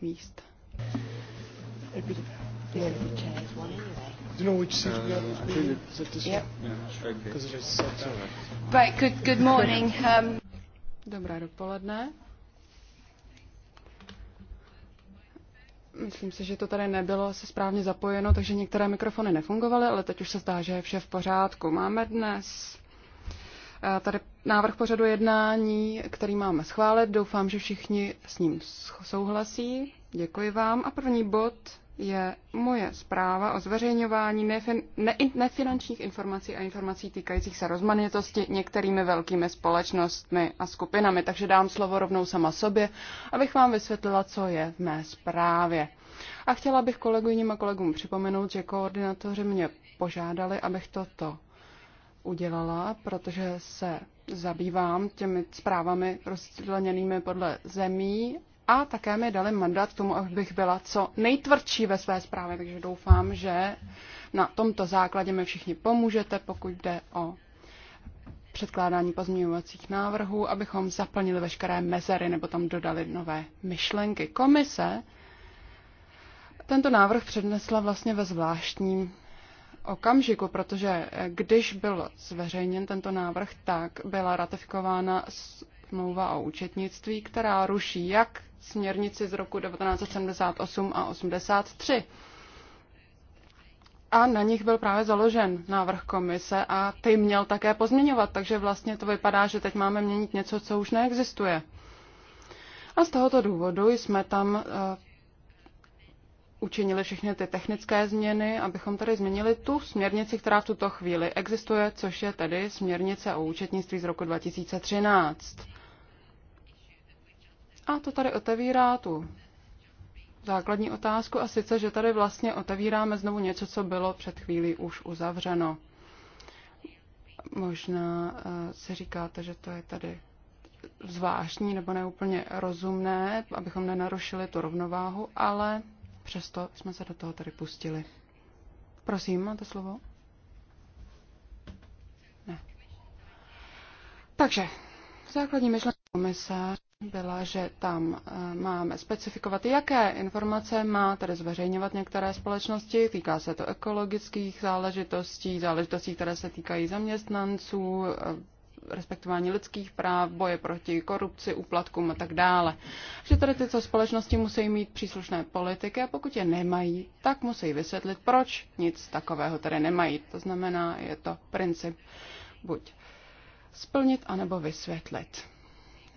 míst. Dobré dopoledne. Myslím si, že to tady nebylo se správně zapojeno, takže některé mikrofony nefungovaly, ale teď už se zdá, že je vše v pořádku. Máme dnes Eh, tady návrh pořadu jednání, který máme schválit. Doufám, že všichni s ním souhlasí. Děkuji vám. A první bod je moje zpráva o zveřejňování nefinančních informací a informací týkajících se rozmanitosti některými velkými společnostmi a skupinami. Takže dám slovo rovnou sama sobě, abych vám vysvětlila, co je v mé zprávě. A chtěla bych kolegyním a kolegům připomenout, že koordinátoři mě požádali, abych toto udělala, protože se zabývám těmi zprávami rozdělenými podle zemí a také mi dali mandát k tomu, abych byla co nejtvrdší ve své zprávě, takže doufám, že na tomto základě mi všichni pomůžete, pokud jde o předkládání pozměňovacích návrhů, abychom zaplnili veškeré mezery nebo tam dodali nové myšlenky. Komise tento návrh přednesla vlastně ve zvláštním okamžiku, protože eh, když byl zveřejněn tento návrh, tak byla ratifikována smlouva o účetnictví, která ruší jak směrnici z roku 1978 a 83. A na nich byl právě založen návrh komise a ty měl také pozměňovat, takže vlastně to vypadá, že teď máme měnit něco, co už neexistuje. A z tohoto důvodu jsme tam eh, učinili všechny ty technické změny, abychom tady změnili tu směrnici, která v tuto chvíli existuje, což je tedy směrnice o účetnictví z roku 2013. A to tady otevírá tu základní otázku a sice, že tady vlastně otevíráme znovu něco, co bylo před chvílí už uzavřeno. Možná eh, si říkáte, že to je tady zvláštní nebo neúplně rozumné, abychom nenarušili tu rovnováhu, ale přesto jsme se do toho tady pustili. Prosím, máte slovo? Ne. Takže, základní myšlenka komise byla, že tam eh, máme specifikovat, jaké informace má tedy zveřejňovat některé společnosti. Týká se to ekologických záležitostí, záležitostí, které se týkají zaměstnanců, eh, respektování lidských práv, boje proti korupci, úplatkům a tak dále. Že tady tyto společnosti musí mít příslušné politiky a pokud je nemají, tak musí vysvětlit, proč nic takového tady nemají. To znamená, je to princip buď splnit anebo vysvětlit.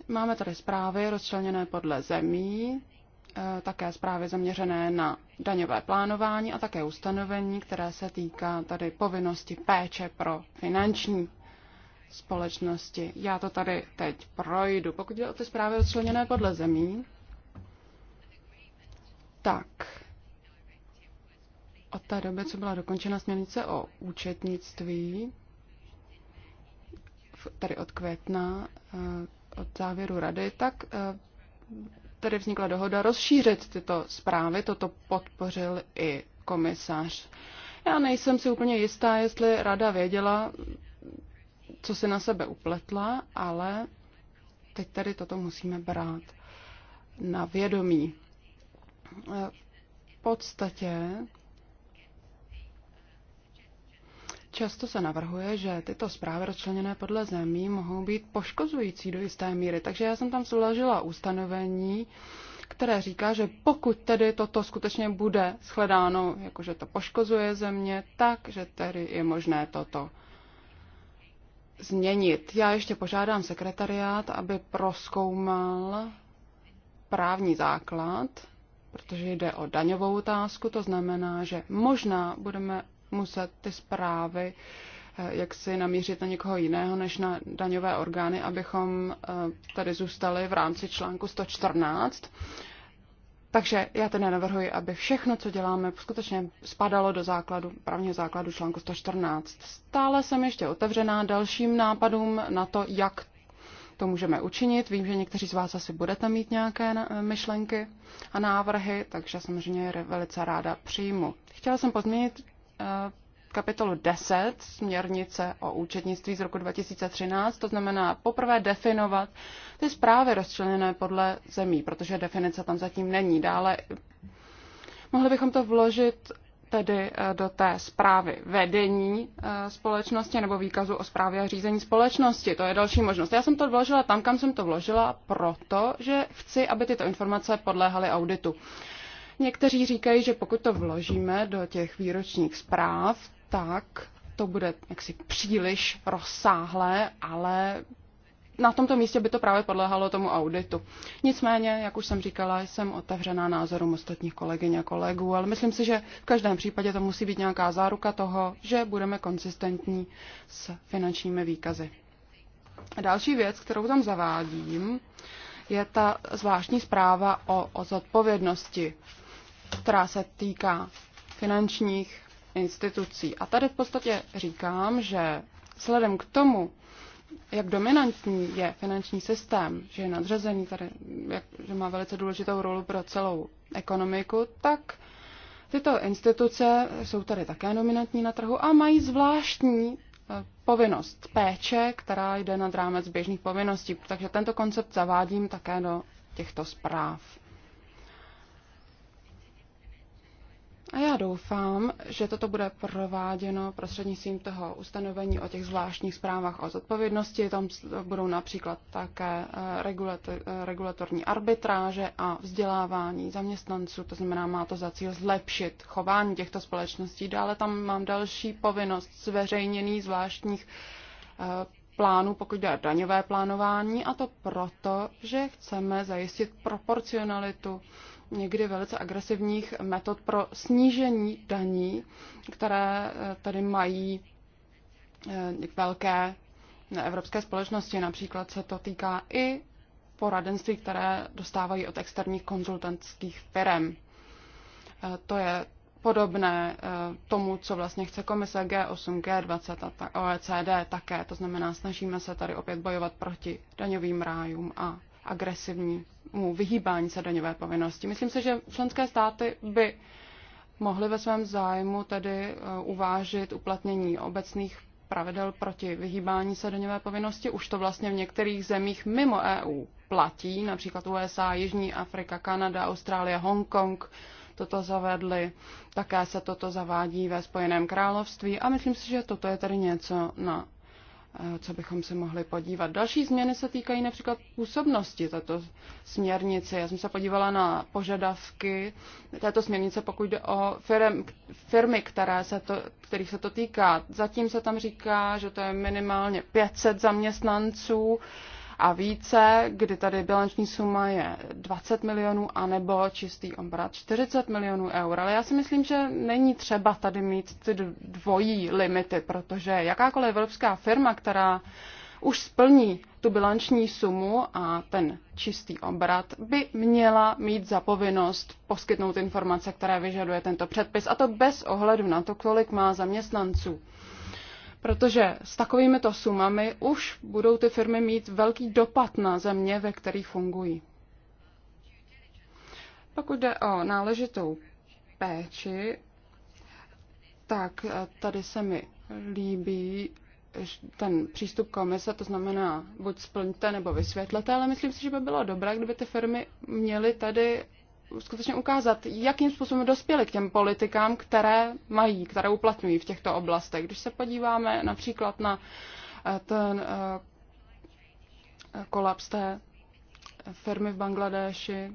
Máme tady zprávy rozčleněné podle zemí, eh, také zprávy zaměřené na daňové plánování a také ustanovení, které se týká tady povinnosti péče pro finanční společnosti. Já to tady teď projdu. Pokud jde o ty zprávy odčleněné podle zemí, tak od té doby, co byla dokončena směrnice o účetnictví, tady od května, eh, od závěru rady, tak eh, tady vznikla dohoda rozšířit tyto zprávy. Toto podpořil i komisař. Já nejsem si úplně jistá, jestli rada věděla co si na sebe upletla, ale teď tady toto musíme brát na vědomí. E, v podstatě Často se navrhuje, že tyto zprávy rozčleněné podle zemí mohou být poškozující do jisté míry, takže já jsem tam složila ustanovení, které říká, že pokud tedy toto skutečně bude shledáno, jakože to poškozuje země, tak že tedy je možné toto změnit. Já ještě požádám sekretariát, aby proskoumal právní základ, protože jde o daňovou otázku, to znamená, že možná budeme muset ty zprávy eh, jak si namířit na někoho jiného než na daňové orgány, abychom eh, tady zůstali v rámci článku 114 takže já tedy navrhuji, aby všechno, co děláme, skutečně spadalo do základu, právního základu článku 114. Stále jsem ještě otevřená dalším nápadům na to, jak to můžeme učinit. Vím, že někteří z vás asi budete mít nějaké myšlenky a návrhy, takže samozřejmě je velice ráda přijmu. Chtěla jsem pozměnit eh, kapitolu 10 směrnice o účetnictví z roku 2013, to znamená poprvé definovat ty zprávy rozčleněné podle zemí, protože definice tam zatím není. Dále mohli bychom to vložit tedy eh, do té zprávy vedení eh, společnosti nebo výkazu o zprávě a řízení společnosti. To je další možnost. Já jsem to vložila tam, kam jsem to vložila, protože chci, aby tyto informace podléhaly auditu. Někteří říkají, že pokud to vložíme do těch výročních zpráv, tak to bude jaksi příliš rozsáhlé, ale na tomto místě by to právě podléhalo tomu auditu. Nicméně, jak už jsem říkala, jsem otevřená názorům ostatních kolegyň a kolegů, ale myslím si, že v každém případě to musí být nějaká záruka toho, že budeme konsistentní s finančními výkazy. Další věc, kterou tam zavádím, je ta zvláštní zpráva o, o zodpovědnosti, která se týká finančních institucí. A tady v podstatě říkám, že vzhledem k tomu, jak dominantní je finanční systém, že je nadřazený tady, jak, že má velice důležitou roli pro celou ekonomiku, tak tyto instituce jsou tady také dominantní na trhu a mají zvláštní eh, povinnost péče, která jde nad rámec běžných povinností. Takže tento koncept zavádím také do těchto zpráv. A já doufám, že toto bude prováděno prostřednictvím toho ustanovení o těch zvláštních zprávách o zodpovědnosti. Tam budou například také eh, eh, regulatorní arbitráže a vzdělávání zaměstnanců. To znamená, má to za cíl zlepšit chování těchto společností. Dále tam mám další povinnost zveřejnění zvláštních eh, plánů, pokud jde o daňové plánování, a to proto, že chceme zajistit proporcionalitu někdy velice agresivních metod pro snížení daní, které eh, tady mají eh, velké eh, evropské společnosti. Například se to týká i poradenství, které dostávají od externích konzultantských firm. To je podobné tomu, co vlastně chce komise G8, G20 a OECD také. To znamená, snažíme se tady opět bojovat proti daňovým rájům a agresivní daňovému vyhýbání se daňové povinnosti. Myslím si, že členské státy by mohly ve svém zájmu tedy eh, uvážit uplatnění obecných pravidel proti vyhýbání se daňové povinnosti. Už to vlastně v některých zemích mimo EU platí, například USA, Jižní Afrika, Kanada, Austrálie, Hongkong toto zavedli. Také se toto zavádí ve Spojeném království a myslím si, že toto je tedy něco, na co bychom se mohli podívat. Další změny se týkají například působnosti této směrnice. Já jsem se podívala na požadavky této směrnice, pokud jde o firm, firmy, které se to, kterých se to týká. Zatím se tam říká, že to je minimálně 500 zaměstnanců. Uh, a více, kdy tady bilanční suma je 20 milionů anebo čistý obrat 40 milionů eur. Ale já si myslím, že není třeba tady mít ty dvojí limity, protože jakákoliv evropská firma, která už splní tu bilanční sumu a ten čistý obrat, by měla mít za povinnost poskytnout informace, které vyžaduje tento předpis, a to bez ohledu na to, kolik má zaměstnanců protože s takovými to sumami už budou ty firmy mít velký dopad na země, ve kterých fungují. Pokud jde o náležitou péči, tak eh, tady se mi líbí eh, ten přístup komise, to znamená buď splňte nebo vysvětlete, ale myslím si, že by bylo dobré, kdyby ty firmy měly tady skutečně ukázat, jakým způsobem dospěli k těm politikám, které mají, které uplatňují v těchto oblastech. Když se podíváme například na eh, ten eh, eh, kolaps té firmy v Bangladeši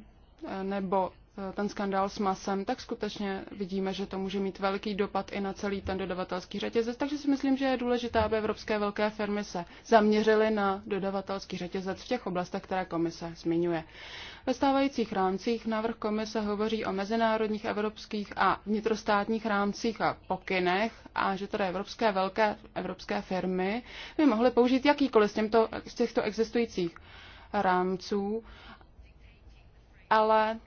nebo Eh, ten skandál s masem, tak skutečně vidíme, že to může mít velký dopad i na celý ten dodavatelský řetězec. Takže si myslím, že je důležité, aby evropské velké firmy se zaměřily na dodavatelský řetězec v těch oblastech, které komise zmiňuje. Ve stávajících rámcích návrh komise hovoří o mezinárodních, evropských a vnitrostátních rámcích a pokynech a že tedy evropské velké evropské firmy by mohly použít jakýkoliv z, těmto, z těchto existujících rámců, ale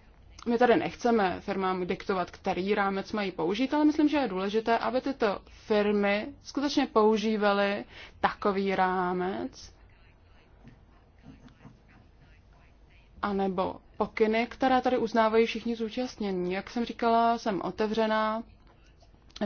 my tady nechceme firmám diktovat, který rámec mají použít, ale myslím, že je důležité, aby tyto firmy skutečně používaly takový rámec, anebo pokyny, které tady uznávají všichni zúčastnění. Jak jsem říkala, jsem otevřená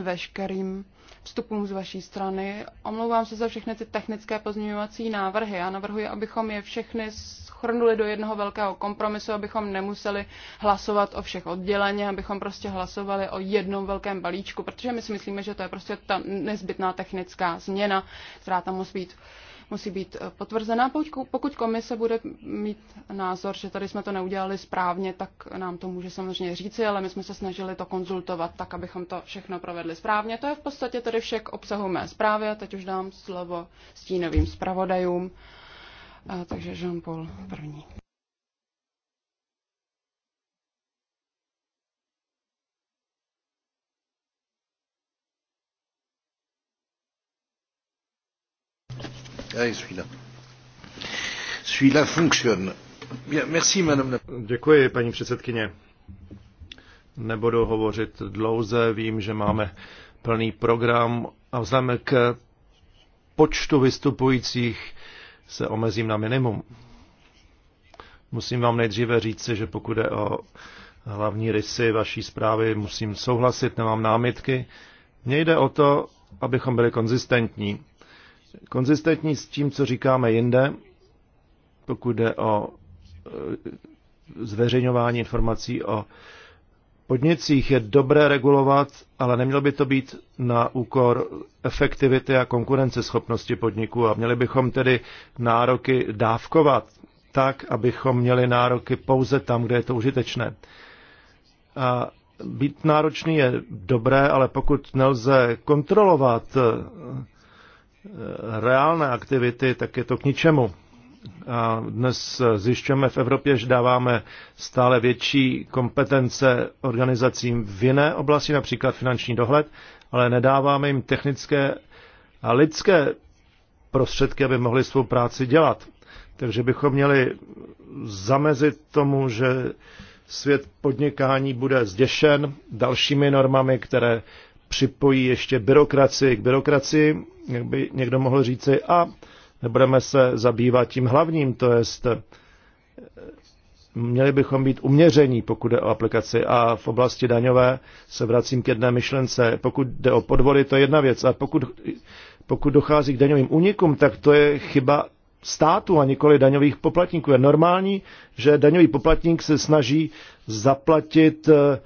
veškerým vstupům z vaší strany. Omlouvám se za všechny ty technické pozměňovací návrhy. Já navrhuji, abychom je všechny schrnuli do jednoho velkého kompromisu, abychom nemuseli hlasovat o všech odděleně, abychom prostě hlasovali o jednom velkém balíčku, protože my si myslíme, že to je prostě ta nezbytná technická změna, která tam musí být musí být eh, potvrzená. Pokud komise bude mít názor, že tady jsme to neudělali správně, tak nám to může samozřejmě říci, ale my jsme se snažili to konzultovat tak, abychom to všechno provedli správně. To je v podstatě tady všech obsahu mé zprávy a teď už dám slovo stínovým zpravodajům takže Jean-Paul první. Ah, Děkuji, paní předsedkyně. Nebudu hovořit dlouze, vím, že máme plný program a vzhledem k počtu vystupujících se omezím na minimum. Musím vám nejdříve říci, že pokud je o hlavní rysy vaší zprávy, musím souhlasit, nemám námitky. Mně jde o to, abychom byli konzistentní. Konzistentní s tím, co říkáme jinde, pokud jde o e, zveřejňování informací o podnicích je dobré regulovat, ale nemělo by to být na úkor efektivity a konkurenceschopnosti podniků a měli bychom tedy nároky dávkovat tak, abychom měli nároky pouze tam, kde je to užitečné. A být náročný je dobré, ale pokud nelze kontrolovat eh, reálné aktivity, tak je to k ničemu. A dnes zjišťujeme v Evropě, že dáváme stále větší kompetence organizacím v jiné oblasti, například finanční dohled, ale nedáváme jim technické a lidské prostředky, aby mohli svou práci dělat. Takže bychom měli zamezit tomu, že svět podnikání bude zděšen dalšími normami, které připojí ještě byrokracii k byrokracii, jak by někdo mohl říci, a nebudeme se zabývat tím hlavním, to jest eh, měli bychom být uměření, pokud jde o aplikaci. A v oblasti daňové se vracím k jedné myšlence. Pokud jde o podvody, to je jedna věc. A pokud, pokud dochází k daňovým únikům, tak to je chyba státu a nikoli daňových poplatníků. Je normální, že daňový poplatník se snaží zaplatit eh,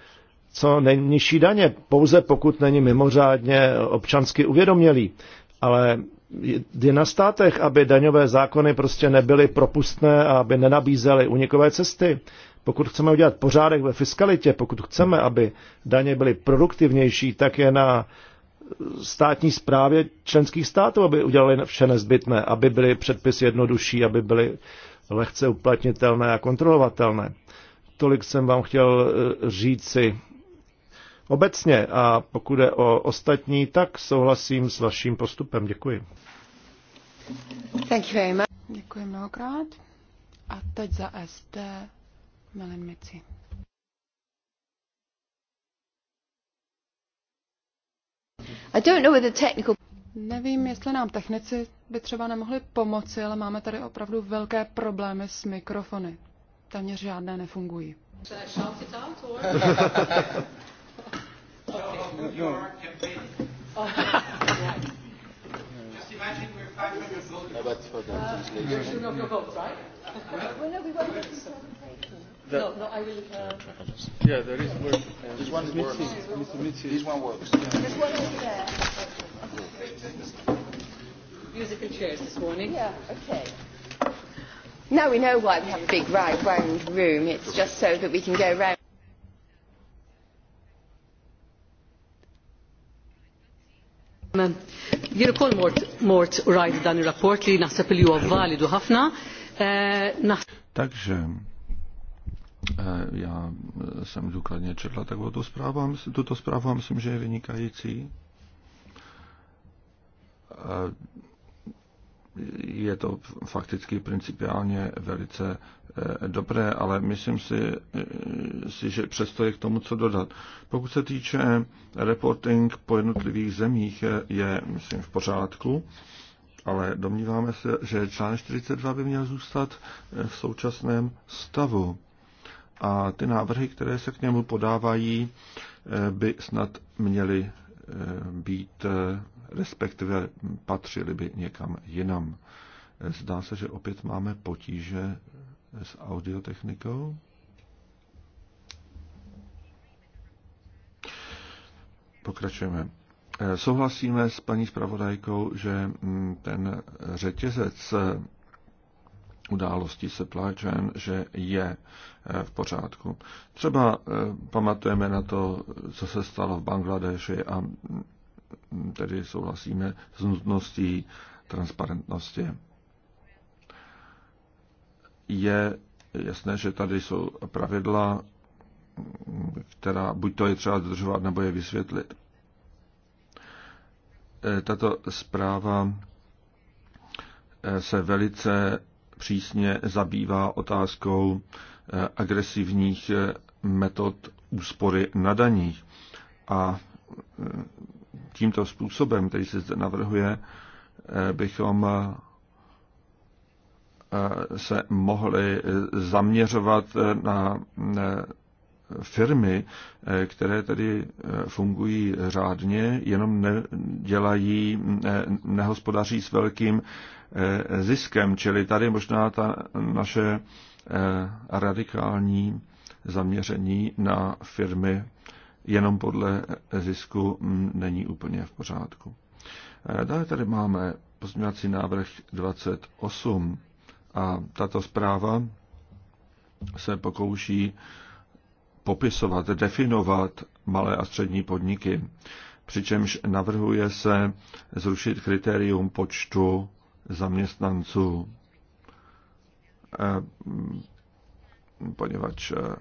co nejnižší daně, pouze pokud není mimořádně občansky uvědomělý. Ale je na státech, aby daňové zákony prostě nebyly propustné a aby nenabízely unikové cesty. Pokud chceme udělat pořádek ve fiskalitě, pokud chceme, aby daně byly produktivnější, tak je na státní správě členských států, aby udělali vše nezbytné, aby byly předpisy jednodušší, aby byly lehce uplatnitelné a kontrolovatelné. Tolik jsem vám chtěl eh, říci obecně a pokud je o ostatní, tak souhlasím s vaším postupem. Děkuji. Thank you very much. Děkuji mnohokrát. A teď za SD Melin Mici. I don't know whether technical... Nevím, jestli nám technici by třeba nemohli pomoci, ale máme tady opravdu velké problémy s mikrofony. Téměř žádné nefungují. Okay. No. No, but for the translation. Uh, no, votes, right? well, no, we won't the, no, no, I will. Uh, yeah, there is work. Uh, this one works. This one works. There's one over there. Musical chairs this morning. Yeah, okay. Now we know why we have a big right round room. It's just so that we can go round. Jien ukoll mort rajt dan ir-rapport li naħseb li huwa validu ħafna. Eh, Takže eh, já jsem důkladně četla takovou zprávu, tuto zprávu myslím, že je vynikající eh, je to fakticky principiálně velice eh, dobré, ale myslím si, eh, si, že přesto je k tomu co dodat. Pokud se týče reporting po jednotlivých zemích, eh, je, myslím, v pořádku, ale domníváme se, že článek 42 by měl zůstat v současném stavu. A ty návrhy, které se k němu podávají, by snad měly být respektive patřili by někam jinam. Zdá se, že opět máme potíže s audiotechnikou. Pokračujeme. Souhlasíme s paní zpravodajkou, že ten řetězec událostí supply chain, že je v pořádku. Třeba pamatujeme na to, co se stalo v Bangladeši a tedy souhlasíme s nutností transparentnosti. Je jasné, že tady jsou pravidla, která buď to je třeba dodržovat, nebo je vysvětlit. E, tato zpráva e, se velice přísně zabývá otázkou e, agresivních metod úspory na daních. A tímto způsobem, který se zde navrhuje, eh, bychom eh, eh, se mohli zaměřovat na firmy, které tedy fungují řádně, jenom nedělají, nehospodaří s velkým ziskem. Čili tady možná ta naše radikální zaměření na firmy jenom podle zisku mm, není úplně v pořádku. Eh, dále tady máme pozměňovací návrh 28 a tato zpráva se pokouší popisovat, definovat malé a střední podniky, přičemž navrhuje se zrušit kritérium počtu zaměstnanců, eh, mm, poněvadž eh,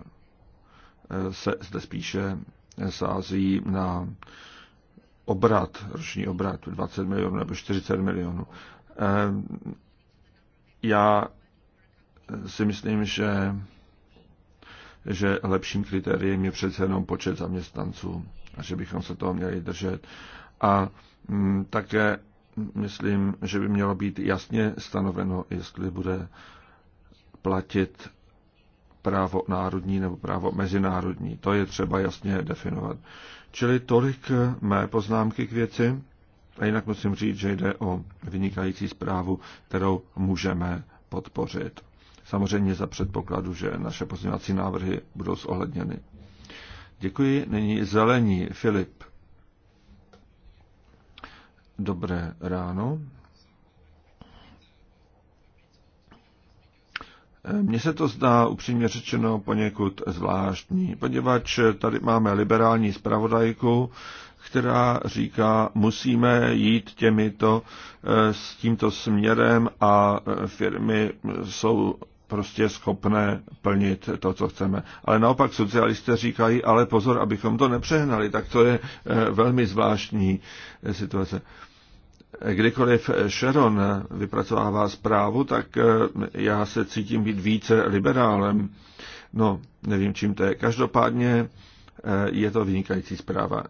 se zde spíše sází na obrat, roční obrat 20 milionů nebo 40 milionů. Eh, já si myslím, že, že lepším kritériem je přece jenom počet zaměstnanců a že bychom se toho měli držet. A hm, také myslím, že by mělo být jasně stanoveno, jestli bude platit právo národní nebo právo mezinárodní. To je třeba jasně definovat. Čili tolik mé poznámky k věci. A jinak musím říct, že jde o vynikající zprávu, kterou můžeme podpořit. Samozřejmě za předpokladu, že naše pozměňovací návrhy budou zohledněny. Děkuji. Nyní zelení Filip. Dobré ráno. Mně se to zdá upřímně řečeno poněkud zvláštní, poněvadž tady máme liberální zpravodajku, která říká, musíme jít těmito, eh, s tímto směrem a eh, firmy jsou prostě schopné plnit to, co chceme. Ale naopak socialisté říkají, ale pozor, abychom to nepřehnali, tak to je eh, velmi zvláštní situace kdykoliv Sharon vypracovává zprávu, tak eh, já se cítím být více liberálem. No, nevím, čím to je. Každopádně eh, je to vynikající zpráva.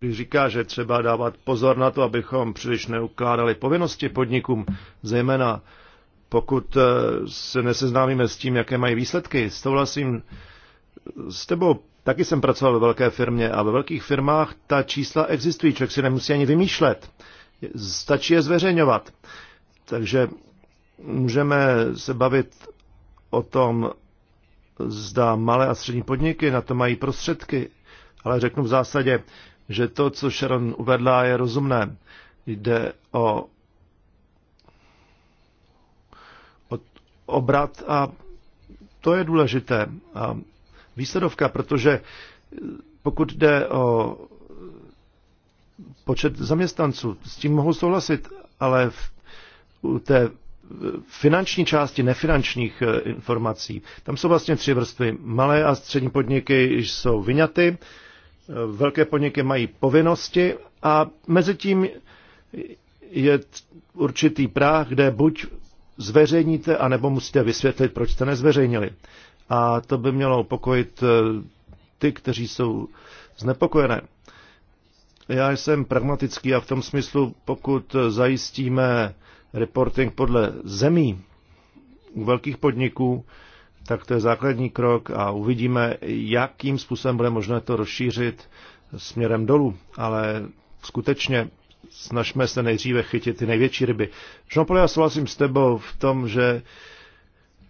Když říká, že třeba dávat pozor na to, abychom příliš neukládali povinnosti podnikům, zejména pokud eh, se neseznámíme s tím, jaké mají výsledky. Souhlasím s tebou, taky jsem pracoval ve velké firmě a ve velkých firmách ta čísla existují, člověk si nemusí ani vymýšlet stačí je zveřejňovat. Takže můžeme se bavit o tom, zda malé a střední podniky na to mají prostředky, ale řeknu v zásadě, že to, co Sharon uvedla, je rozumné. Jde o, obrat a to je důležité. A výsledovka, protože pokud jde o počet zaměstnanců. S tím mohu souhlasit, ale v, u té finanční části nefinančních eh, informací. Tam jsou vlastně tři vrstvy. Malé a střední podniky jsou vyňaty, eh, velké podniky mají povinnosti a mezi tím je určitý práh, kde buď zveřejníte, anebo musíte vysvětlit, proč jste nezveřejnili. A to by mělo upokojit eh, ty, kteří jsou znepokojené. Já jsem pragmatický a v tom smyslu, pokud zajistíme reporting podle zemí u velkých podniků, tak to je základní krok a uvidíme, jakým způsobem bude možné to rozšířit směrem dolů. Ale skutečně snažme se nejdříve chytit ty největší ryby. jean já souhlasím s tebou v tom, že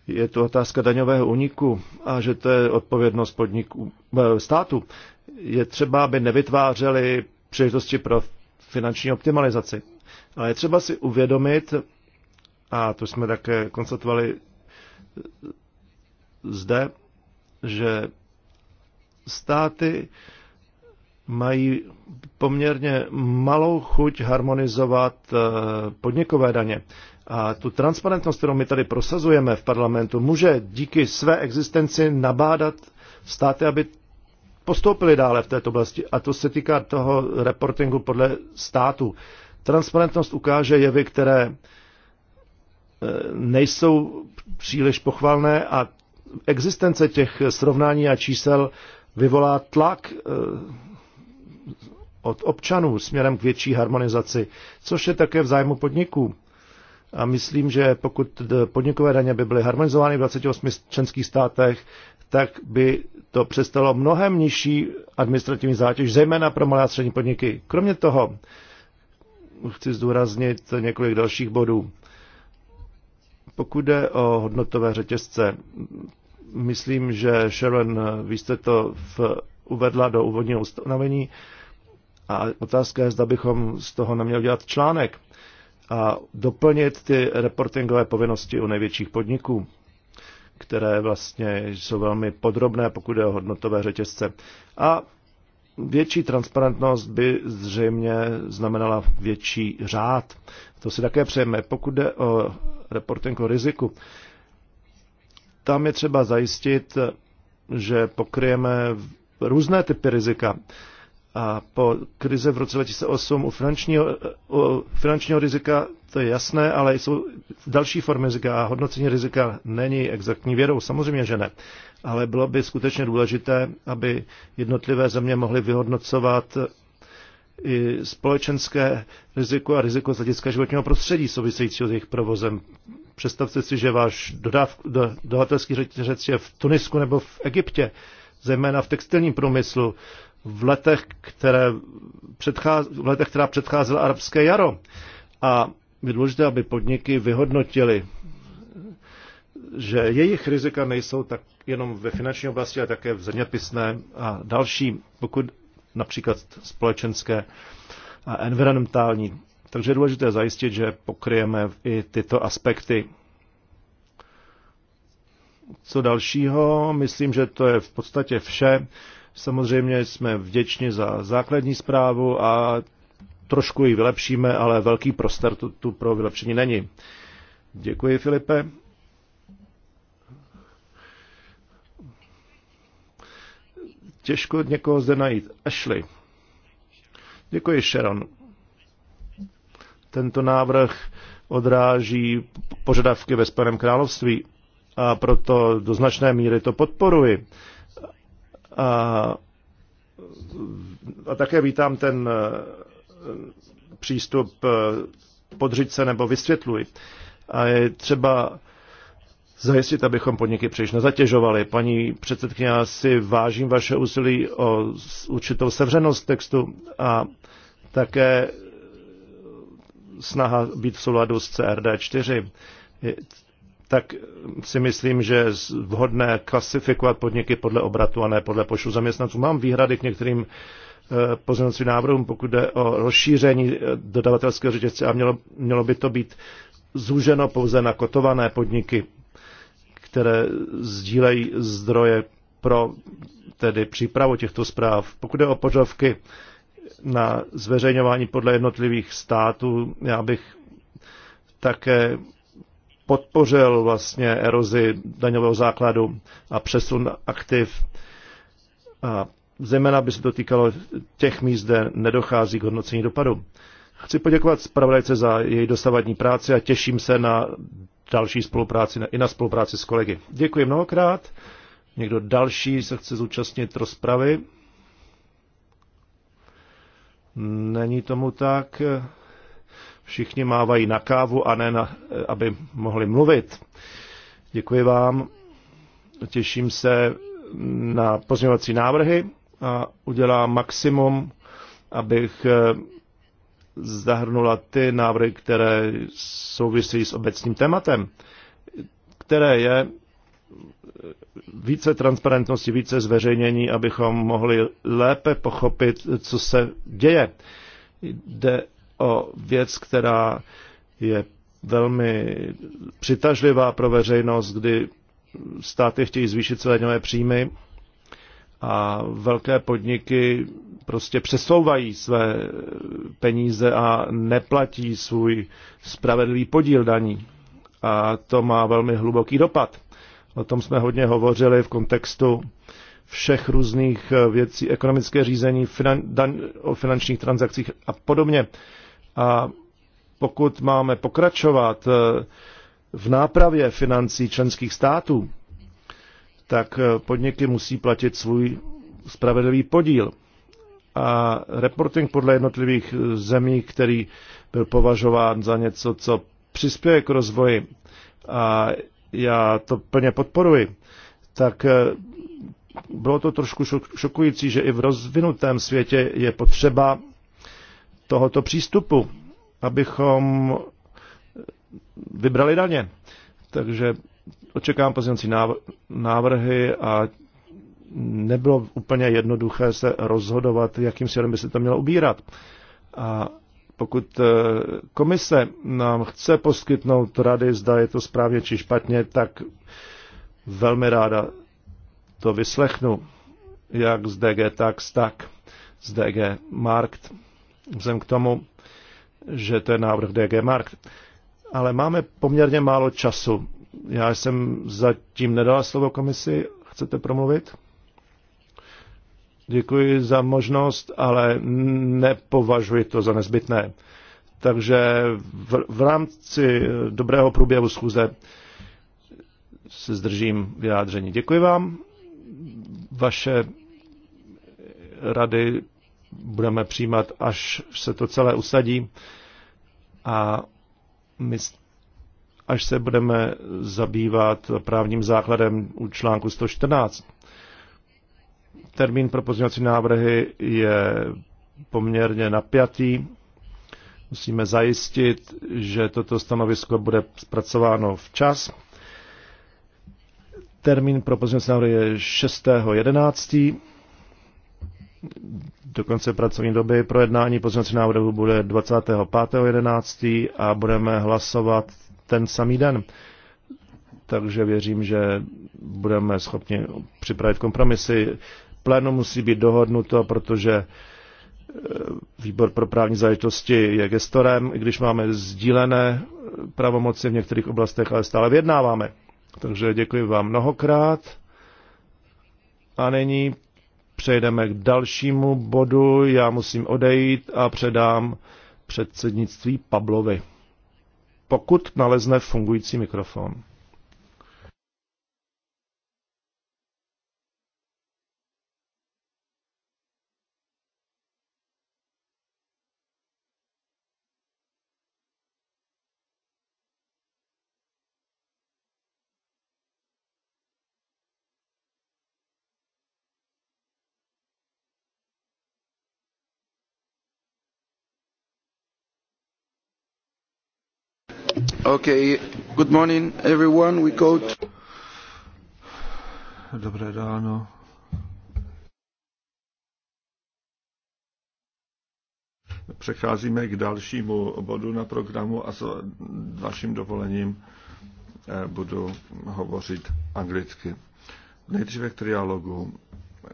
je to otázka daňového uniku a že to je odpovědnost podniků, eh, státu. Je třeba, aby nevytvářeli příležitosti pro finanční optimalizaci. Ale je třeba si uvědomit, a to jsme také konstatovali zde, že státy mají poměrně malou chuť harmonizovat eh, podnikové daně. A tu transparentnost, kterou my tady prosazujeme v parlamentu, může díky své existenci nabádat státy, aby postoupili dále v této oblasti. A to se týká toho reportingu podle státu. Transparentnost ukáže jevy, které e, nejsou příliš pochvalné a existence těch srovnání a čísel vyvolá tlak e, od občanů směrem k větší harmonizaci, což je také v zájmu podniků. A myslím, že pokud podnikové daně by byly harmonizovány v 28 členských státech, tak by to přestalo mnohem nižší administrativní zátěž, zejména pro malé a střední podniky. Kromě toho chci zdůraznit několik dalších bodů. Pokud jde o hodnotové řetězce, myslím, že Sharon, vy jste to v, uvedla do úvodního ustanovení a otázka je, zda bychom z toho neměli dělat článek a doplnit ty reportingové povinnosti u největších podniků které vlastně jsou velmi podrobné, pokud je o hodnotové řetězce. A větší transparentnost by zřejmě znamenala větší řád. To si také přejeme. Pokud jde o reporting o riziku, tam je třeba zajistit, že pokryjeme různé typy rizika. A po krize v roce 2008 u finančního, u finančního rizika to je jasné, ale jsou další formy rizika a hodnocení rizika není exaktní vědou, samozřejmě, že ne. Ale bylo by skutečně důležité, aby jednotlivé země mohly vyhodnocovat i společenské riziko a riziko z hlediska životního prostředí souvisejícího s jejich provozem. Představte si, že váš dodáv, dodavatelský je v Tunisku nebo v Egyptě, zejména v textilním průmyslu, v letech, které předcház, v letech která předcházela arabské jaro. A je důležité, aby podniky vyhodnotili, že jejich rizika nejsou tak jenom ve finanční oblasti, ale také v zeměpisné a další, pokud například společenské a environmentální. Takže je důležité zajistit, že pokryjeme i tyto aspekty. Co dalšího? Myslím, že to je v podstatě vše. Samozřejmě jsme vděční za základní zprávu a trošku ji vylepšíme, ale velký prostor tu, tu pro vylepšení není. Děkuji, Filipe. Těžko někoho zde najít. Ashley. Děkuji, Sharon. Tento návrh odráží požadavky ve Spojeném království a proto do značné míry to podporuji. A, a také vítám ten e, přístup e, podřiď se nebo vysvětluj. A je třeba zajistit, abychom podniky příliš nezatěžovali. Paní předsedkyně, já si vážím vaše úsilí o určitou sevřenost textu a také snaha být v souladu s CRD4 tak si myslím, že je vhodné klasifikovat podniky podle obratu a ne podle počtu zaměstnanců. Mám výhrady k některým eh, pozměňovacím návrhům, pokud jde o rozšíření eh, dodavatelského řetězce a mělo, mělo by to být zúženo pouze na kotované podniky, které sdílejí zdroje pro tedy přípravu těchto zpráv. Pokud jde o požadavky na zveřejňování podle jednotlivých států, já bych také podpořil vlastně erozi daňového základu a přesun aktiv. A zejména by se to týkalo těch míst, kde nedochází k hodnocení dopadu. Chci poděkovat zpravodajce za její dosavadní práci a těším se na další spolupráci, i na spolupráci s kolegy. Děkuji mnohokrát. Někdo další se chce zúčastnit rozpravy? Není tomu tak všichni mávají na kávu a ne, na, eh, aby mohli mluvit. Děkuji vám, těším se na pozměňovací návrhy a udělám maximum, abych eh, zahrnula ty návrhy, které souvisí s obecním tématem, které je eh, více transparentnosti, více zveřejnění, abychom mohli lépe pochopit, co se děje. Jde o věc, která je velmi přitažlivá pro veřejnost, kdy státy chtějí zvýšit své daňové příjmy a velké podniky prostě přesouvají své peníze a neplatí svůj spravedlivý podíl daní. A to má velmi hluboký dopad. O tom jsme hodně hovořili v kontextu všech různých věcí, ekonomické řízení, finan, daň, o finančních transakcích a podobně. A pokud máme pokračovat eh, v nápravě financí členských států, tak eh, podniky musí platit svůj spravedlivý podíl. A reporting podle jednotlivých eh, zemí, který byl považován za něco, co přispěje k rozvoji, a já to plně podporuji, tak bylo to trošku šokující, že i v rozvinutém světě je potřeba tohoto přístupu, abychom vybrali daně. Takže očekávám pozměňovací návrhy a nebylo úplně jednoduché se rozhodovat, jakým směrem by se to mělo ubírat. A pokud eh, komise nám chce poskytnout rady, zda je to správně či špatně, tak velmi ráda to vyslechnu, jak z DG tak, tak z DG Markt vzhledem k tomu, že to je návrh DG Markt. Ale máme poměrně málo času. Já jsem zatím nedala slovo komisi. Chcete promluvit? Děkuji za možnost, ale nepovažuji to za nezbytné. Takže v, v rámci dobrého průběhu schůze se zdržím vyjádření. Děkuji vám. Vaše rady budeme přijímat, až se to celé usadí a my, až se budeme zabývat právním základem u článku 114. Termín pro pozměňovací návrhy je poměrně napjatý. Musíme zajistit, že toto stanovisko bude zpracováno včas. Termín pro pozměňovací návrhy je 6.11 do konce pracovní doby. Projednání pozměnací návrhu bude 25.11. a budeme hlasovat ten samý den. Takže věřím, že budeme schopni připravit kompromisy. Plénu musí být dohodnuto, protože e, výbor pro právní záležitosti je gestorem, i když máme sdílené e, pravomoci v některých oblastech, ale stále vyjednáváme. Takže děkuji vám mnohokrát. A nyní přejdeme k dalšímu bodu. Já musím odejít a předám předsednictví Pablovi. Pokud nalezne fungující mikrofon. Dobré ráno. Přecházíme k dalšímu bodu na programu a s vaším dovolením eh, budu hovořit anglicky. Nejdříve k trialogu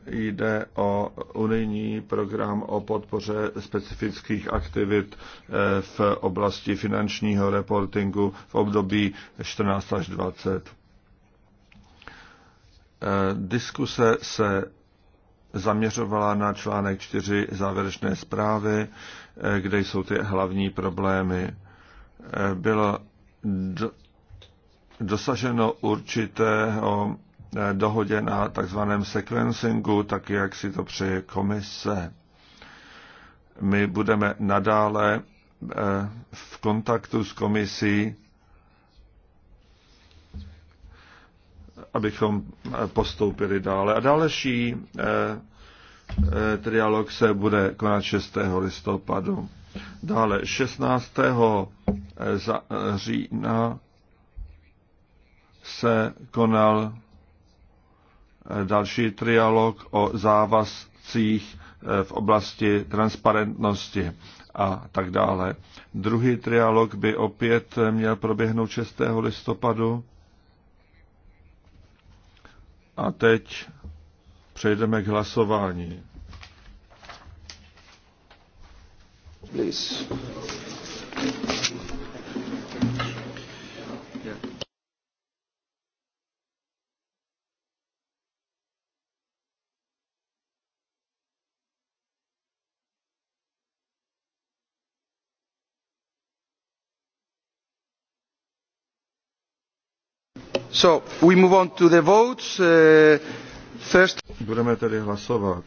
jde o unijní program o podpoře specifických aktivit eh, v oblasti finančního reportingu v období 14 až 20. Eh, diskuse se zaměřovala na článek 4 závěrečné zprávy, eh, kde jsou ty hlavní problémy. Bylo dosaženo určitého Eh, dohodě na takzvaném sequencingu, tak jak si to přeje komise. My budeme nadále eh, v kontaktu s komisí, abychom eh, postoupili dále. A další trialog se bude konat 6. listopadu. Dále 16. října se konal další trialog o závazcích eh, v oblasti transparentnosti a tak dále. Druhý trialog by opět eh, měl proběhnout 6. listopadu. A teď přejdeme k hlasování. Please. Uh, Budeme tedy hlasovat.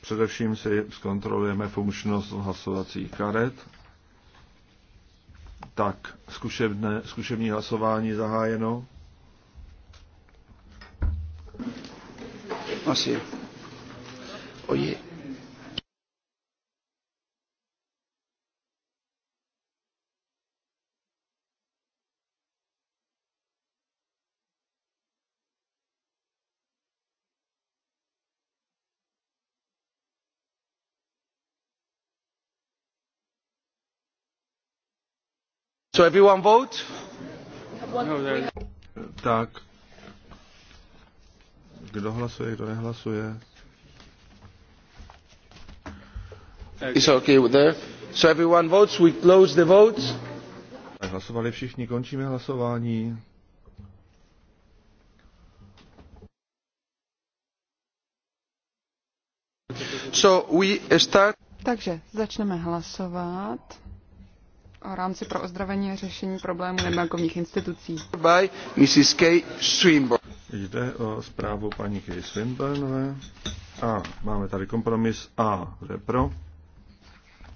Především si zkontrolujeme funkčnost hlasovacích karet. Tak, zkušebné, zkušební hlasování zahájeno. Asi. Oje. So everyone vote? tak. Kdo hlasuje, kdo nehlasuje? Is okay with there? So everyone votes, we close the vote. Tak hlasovali všichni, končíme hlasování. So we start... Takže začneme hlasovat o rámci pro ozdravení a řešení problémů nebankovních institucí. By Mrs. K. Swinburne. Jde o zprávu paní K. Swinburne. A máme tady kompromis A. Kdo je pro?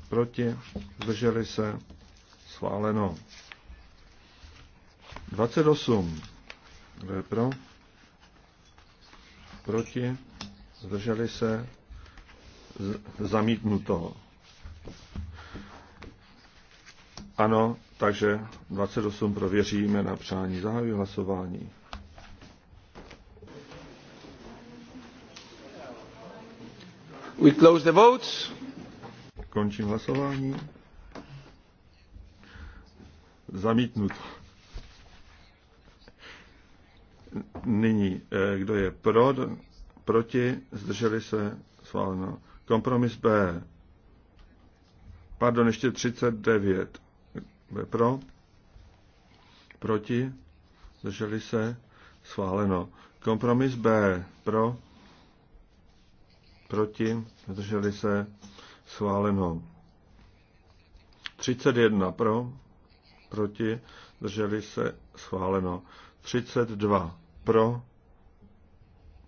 Proti? Zdrželi se? Schváleno. 28. Kdo je pro? Proti? Zdrželi se? Z- zamítnuto. Ano, takže 28 prověříme na přání. Zahajuji hlasování. We close the votes. Končím hlasování. Zamítnut. Nyní, eh, kdo je pro, proti, zdrželi se, schváleno. Kompromis B. Pardon, ještě 39 bude pro? Proti? Zdrželi se? Schváleno. Kompromis B. Pro? Proti? Zdrželi se? Schváleno. 31 pro, proti, zdrželi se, schváleno. 32 pro,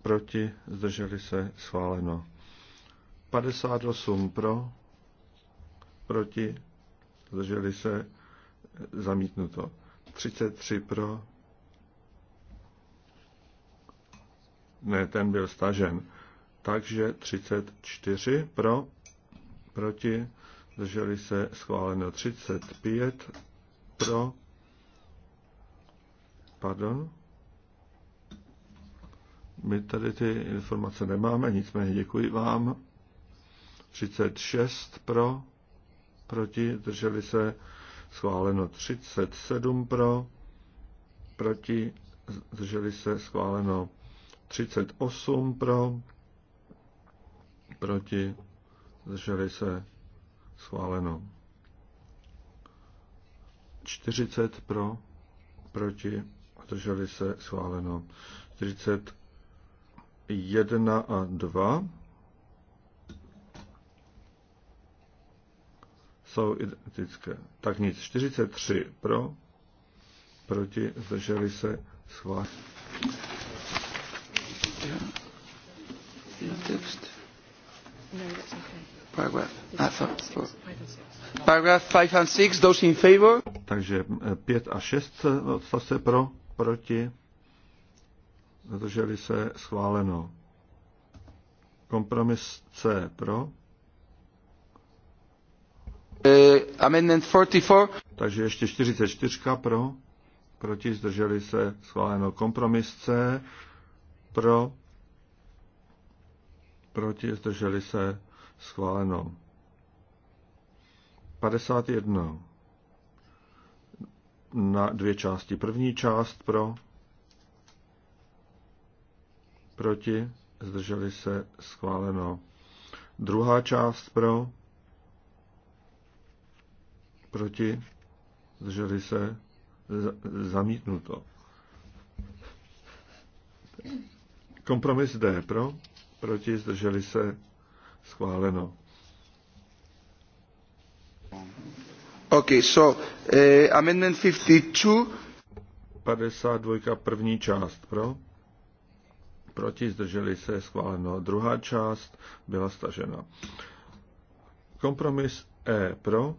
proti, zdrželi se, schváleno. 58 pro, proti, zdrželi se, zamítnuto. 33 pro. Ne, ten byl stažen. Takže 34 pro, proti, drželi se schváleno 35 pro, pardon, my tady ty informace nemáme, nicméně děkuji vám. 36 pro, proti, drželi se schváleno 37 pro, proti, zdrželi se, schváleno 38 pro, proti, zdrželi se, schváleno 40 pro, proti, zdrželi se, schváleno 31 a 2 jsou identické. Tak nic, 43 pro, proti, zdrželi se, schvál. Paragraf Paragraph. Paragraph 5 and 6, those in favor. Takže 5 eh, a 6 odstavce pro, proti, zdrželi se, schváleno. Kompromis C pro, Eh, amendment 44. Takže ještě 44 pro, proti zdrželi se schváleno kompromis C, pro, proti zdrželi se schváleno. 51 na dvě části. První část pro, proti, zdrželi se schváleno. Druhá část pro, proti, zdrželi se, zamítnuto. Kompromis D pro, proti, zdrželi se, schváleno. OK, so, uh, amendment 52. 52. první část pro, proti, zdrželi se, schváleno. Druhá část byla stažena. Kompromis E pro,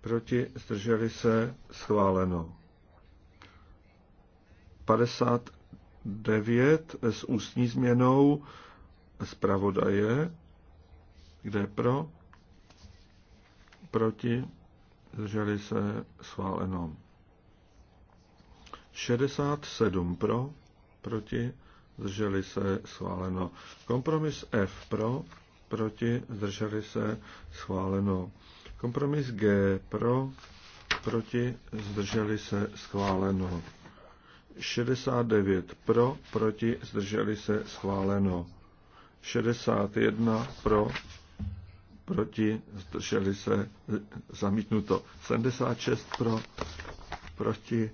proti, zdrželi se, schváleno. 59 s ústní změnou zpravodaje, kde pro, proti, zdrželi se, schváleno. 67 pro, proti, zdrželi se, schváleno. Kompromis F pro, proti, zdrželi se, schváleno. Kompromis G pro, proti, zdrželi se schváleno. 69 pro, proti, zdrželi se schváleno. 61 pro, proti, zdrželi se zamítnuto. 76 pro, proti,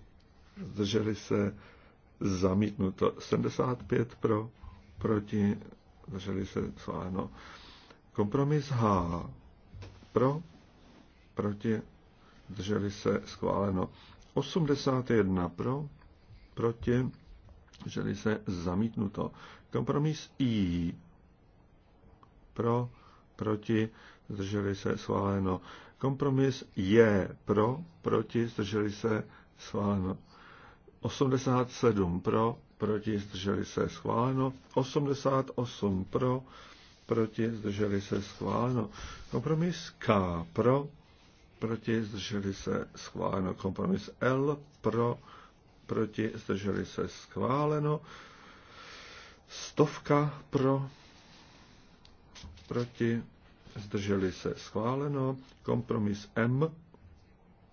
zdrželi se zamítnuto. 75 pro, proti, zdrželi se schváleno. Kompromis H pro, proti, zdrželi se, schváleno. 81 pro, proti, zdrželi se, zamítnuto. Kompromis I pro, proti, zdrželi se, schváleno. Kompromis je pro, proti, zdrželi se, schváleno. 87 pro, proti, zdrželi se, schváleno. 88 pro, proti, zdrželi se, schváleno. Kompromis K pro, proti, zdrželi se, schváleno. Kompromis L, pro, proti, zdrželi se, schváleno. Stovka pro, proti, zdrželi se, schváleno. Kompromis M,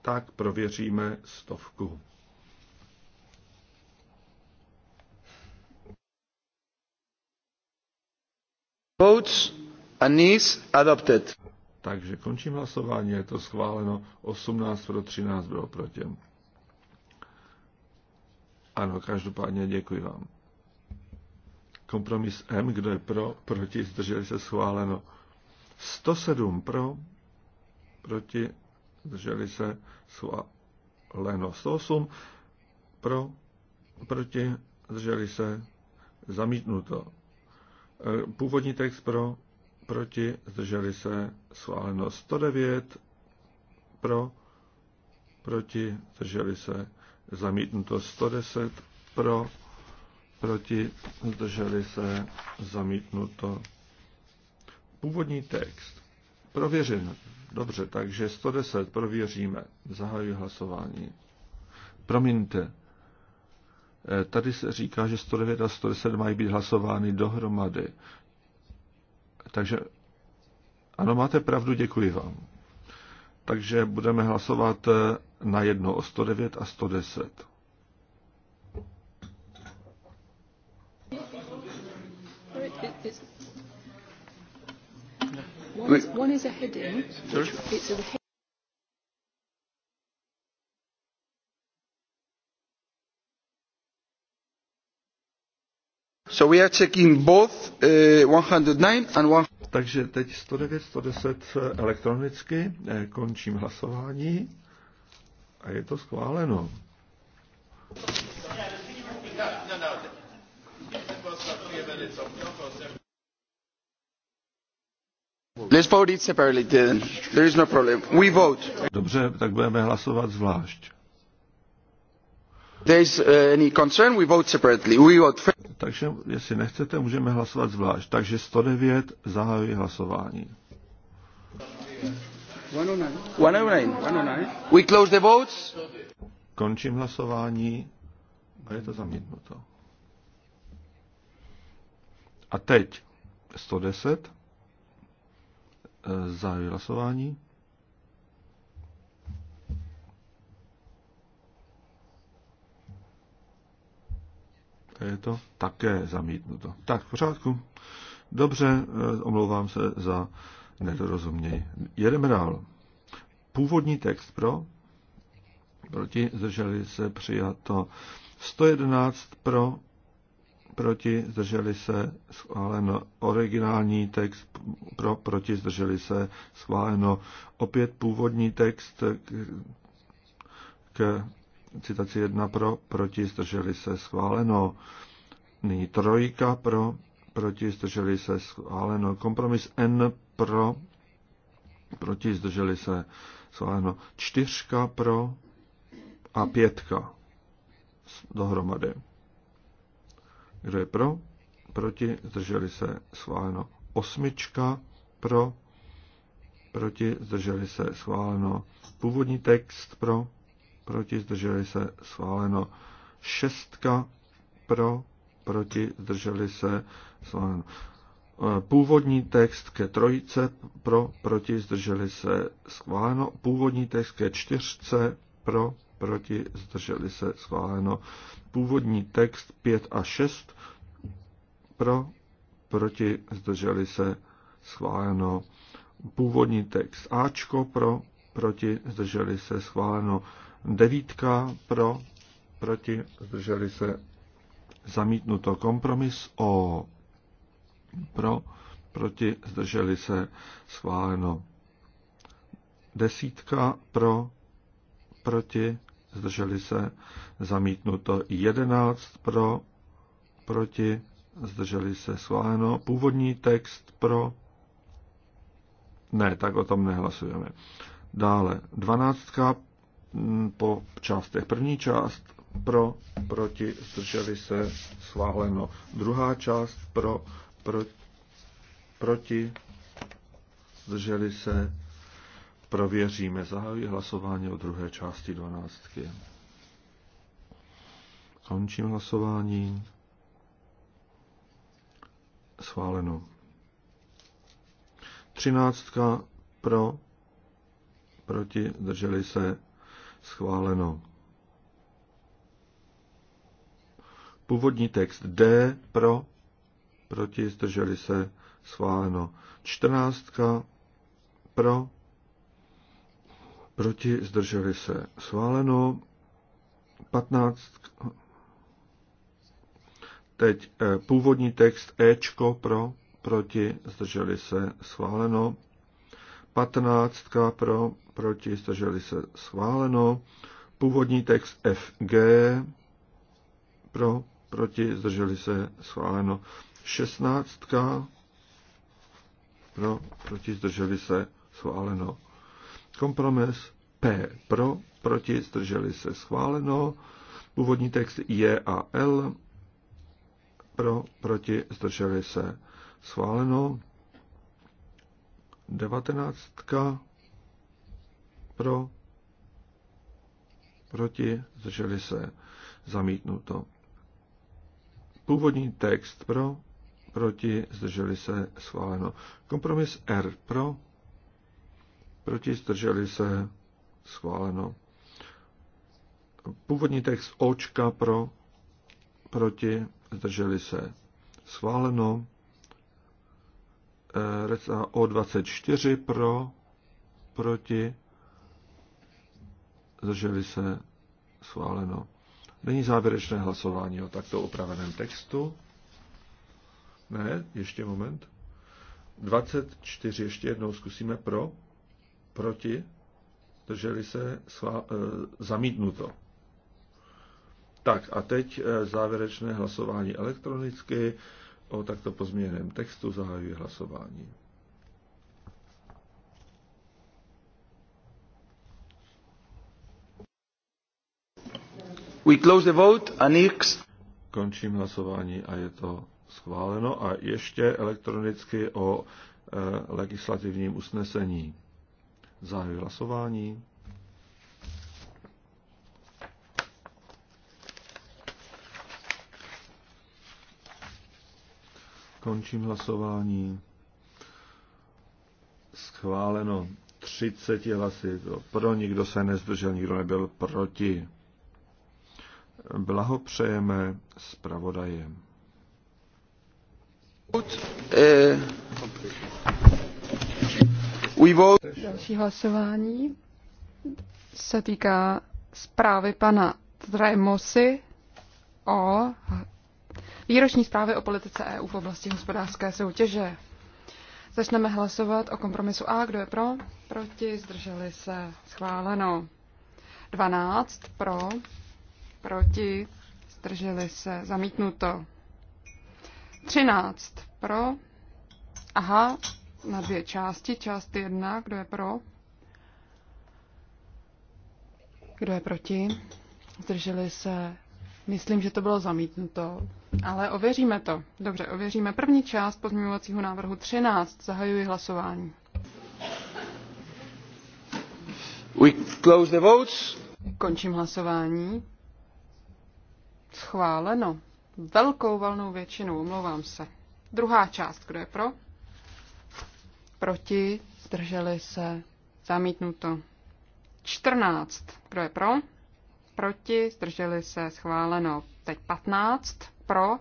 tak prověříme stovku. Votes Anis adopted. Takže končím hlasování, je to schváleno 18 pro 13 bylo proti. Ano, každopádně děkuji vám. Kompromis M, kdo je pro, proti, zdrželi se schváleno 107 pro, proti, zdrželi se schváleno 108 pro, proti, zdrželi se zamítnuto. E, původní text pro, proti, zdrželi se, schváleno 109, pro, proti, zdrželi se, zamítnuto 110, pro, proti, zdrželi se, zamítnuto. Původní text. Prověřen. Dobře, takže 110 prověříme. Zahajuji hlasování. Promiňte. E, tady se říká, že 109 a 110 mají být hlasovány dohromady. Takže ano, máte pravdu, děkuji vám. Takže budeme hlasovat eh, na jedno o 109 a 110. One is, a heading. It's a So we are checking both uh, eh, 109 and 100. Takže teď 109, 110 eh, elektronicky, eh, končím hlasování a je to schváleno. Let's vote it separately then. There is no problem. We vote. Dobře, tak budeme hlasovat zvlášť. Uh, Takže jestli nechcete, můžeme hlasovat zvlášť. Takže 109 zahajuji hlasování. 109. We close the votes. Končím hlasování a je to zamítnuto. A teď 110. Eh, zahajuji hlasování. je to také zamítnuto. Tak, v pořádku. Dobře, eh, omlouvám se za nedorozumění. Jedeme dál. Původní text pro, proti, zdrželi se, přijato 111 pro, proti, zdrželi se, schváleno originální text, pro, proti, zdrželi se, schváleno opět původní text k, k citaci jedna pro, proti, zdrželi se, schváleno. Nyní trojka pro, proti, zdrželi se, schváleno. Kompromis N pro, proti, zdrželi se, schváleno. Čtyřka pro a pětka dohromady. Kdo je pro? Proti, zdrželi se, schváleno. Osmička pro, proti, zdrželi se, schváleno. Původní text pro, proti, zdrželi se, schváleno. Šestka pro, proti, zdrželi se, schváleno. E, původní text ke trojice pro, proti, zdrželi se, schváleno. Původní text ke čtyřce pro, proti, zdrželi se, schváleno. Původní text 5 a 6 pro, proti, zdrželi se, schváleno. Původní text Ačko pro, proti, zdrželi se, schváleno. Devítka pro, proti, zdrželi se zamítnuto. Kompromis o pro, proti, zdrželi se schváleno. Desítka pro, proti, zdrželi se zamítnuto. Jedenáct pro, proti, zdrželi se schváleno. Původní text pro, ne, tak o tom nehlasujeme. Dále, dvanáctka Mm, po částech. První část pro, proti, zdrželi se, sváhleno Druhá část pro, pro proti, zdrželi se, prověříme. Zahajuji hlasování o druhé části dvanáctky. Končím hlasování. Sváleno. Třináctka pro, proti, zdrželi se, schváleno. Původní text D pro, proti, zdrželi se, schváleno. Čtrnáctka pro, proti, zdrželi se, schváleno. Patnáctka, teď eh, původní text Ečko pro, proti, zdrželi se, schváleno. 15 pro, proti, zdrželi se schváleno. Původní text FG pro, proti, zdrželi se schváleno. 16 pro, proti, zdrželi se schváleno. Kompromis P pro, proti, zdrželi se schváleno. Původní text J a L pro, proti, zdrželi se schváleno. Devatenáctka pro, proti, zdrželi se, zamítnuto. Původní text pro, proti, zdrželi se, schváleno. Kompromis R pro, proti, zdrželi se, schváleno. Původní text Očka pro, proti, zdrželi se, schváleno. O24 pro, proti, zdrželi se, schváleno. Není závěrečné hlasování o takto upraveném textu. Ne, ještě moment. 24, ještě jednou zkusíme pro, proti, drželi se, schvá, e, zamítnuto. Tak a teď eh, závěrečné hlasování elektronicky o takto pozměněném textu zahajuji hlasování. We close the vote and next... Končím hlasování a je to schváleno. A ještě elektronicky o e, legislativním usnesení. Zahajuji hlasování. Končím hlasování. Schváleno 30 hlasy pro, nikdo se nezdržel, nikdo nebyl proti. Blahopřejeme zpravodajem. Eh, Další hlasování se týká zprávy pana Tremosy o výroční zprávy o politice EU v oblasti hospodářské soutěže. Začneme hlasovat o kompromisu A. Kdo je pro? Proti? Zdrželi se? Schváleno. 12 pro, proti, zdrželi se, zamítnuto. 13 pro, aha, na dvě části, část 1, kdo je pro, kdo je proti, zdrželi se, myslím, že to bylo zamítnuto. Ale ověříme to. Dobře, ověříme první část pozměňovacího návrhu 13. Zahajuji hlasování. We close the votes. Končím hlasování. Schváleno. Velkou valnou většinou, omlouvám se. Druhá část, kdo je pro? Proti, zdrželi se, zamítnuto. 14, kdo je pro? Proti, zdrželi se, schváleno. Teď 15 pro,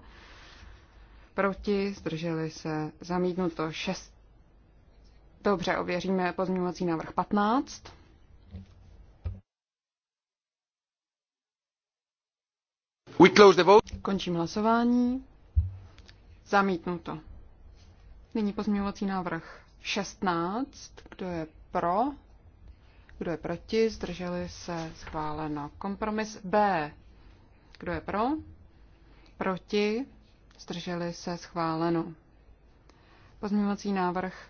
proti, zdrželi se, zamítnuto 6. Dobře, ověříme pozměňovací návrh 15. We close the vote. Končím hlasování. Zamítnuto. Nyní pozměňovací návrh 16. Kdo je pro? Kdo je proti? Zdrželi se schváleno. Kompromis B. Kdo je pro? Proti? Zdrželi se schváleno. Pozměňovací návrh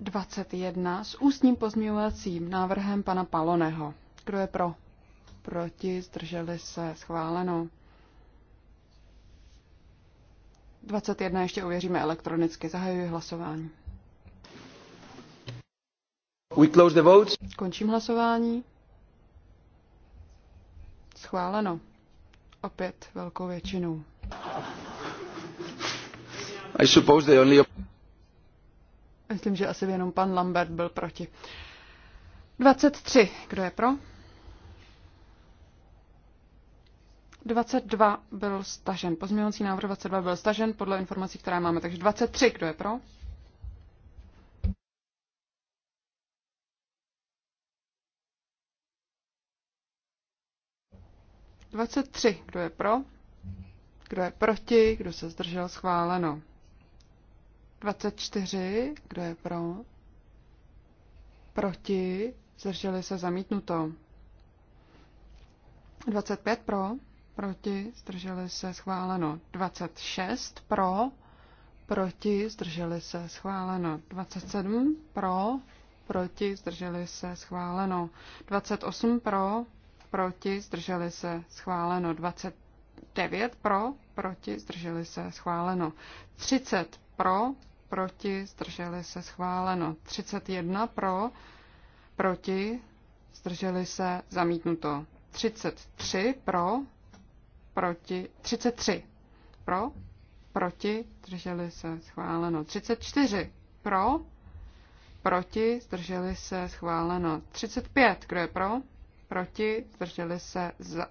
21 s ústním pozměňovacím návrhem pana Paloneho. Kdo je pro? Proti? Zdrželi se schváleno. 21 ještě ověříme elektronicky. Zahajuji hlasování. We close the votes. Končím hlasování. Schváleno. Opět velkou většinou. I suppose they only... Myslím, že asi jenom pan Lambert byl proti. 23. Kdo je pro? 22 byl stažen. Pozměňovací návrh 22 byl stažen podle informací, které máme. Takže 23. Kdo je pro? 23. Kdo je pro? Kdo je proti? Kdo se zdržel? Schváleno. 24. Kdo je pro? Proti? Zdrželi se zamítnuto. 25 pro, proti, zdrželi se schváleno. 26 pro, proti, zdrželi se schváleno. 27 pro, proti, zdrželi se schváleno. 28 pro, proti, zdrželi se, schváleno. 29 pro, proti, zdrželi se, schváleno. 30 pro, proti, zdrželi se, schváleno. 31 pro, proti, zdrželi se, zamítnuto. 33 pro, proti, 33 pro, proti, zdrželi se, schváleno. 34 pro, proti, zdrželi se, schváleno. 35, kdo je pro? proti, zdrželi se za,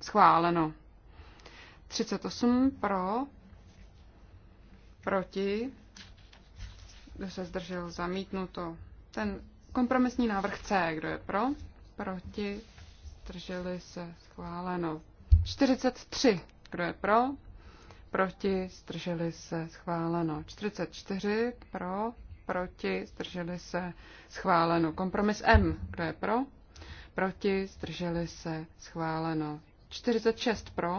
schváleno. 38 pro, proti, kdo se zdržel, zamítnuto. Ten kompromisní návrh C, kdo je pro, proti, zdrželi se, schváleno. 43, kdo je pro, proti, zdrželi se, schváleno. 44 pro, proti, zdrželi se, schváleno. Kompromis M, kdo je pro, proti, zdrželi se, schváleno. 46 pro,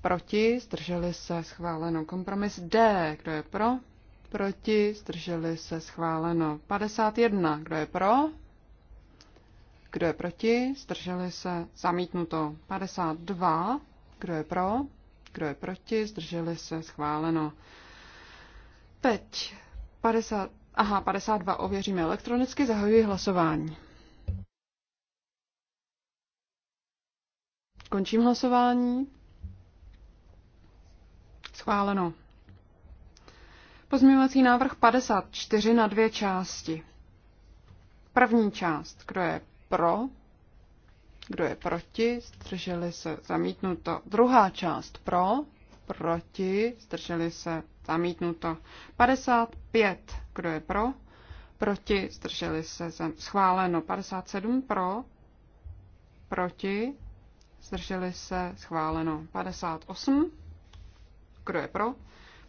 proti, zdrželi se, schváleno. Kompromis D, kdo je pro, proti, zdrželi se, schváleno. 51, kdo je pro, kdo je proti, zdrželi se, zamítnuto. 52, kdo je pro, kdo je proti, zdrželi se, schváleno. Teď 50, Aha, 52 ověříme elektronicky, zahajuji hlasování. Končím hlasování. Schváleno. Pozměňovací návrh 54 na dvě části. První část, kdo je pro, kdo je proti, zdrželi se zamítnuto. Druhá část pro, proti, zdrželi se, zamítnuto. 55, kdo je pro, proti, zdrželi se, schváleno. 57 pro, proti, zdrželi se, schváleno. 58, kdo je pro,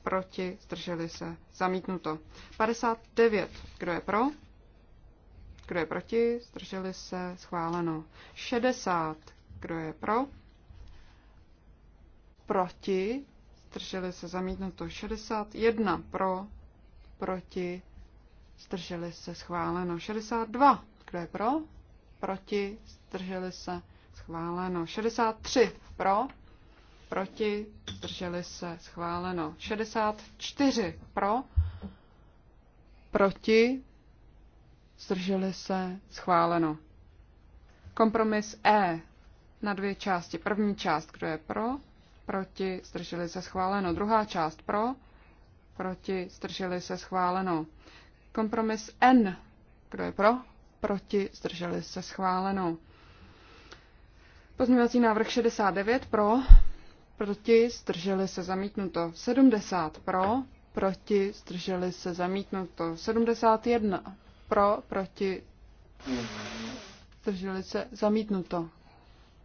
proti, zdrželi se, zamítnuto. 59, kdo je pro, kdo je proti, zdrželi se, schváleno. 60, kdo je pro, proti, zdrželi se zamítnuto 61 pro, proti, zdrželi se schváleno 62. Kdo je pro? Proti, zdrželi se schváleno 63 pro, proti, zdrželi se schváleno 64 pro, proti, zdrželi se schváleno. Kompromis E na dvě části. První část, kdo je pro, proti, zdrželi se schváleno. Druhá část pro, proti, zdrželi se schváleno. Kompromis N, kdo je pro, proti, zdrželi se schváleno. Pozměňovací návrh 69 pro, proti, zdrželi se zamítnuto. 70 pro, proti, zdrželi se zamítnuto. 71 pro, proti, zdrželi se zamítnuto.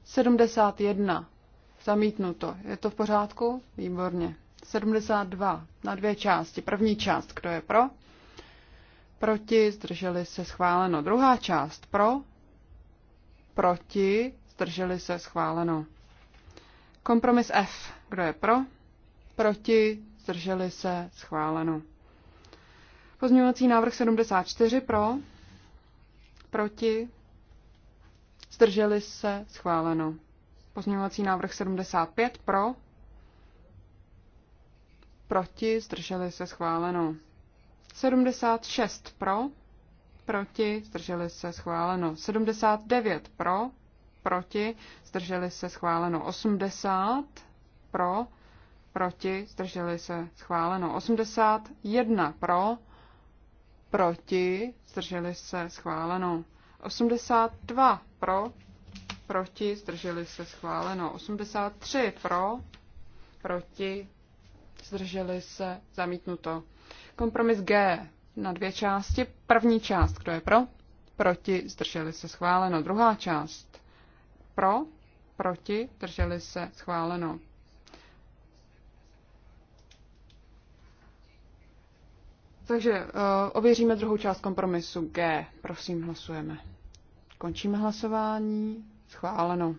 71 Zamítnuto. Je to v pořádku? Výborně. 72 na dvě části. První část, kdo je pro? Proti, zdrželi se schváleno. Druhá část, pro? Proti, zdrželi se schváleno. Kompromis F, kdo je pro? Proti, zdrželi se schváleno. Pozměňovací návrh 74 pro, proti, zdrželi se schváleno. Pozměňovací návrh 75 pro. Proti zdrželi se schváleno. 76 pro. Proti zdrželi se schváleno. 79 pro. Proti zdrželi se schváleno. 80 pro. Proti zdrželi se schváleno. 81 pro. Proti zdrželi se schváleno. 82 pro proti, zdrželi se schváleno. 83 pro, proti, zdrželi se zamítnuto. Kompromis G na dvě části. První část, kdo je pro, proti, zdrželi se schváleno. Druhá část, pro, proti, zdrželi se schváleno. Takže uh, ověříme druhou část kompromisu G. Prosím, hlasujeme. Končíme hlasování. Schváleno.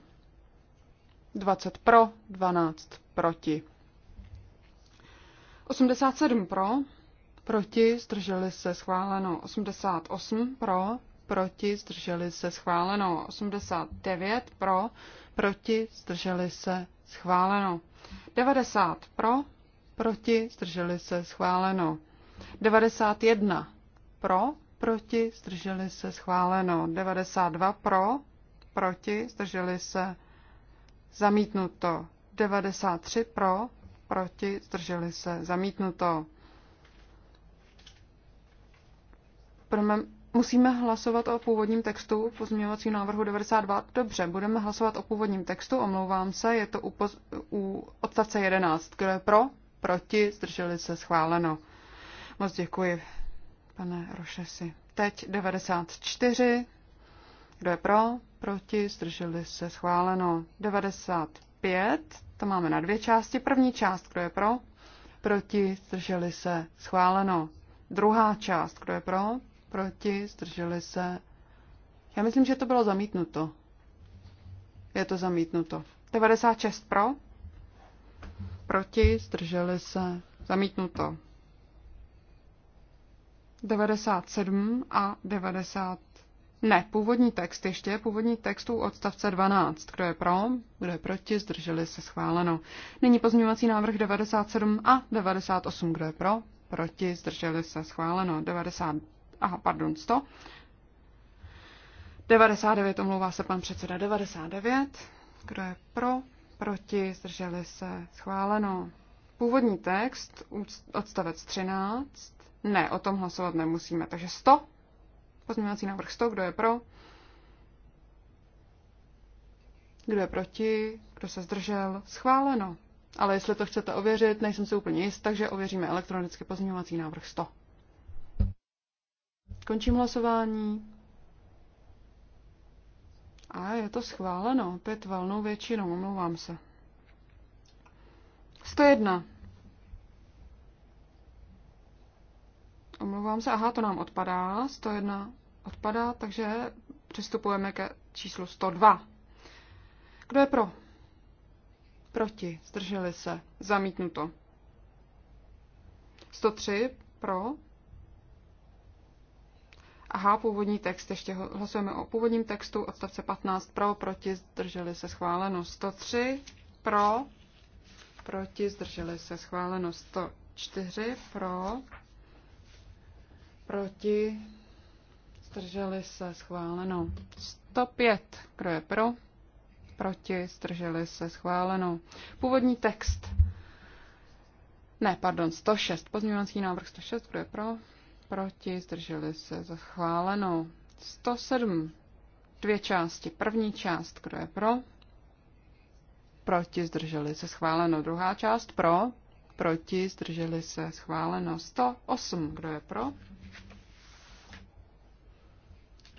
20 pro, 12 proti. 87 pro, proti, zdrželi se schváleno. 88 pro, proti, zdrželi se schváleno. 89 pro, proti, zdrželi se schváleno. 90 pro, proti, zdrželi se schváleno. 91 pro, proti, zdrželi se schváleno. 92 pro, proti, zdrželi se zamítnuto. 93 pro, proti, zdrželi se zamítnuto. Budeme, musíme hlasovat o původním textu pozměňovacího návrhu 92. Dobře, budeme hlasovat o původním textu, omlouvám se, je to u, poz, u odstavce 11. Kdo je pro, proti, zdrželi se schváleno. Moc děkuji, pane Rošesi. Teď 94 kdo je pro? Proti? Zdrželi se? Schváleno. 95. To máme na dvě části. První část. Kdo je pro? Proti? Zdrželi se? Schváleno. Druhá část. Kdo je pro? Proti? Zdrželi se? Já myslím, že to bylo zamítnuto. Je to zamítnuto. 96 pro? Proti? Zdrželi se? Zamítnuto. 97 a 90. Ne, původní text ještě, původní textu odstavce 12. Kdo je pro, kdo je proti, zdrželi se schváleno. Nyní pozměňovací návrh 97 a 98. Kdo je pro, proti, zdrželi se schváleno. 90, aha, pardon, 100. 99, omlouvá se pan předseda, 99. Kdo je pro, proti, zdrželi se schváleno. Původní text, odstavec 13. Ne, o tom hlasovat nemusíme, takže 100 Pozměňovací návrh 100, kdo je pro? Kdo je proti? Kdo se zdržel? Schváleno. Ale jestli to chcete ověřit, nejsem si úplně jist, takže ověříme elektronicky pozměňovací návrh 100. Končím hlasování. A je to schváleno, Pět valnou většinou, omlouvám se. 101. Omlouvám se, aha, to nám odpadá. 101 odpadá, takže přistupujeme ke číslu 102. Kdo je pro? Proti. Zdrželi se. Zamítnuto. 103 pro. Aha, původní text. Ještě hlasujeme o původním textu. Odstavce 15 pro, proti, zdrželi se schváleno. 103 pro, proti, zdrželi se schváleno. 104 pro, proti, Zdrželi se schváleno. 105. Kdo je pro? Proti. Zdrželi se schváleno. Původní text. Ne, pardon, 106. Pozměňovací návrh 106. Kdo je pro? Proti. Zdrželi se schváleno. 107. Dvě části. První část. Kdo je pro? Proti. Zdrželi se schváleno. Druhá část. Pro? Proti. Zdrželi se schváleno. 108. Kdo je pro?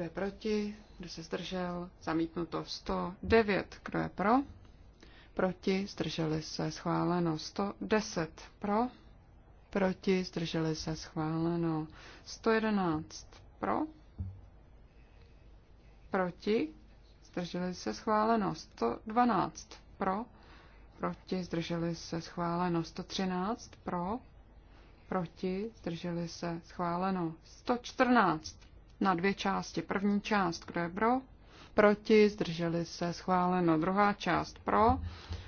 Kdo je proti? Kdo se zdržel? Zamítnuto 109. Kdo je pro? Proti? Zdrželi se? Schváleno 110. Pro? Proti? Zdrželi se? Schváleno 111. Pro? Proti? Zdrželi se? Schváleno 112. Pro? Proti? Zdrželi se? Schváleno 113. Pro? Proti? Zdrželi se? Schváleno 114 na dvě části. První část, kdo je pro, proti, zdrželi se, schváleno. Druhá část pro,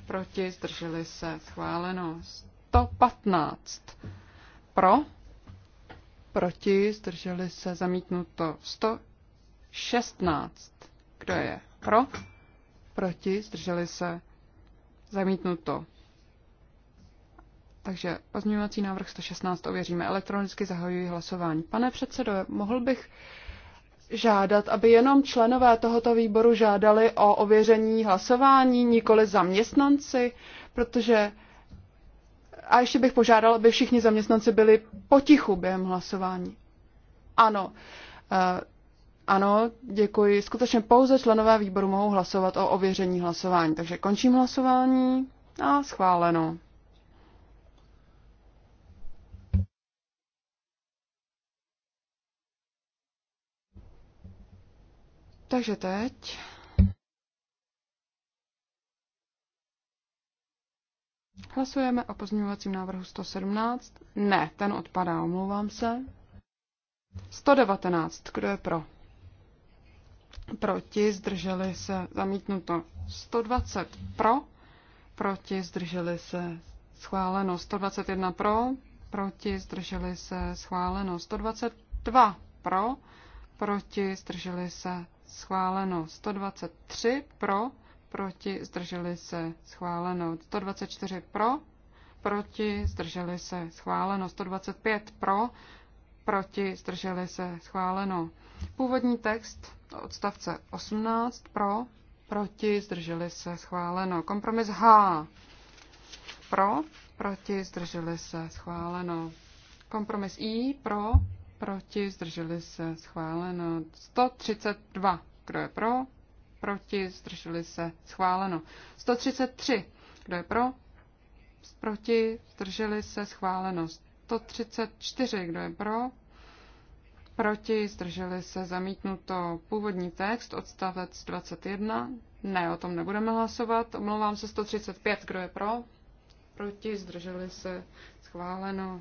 proti, zdrželi se, schváleno. 115 pro, proti, zdrželi se, zamítnuto. 116, kdo je pro, proti, zdrželi se, zamítnuto. Takže pozměňovací návrh 116 ověříme elektronicky, zahajuji hlasování. Pane předsedo, mohl bych žádat, aby jenom členové tohoto výboru žádali o ověření hlasování, nikoli zaměstnanci, protože a ještě bych požádal, aby všichni zaměstnanci byli potichu během hlasování. Ano, eh, ano, děkuji. Skutečně pouze členové výboru mohou hlasovat o ověření hlasování. Takže končím hlasování a schváleno. Takže teď Hlasujeme o pozměňovacím návrhu 117. Ne, ten odpadá, omlouvám se. 119. Kdo je pro? Proti, zdrželi se, zamítnuto. 120 pro, proti, zdrželi se, schváleno. 121 pro, proti, zdrželi se, schváleno. 122 pro, proti, zdrželi se, schváleno 123 pro, proti zdrželi se schváleno 124 pro, proti zdrželi se schváleno 125 pro, proti zdrželi se schváleno. Původní text odstavce 18 pro, proti zdrželi se schváleno. Kompromis H pro, proti zdrželi se schváleno. Kompromis I pro, proti, zdrželi se, schváleno. 132, kdo je pro, proti, zdrželi se, schváleno. 133, kdo je pro, proti, zdrželi se, schváleno. 134, kdo je pro, proti, zdrželi se, zamítnuto. Původní text, odstavec 21, ne, o tom nebudeme hlasovat. Omlouvám se, 135, kdo je pro, proti, zdrželi se, schváleno.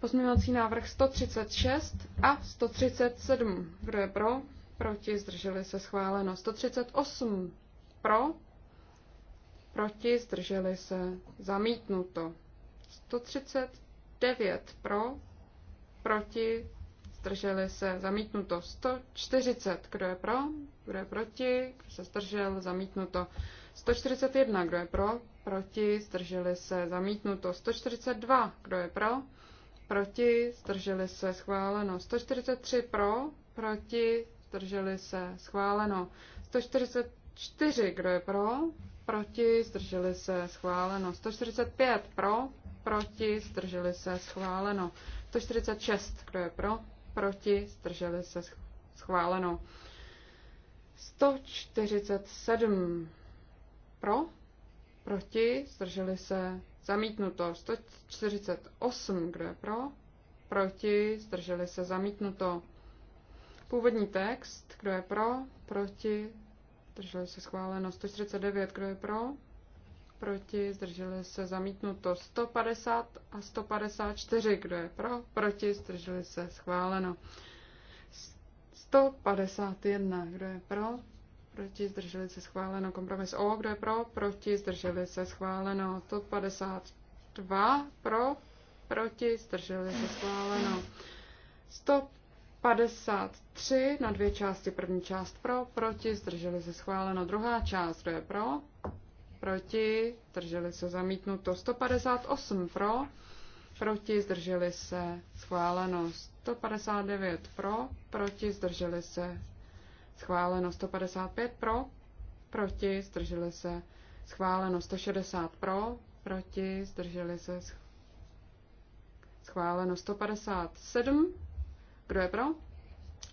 Pozměňovací návrh 136 a 137. Kdo je pro? Proti? Zdrželi se schváleno. 138 pro? Proti? Zdrželi se zamítnuto. 139 pro? Proti? Zdrželi se zamítnuto. 140. Kdo je pro? Kdo je proti? Kdo se zdržel? Zamítnuto. 141. Kdo je pro? Proti? Zdrželi se zamítnuto. 142. Kdo je pro? proti, zdrželi se, schváleno. 143 pro, proti, zdrželi se, schváleno. 144, kdo je pro, proti, zdrželi se, schváleno. 145 pro, proti, zdrželi se, schváleno. 146, kdo je pro, proti, zdrželi se, schváleno. 147 pro, proti, zdrželi se, Zamítnuto 148, kdo je pro? Proti, zdrželi se, zamítnuto. Původní text, kdo je pro? Proti, zdrželi se, schváleno 149, kdo je pro? Proti, zdrželi se, zamítnuto 150 a 154, kdo je pro? Proti, zdrželi se, schváleno. 151, kdo je pro? proti, zdrželi se schváleno. Kompromis O, kdo je pro, proti, zdrželi se schváleno. To 52 pro, proti, zdrželi se schváleno. 153 na dvě části, první část pro, proti, zdrželi se schváleno. Druhá část, kdo je pro, proti, zdrželi se zamítnuto. 158 pro, proti, zdrželi se schváleno. 159 pro, proti, zdrželi se schváleno 155 pro, proti, zdrželi se, schváleno 160 pro, proti, zdrželi se, schváleno 157, kdo je pro,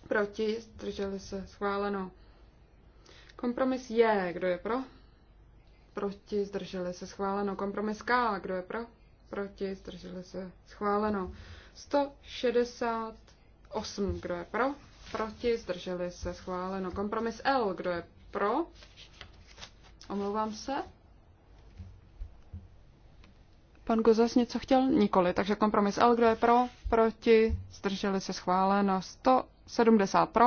proti, zdrželi se, schváleno. Kompromis je, kdo je pro, proti, zdrželi se, schváleno. Kompromis K, kdo je pro, proti, zdrželi se, schváleno. 168, kdo je pro, proti, zdrželi se, schváleno. Kompromis L, kdo je pro, omlouvám se. Pan Gozas něco chtěl? Nikoli. Takže kompromis L, kdo je pro, proti, zdrželi se, schváleno. 170 pro,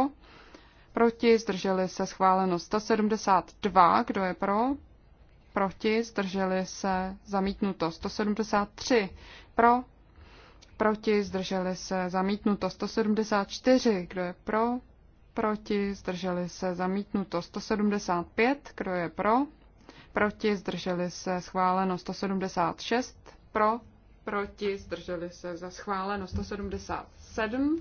proti, zdrželi se, schváleno. 172, kdo je pro, proti, zdrželi se, zamítnuto. 173 pro, proti, zdrželi se, zamítnuto 174, kdo je pro, proti, zdrželi se, zamítnuto 175, kdo je pro, proti, zdrželi se, schváleno 176, pro, proti, zdrželi se, za schváleno 177,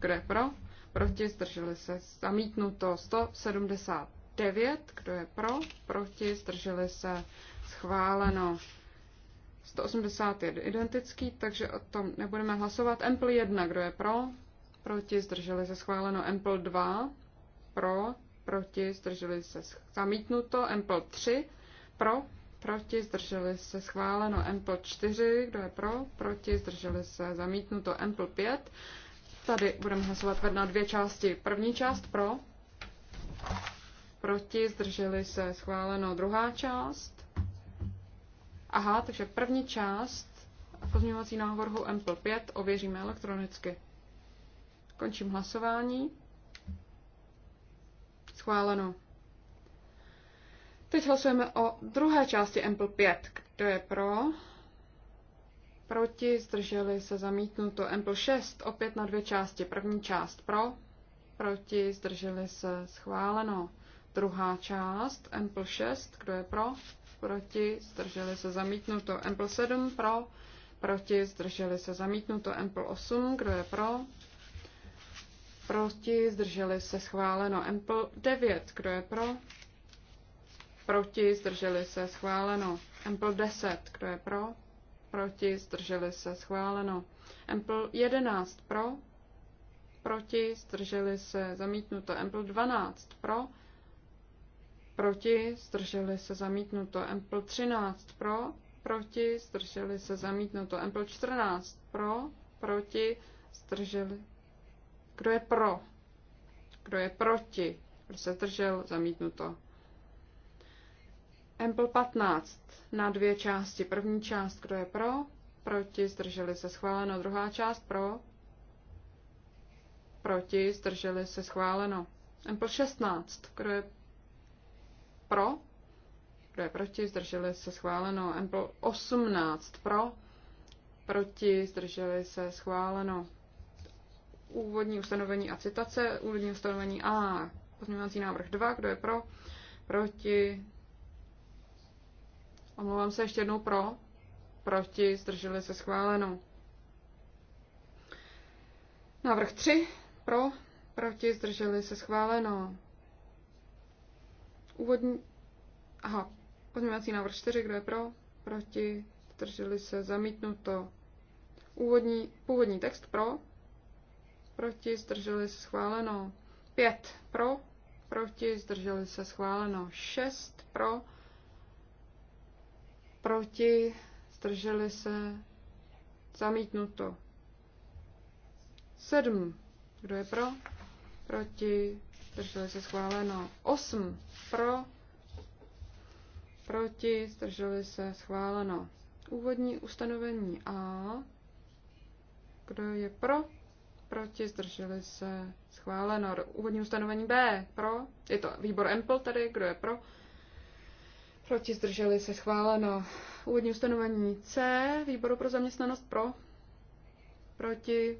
kdo je pro, proti, zdrželi se, zamítnuto 179, kdo je pro, proti, zdrželi se, schváleno 180 je identický, takže o tom nebudeme hlasovat. Ample 1, kdo je pro? Proti, zdrželi se schváleno. Ample 2, pro, proti, zdrželi se zamítnuto. Ample 3, pro, proti, zdrželi se schváleno. Ample 4, kdo je pro? Proti, zdrželi se zamítnuto. Ample 5, tady budeme hlasovat na dvě části. První část pro, proti, zdrželi se schváleno. Druhá část Aha, takže první část pozměňovací návrhu MPL 5 ověříme elektronicky. Končím hlasování. Schváleno. Teď hlasujeme o druhé části MPL 5. Kdo je pro? Proti, zdrželi se zamítnuto. MPL 6 opět na dvě části. První část pro, proti, zdrželi se schváleno. Druhá část, MPL 6, kdo je pro? proti, zdrželi se zamítnuto. empl 7 pro, proti, zdrželi se zamítnuto. empl 8, kdo je pro, proti, zdrželi se schváleno. empl 9, kdo je pro, proti, zdrželi se schváleno. empl 10, kdo je pro, proti, zdrželi se schváleno. empl 11 pro, proti, zdrželi se zamítnuto. empl 12 pro, proti, zdrželi se zamítnuto. Empl 13 pro, proti, zdrželi se zamítnuto. Empl 14 pro, proti, zdrželi. Kdo je pro? Kdo je proti? Kdo se zdržel? Zamítnuto. Empl 15 na dvě části. První část, kdo je pro? Proti, zdrželi se schváleno. Druhá část pro? Proti, zdrželi se schváleno. Empl 16, kdo je pro, kdo je proti, zdrželi se schváleno. Ample 18 pro, proti, zdrželi se schváleno. Úvodní ustanovení a citace, úvodní ustanovení A, pozměňovací návrh 2, kdo je pro, proti, omlouvám se ještě jednou pro, proti, zdrželi se schváleno. Návrh 3, pro, proti, zdrželi se schváleno úvodní... Aha, pozměňovací návrh 4, kdo je pro, proti, drželi se, zamítnuto. Úvodní, původní text pro, proti, zdrželi se, schváleno. 5 pro, proti, zdrželi se, schváleno. 6 pro, proti, zdrželi se, zamítnuto. 7. Kdo je pro? Proti, zdrželi se schváleno 8 pro, proti, zdrželi se schváleno úvodní ustanovení A, kdo je pro, proti, zdrželi se schváleno úvodní ustanovení B, pro, je to výbor Empl tady, kdo je pro, proti, zdrželi se schváleno úvodní ustanovení C, výboru pro zaměstnanost pro, proti,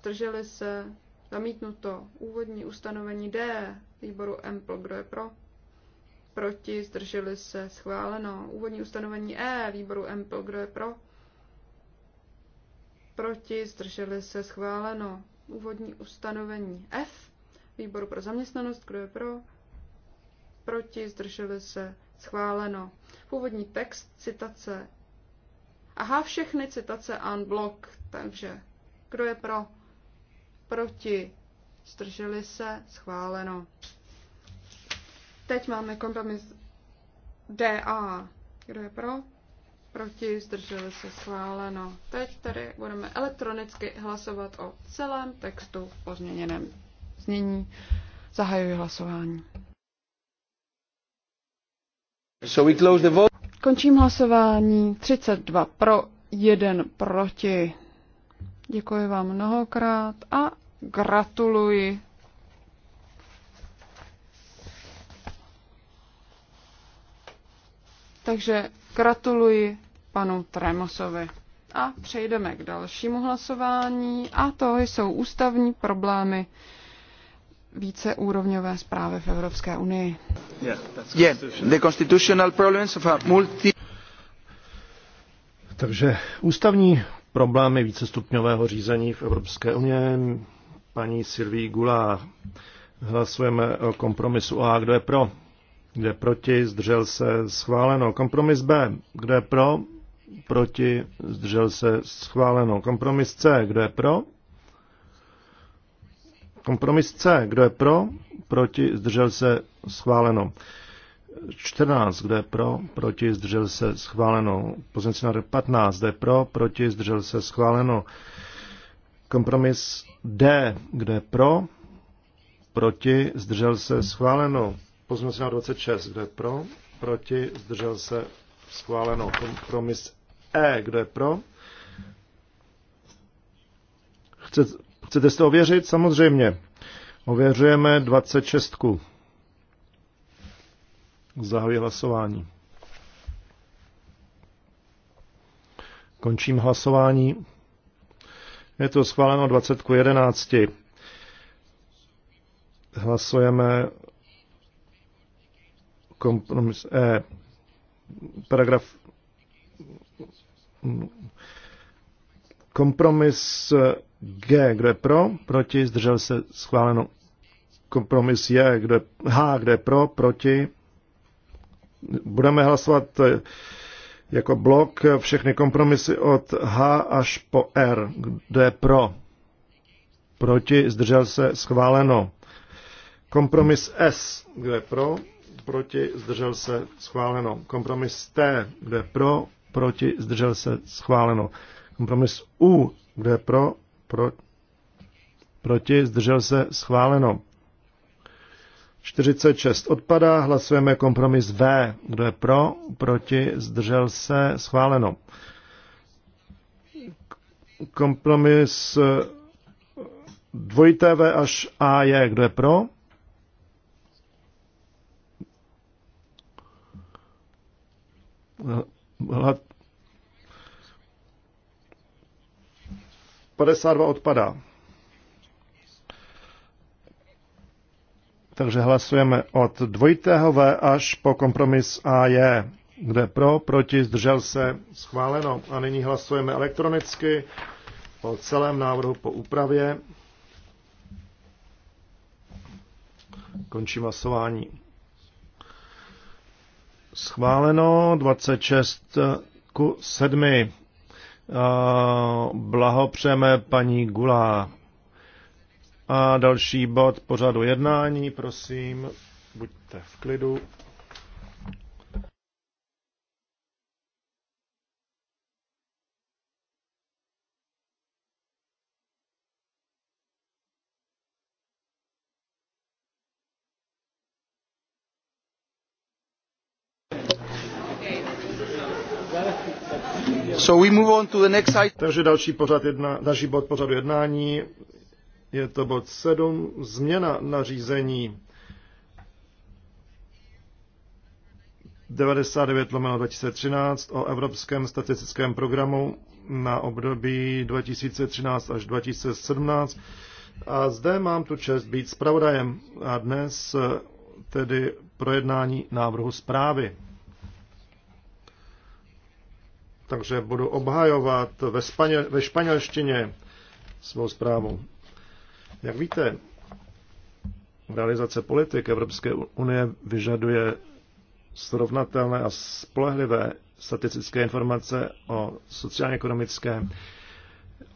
zdrželi se Zamítnuto. Úvodní ustanovení D výboru EMPL. Kdo je pro? Proti. Zdrželi se. Schváleno. Úvodní ustanovení E výboru EMPL. Kdo je pro? Proti. Zdrželi se. Schváleno. Úvodní ustanovení F výboru pro zaměstnanost. Kdo je pro? Proti. Zdrželi se. Schváleno. Původní text citace. Aha, všechny citace en bloc, takže kdo je pro? proti, zdrželi se, schváleno. Teď máme kompromis DA. Kdo je pro? Proti, zdrželi se, schváleno. Teď tady budeme elektronicky hlasovat o celém textu o změněném znění. Zahajuji hlasování. So we close the vote. Končím hlasování. 32 pro, 1 proti. Děkuji vám mnohokrát a gratuluji. Takže gratuluji panu Tremosovi. A přejdeme k dalšímu hlasování a to jsou ústavní problémy úrovňové zprávy v Evropské unii. Yeah, yeah, the constitutional problems of a multi... Takže ústavní problémy vícestupňového řízení v Evropské unii. Paní Silví Gulá, hlasujeme o kompromisu A. Kdo je pro? Kdo je proti? Zdržel se? Schváleno. Kompromis B. Kdo je pro? Proti? Zdržel se? Schváleno. Kompromis C. Kdo je pro? Kompromis C. Kdo je pro? Proti? Zdržel se? Schváleno. 14, kde pro, proti, zdržel se schváleno. Pozměňovací návrh 15, kde pro, proti, zdržel se schváleno. Kompromis D, kde pro, proti, zdržel se schváleno. Pozměňovací návrh 26, kde pro, proti, zdržel se schváleno. Kompromis E, kde pro. Chcete, chcete si to ověřit? Samozřejmě. Ověřujeme 26. Zahajuji hlasování. Končím hlasování. Je to schváleno 20 k 11. Hlasujeme kompromis E. Paragraf kompromis G, kdo je pro, proti, zdržel se schváleno. Kompromis J, kdo je, H, kdo je pro, proti, Budeme hlasovat eh, jako blok všechny kompromisy od H až po R. Kdo je pro? Proti? Zdržel se? Schváleno. Kompromis S. Kdo je pro? Proti? Zdržel se? Schváleno. Kompromis T. Kdo je pro? Proti? Zdržel se? Schváleno. Kompromis U. Kdo je pro? pro proti? Zdržel se? Schváleno. 46 odpadá, hlasujeme kompromis V. Kdo je pro, proti, zdržel se, schváleno. Kompromis eh, dvojité V až A je, kdo je pro? Hlad 52 odpadá. Takže hlasujeme od dvojitého V až po kompromis AJ. Kde pro, proti, zdržel se, schváleno. A nyní hlasujeme elektronicky o celém návrhu po úpravě. Končím hlasování. Schváleno 26 ku 7. Blahopřejeme paní Gulá. A další bod pořadu jednání, prosím, buďte v klidu. So we move on to the next... Takže další, pořad jedna, další bod pořadu jednání, je to bod 7, změna nařízení 99 lomeno 2013 o Evropském statistickém programu na období 2013 až 2017. A zde mám tu čest být zpravodajem a dnes tedy projednání návrhu zprávy. Takže budu obhajovat ve, španěl, ve španělštině svou zprávu. Jak víte, realizace politik Evropské unie vyžaduje srovnatelné a spolehlivé statistické informace o sociálně-ekonomické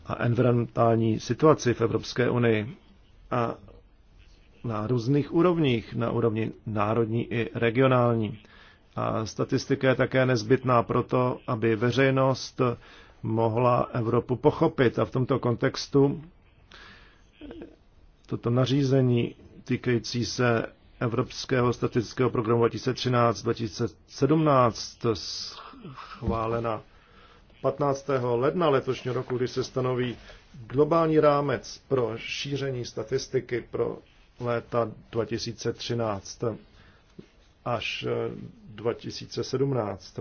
a environmentální situaci v Evropské unii a na různých úrovních, na úrovni národní i regionální. A statistika je také nezbytná proto, aby veřejnost mohla Evropu pochopit. A v tomto kontextu toto nařízení týkající se Evropského statistického programu 2013-2017 schválena 15. ledna letošního roku, kdy se stanoví globální rámec pro šíření statistiky pro léta 2013 až 2017.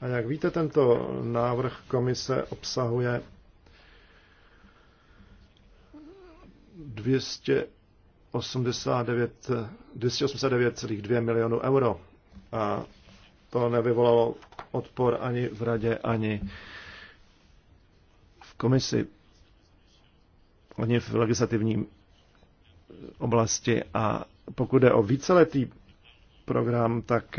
A jak víte, tento návrh komise obsahuje 289,2 289, milionů euro. A to nevyvolalo odpor ani v radě, ani v komisi, ani v legislativním oblasti. A pokud jde o víceletý program, tak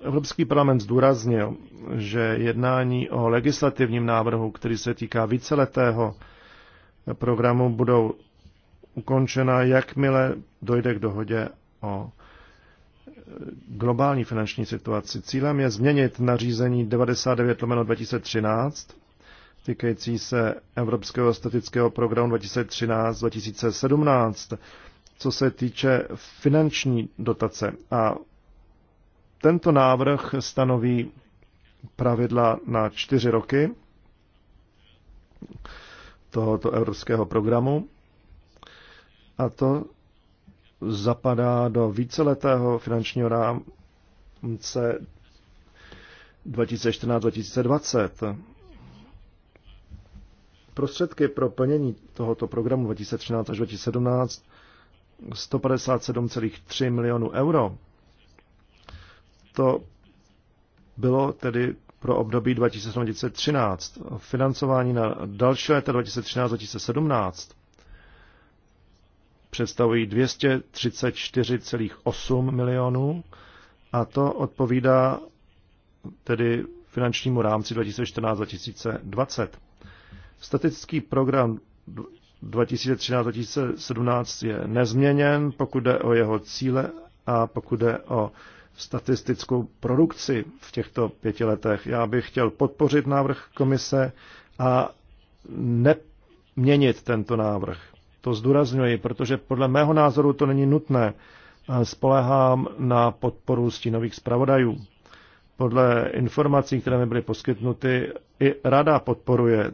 Evropský parlament zdůraznil, že jednání o legislativním návrhu, který se týká víceletého programu budou ukončena, jakmile dojde k dohodě o e, globální finanční situaci. Cílem je změnit nařízení 99 lomeno 2013 týkající se Evropského statického programu 2013-2017, co se týče finanční dotace. A tento návrh stanoví pravidla na čtyři roky tohoto evropského programu a to zapadá do víceletého finančního rámce 2014-2020. Prostředky pro plnění tohoto programu 2013 až 2017 157,3 milionů euro. To bylo tedy pro období 2013, financování na další léta 2013-2017 představují 234,8 milionů a to odpovídá tedy finančnímu rámci 2014-2020. Statický program 2013-2017 je nezměněn, pokud jde o jeho cíle a pokud jde o statistickou produkci v těchto pěti letech. Já bych chtěl podpořit návrh komise a neměnit tento návrh. To zdůrazňuji, protože podle mého názoru to není nutné. Spolehám na podporu stínových zpravodajů. Podle informací, které mi byly poskytnuty, i rada podporuje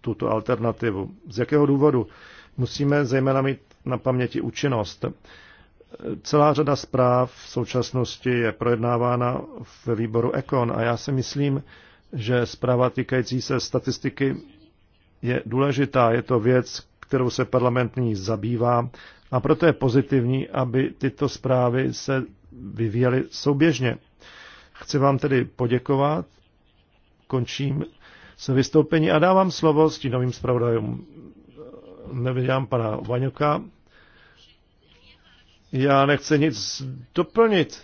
tuto alternativu. Z jakého důvodu? Musíme zejména mít na paměti účinnost. Celá řada zpráv v současnosti je projednávána ve výboru Ekon a já si myslím, že zpráva týkající se statistiky je důležitá. Je to věc, kterou se parlament nyní zabývá a proto je pozitivní, aby tyto zprávy se vyvíjely souběžně. Chci vám tedy poděkovat, končím se vystoupení a dávám slovo s tím novým zpravodajům. Nevidím pana Vaňoka, já nechci nic doplnit.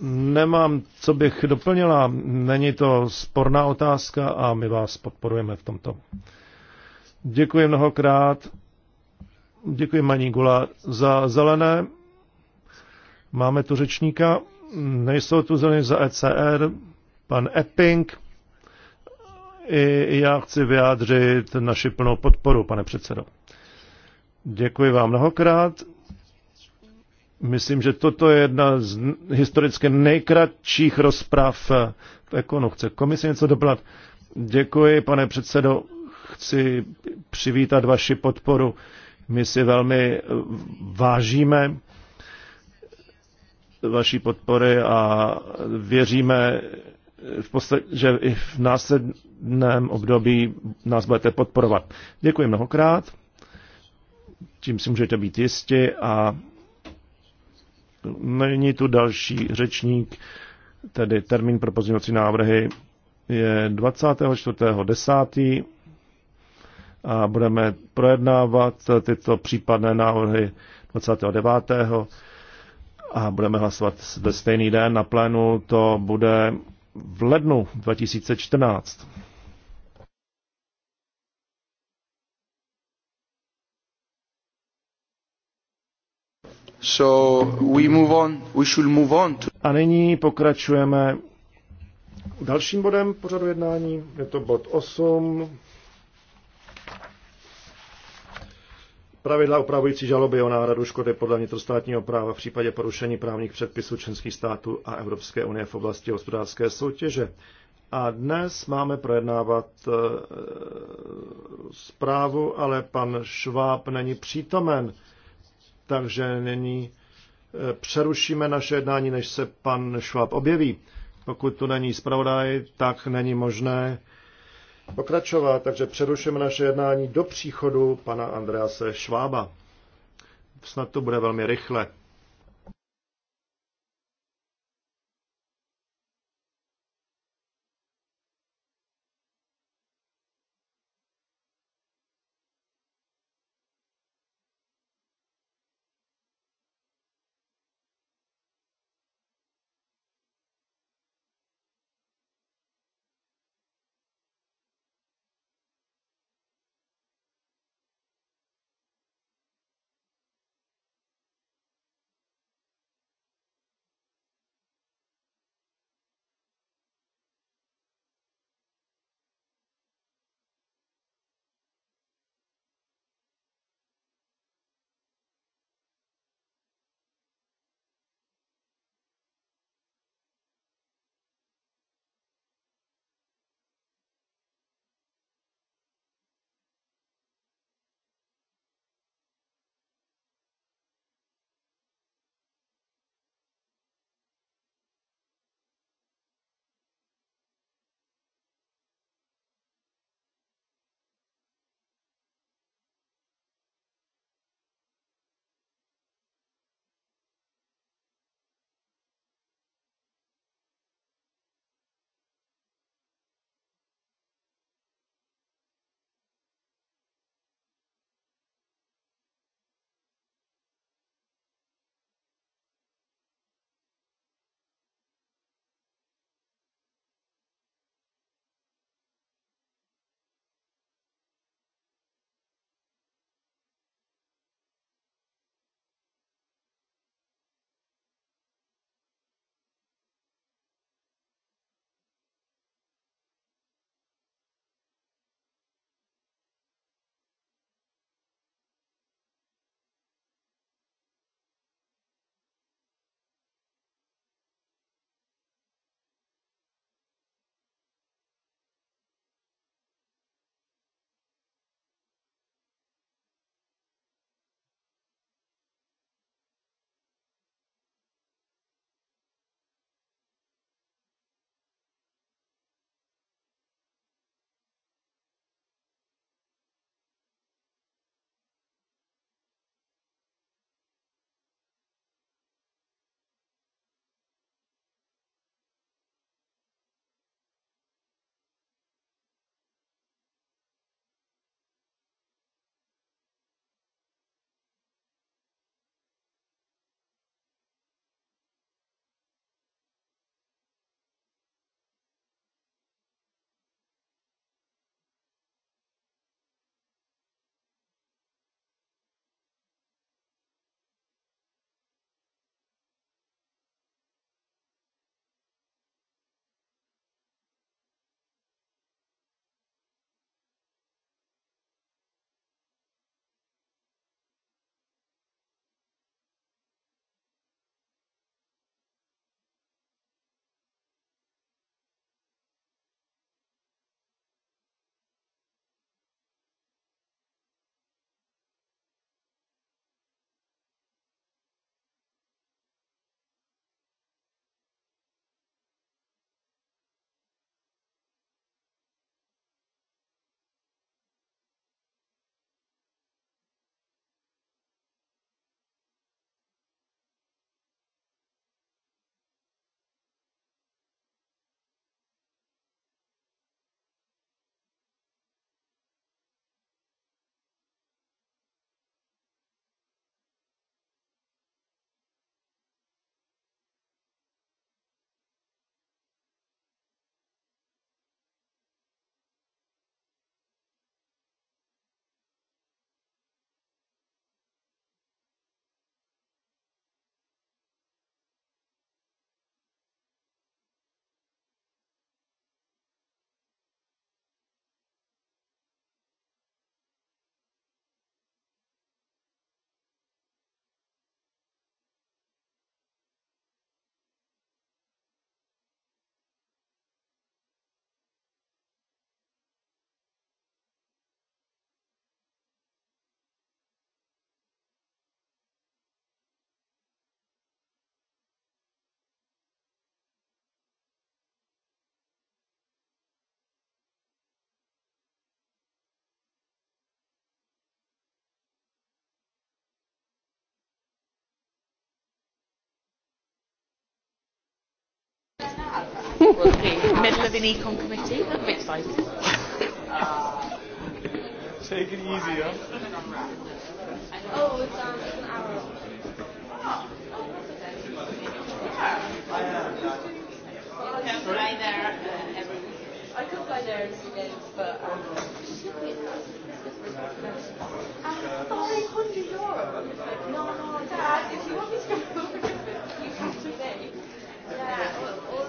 Nemám, co bych doplnila. Není to sporná otázka a my vás podporujeme v tomto. Děkuji mnohokrát. Děkuji Maní Gula za zelené. Máme tu řečníka. Nejsou tu zelené za ECR. Pan Epping. I já chci vyjádřit naši plnou podporu, pane předsedo. Děkuji vám mnohokrát. Myslím, že toto je jedna z historicky nejkratších rozprav eh, v Ekonu. Chce komise něco doplnit? Děkuji, pane předsedo. Chci přivítat vaši podporu. My si velmi eh, vážíme vaší podpory a věříme, eh, v posled, že i v následném období nás budete podporovat. Děkuji mnohokrát, tím si můžete být jistí a Není tu další řečník, tedy termín pro pozměňovací návrhy je 24.10. a budeme projednávat tyto případné návrhy 29. a budeme hlasovat ve stejný den na plénu, to bude v lednu 2014. So we move on, we should move on to... A nyní pokračujeme dalším bodem pořadu jednání. Je to bod 8. Pravidla upravující žaloby o náhradu škody podle vnitrostátního práva v případě porušení právních předpisů členských států a Evropské unie v oblasti hospodářské soutěže. A dnes máme projednávat e, zprávu, ale pan Šváb není přítomen. Takže nyní eh, přerušíme naše jednání, než se pan Šváb objeví. Pokud tu není zpravodaj, tak není možné pokračovat, takže přerušíme naše jednání do příchodu pana Andrease Švába. Snad to bude velmi rychle. middle of an econ committee. I'm excited. Take it easy, huh? Oh, it's um, an hour. Oh, oh, can fly there every week. I could fly there in two days, but um, and 500 euro. no, no, Dad, if you want me to go over to you have to pay. Yeah, well, all,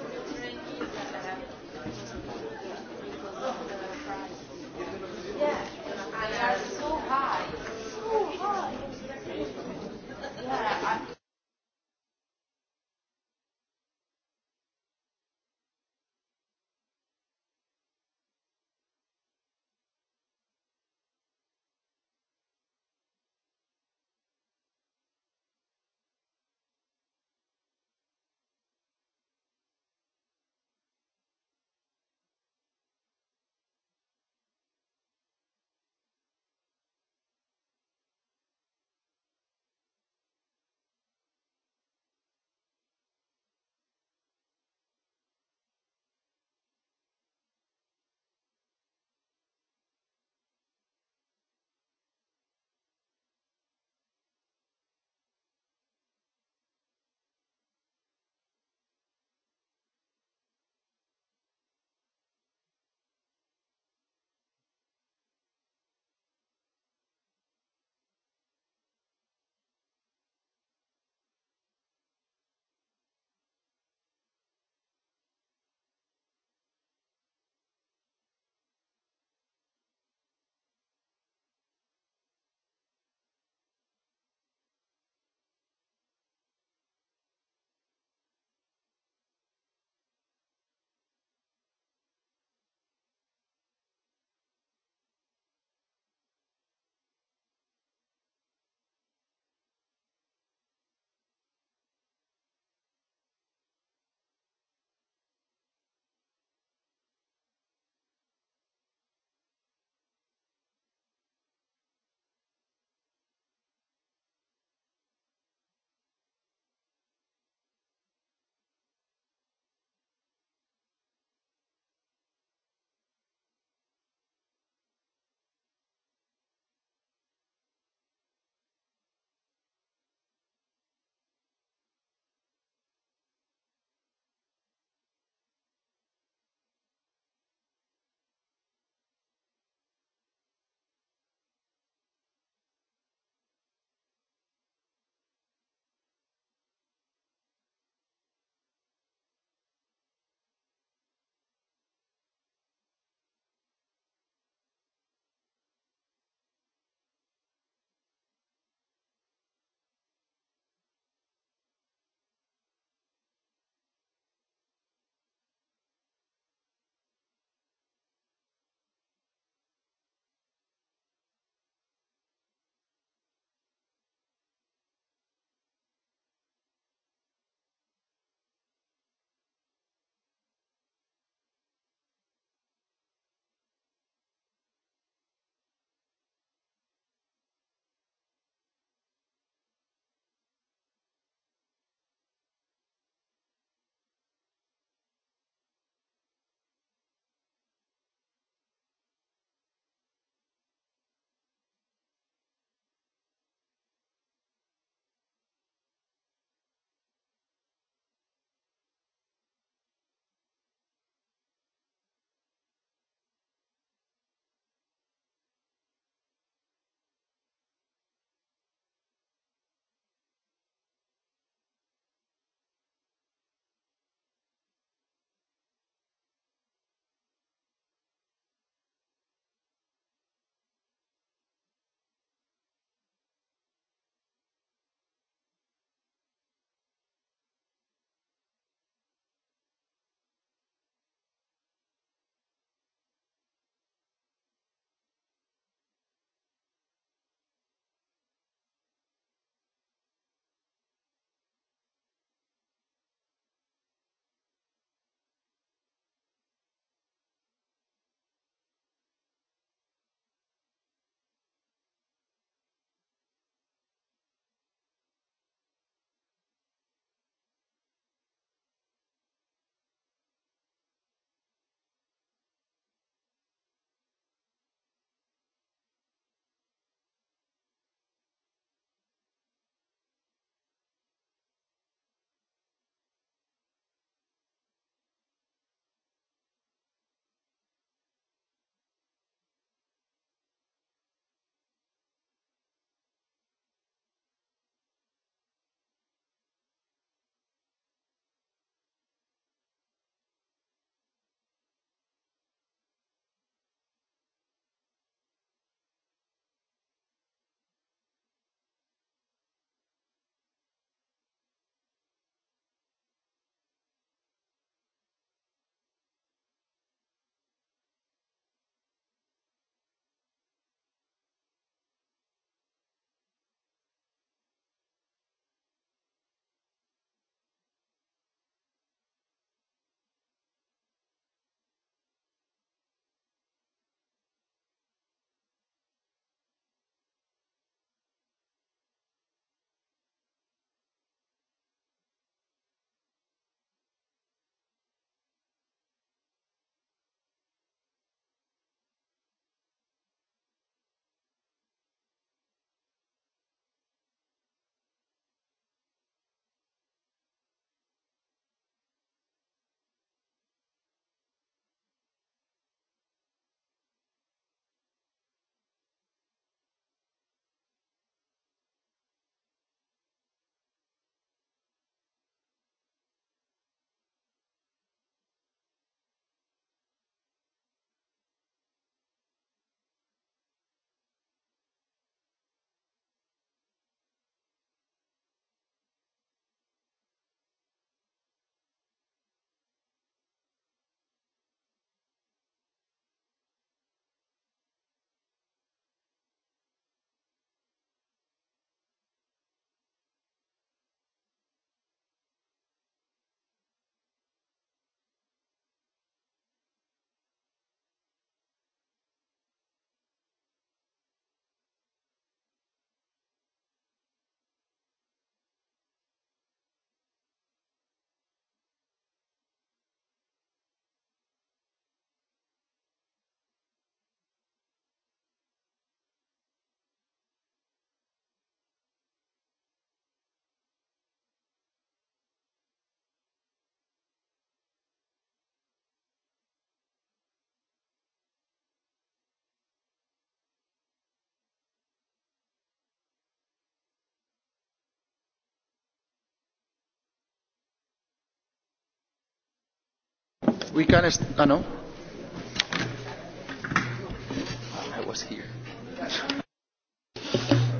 Ah, no?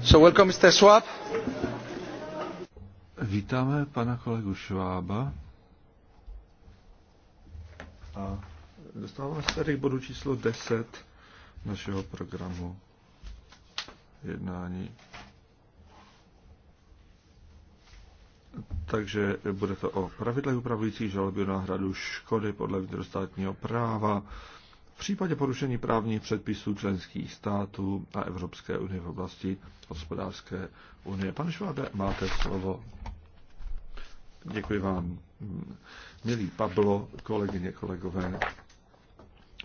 so welcome Mr. Vítáme pana kolegu Švába a dostáváme se tady k bodu číslo 10 našeho programu jednání. takže bude to o pravidlech upravující žaloby náhradu škody podle vnitrostátního práva v případě porušení právních předpisů členských států a Evropské unie v oblasti hospodářské unie. Pane Švábe, máte slovo. Děkuji vám. Milý Pablo, kolegyně, kolegové,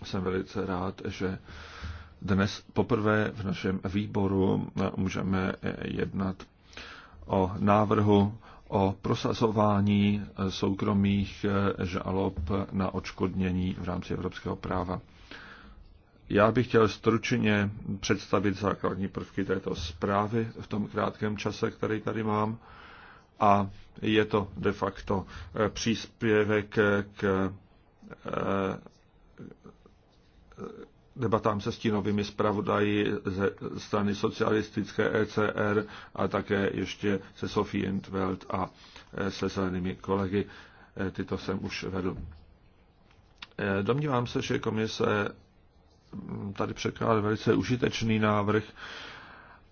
jsem velice rád, že dnes poprvé v našem výboru můžeme jednat o návrhu o prosazování eh, soukromých eh, žalob na odškodnění v rámci evropského práva. Já bych chtěl stručně představit základní prvky této zprávy v tom krátkém čase, který tady mám. A je to de facto eh, příspěvek k debatám se stínovými zpravodaji ze strany socialistické ECR a také ještě se Sophie Entwelt a e, se zelenými kolegy. E, tyto jsem už vedl. E, domnívám se, že komise tady překládá velice užitečný návrh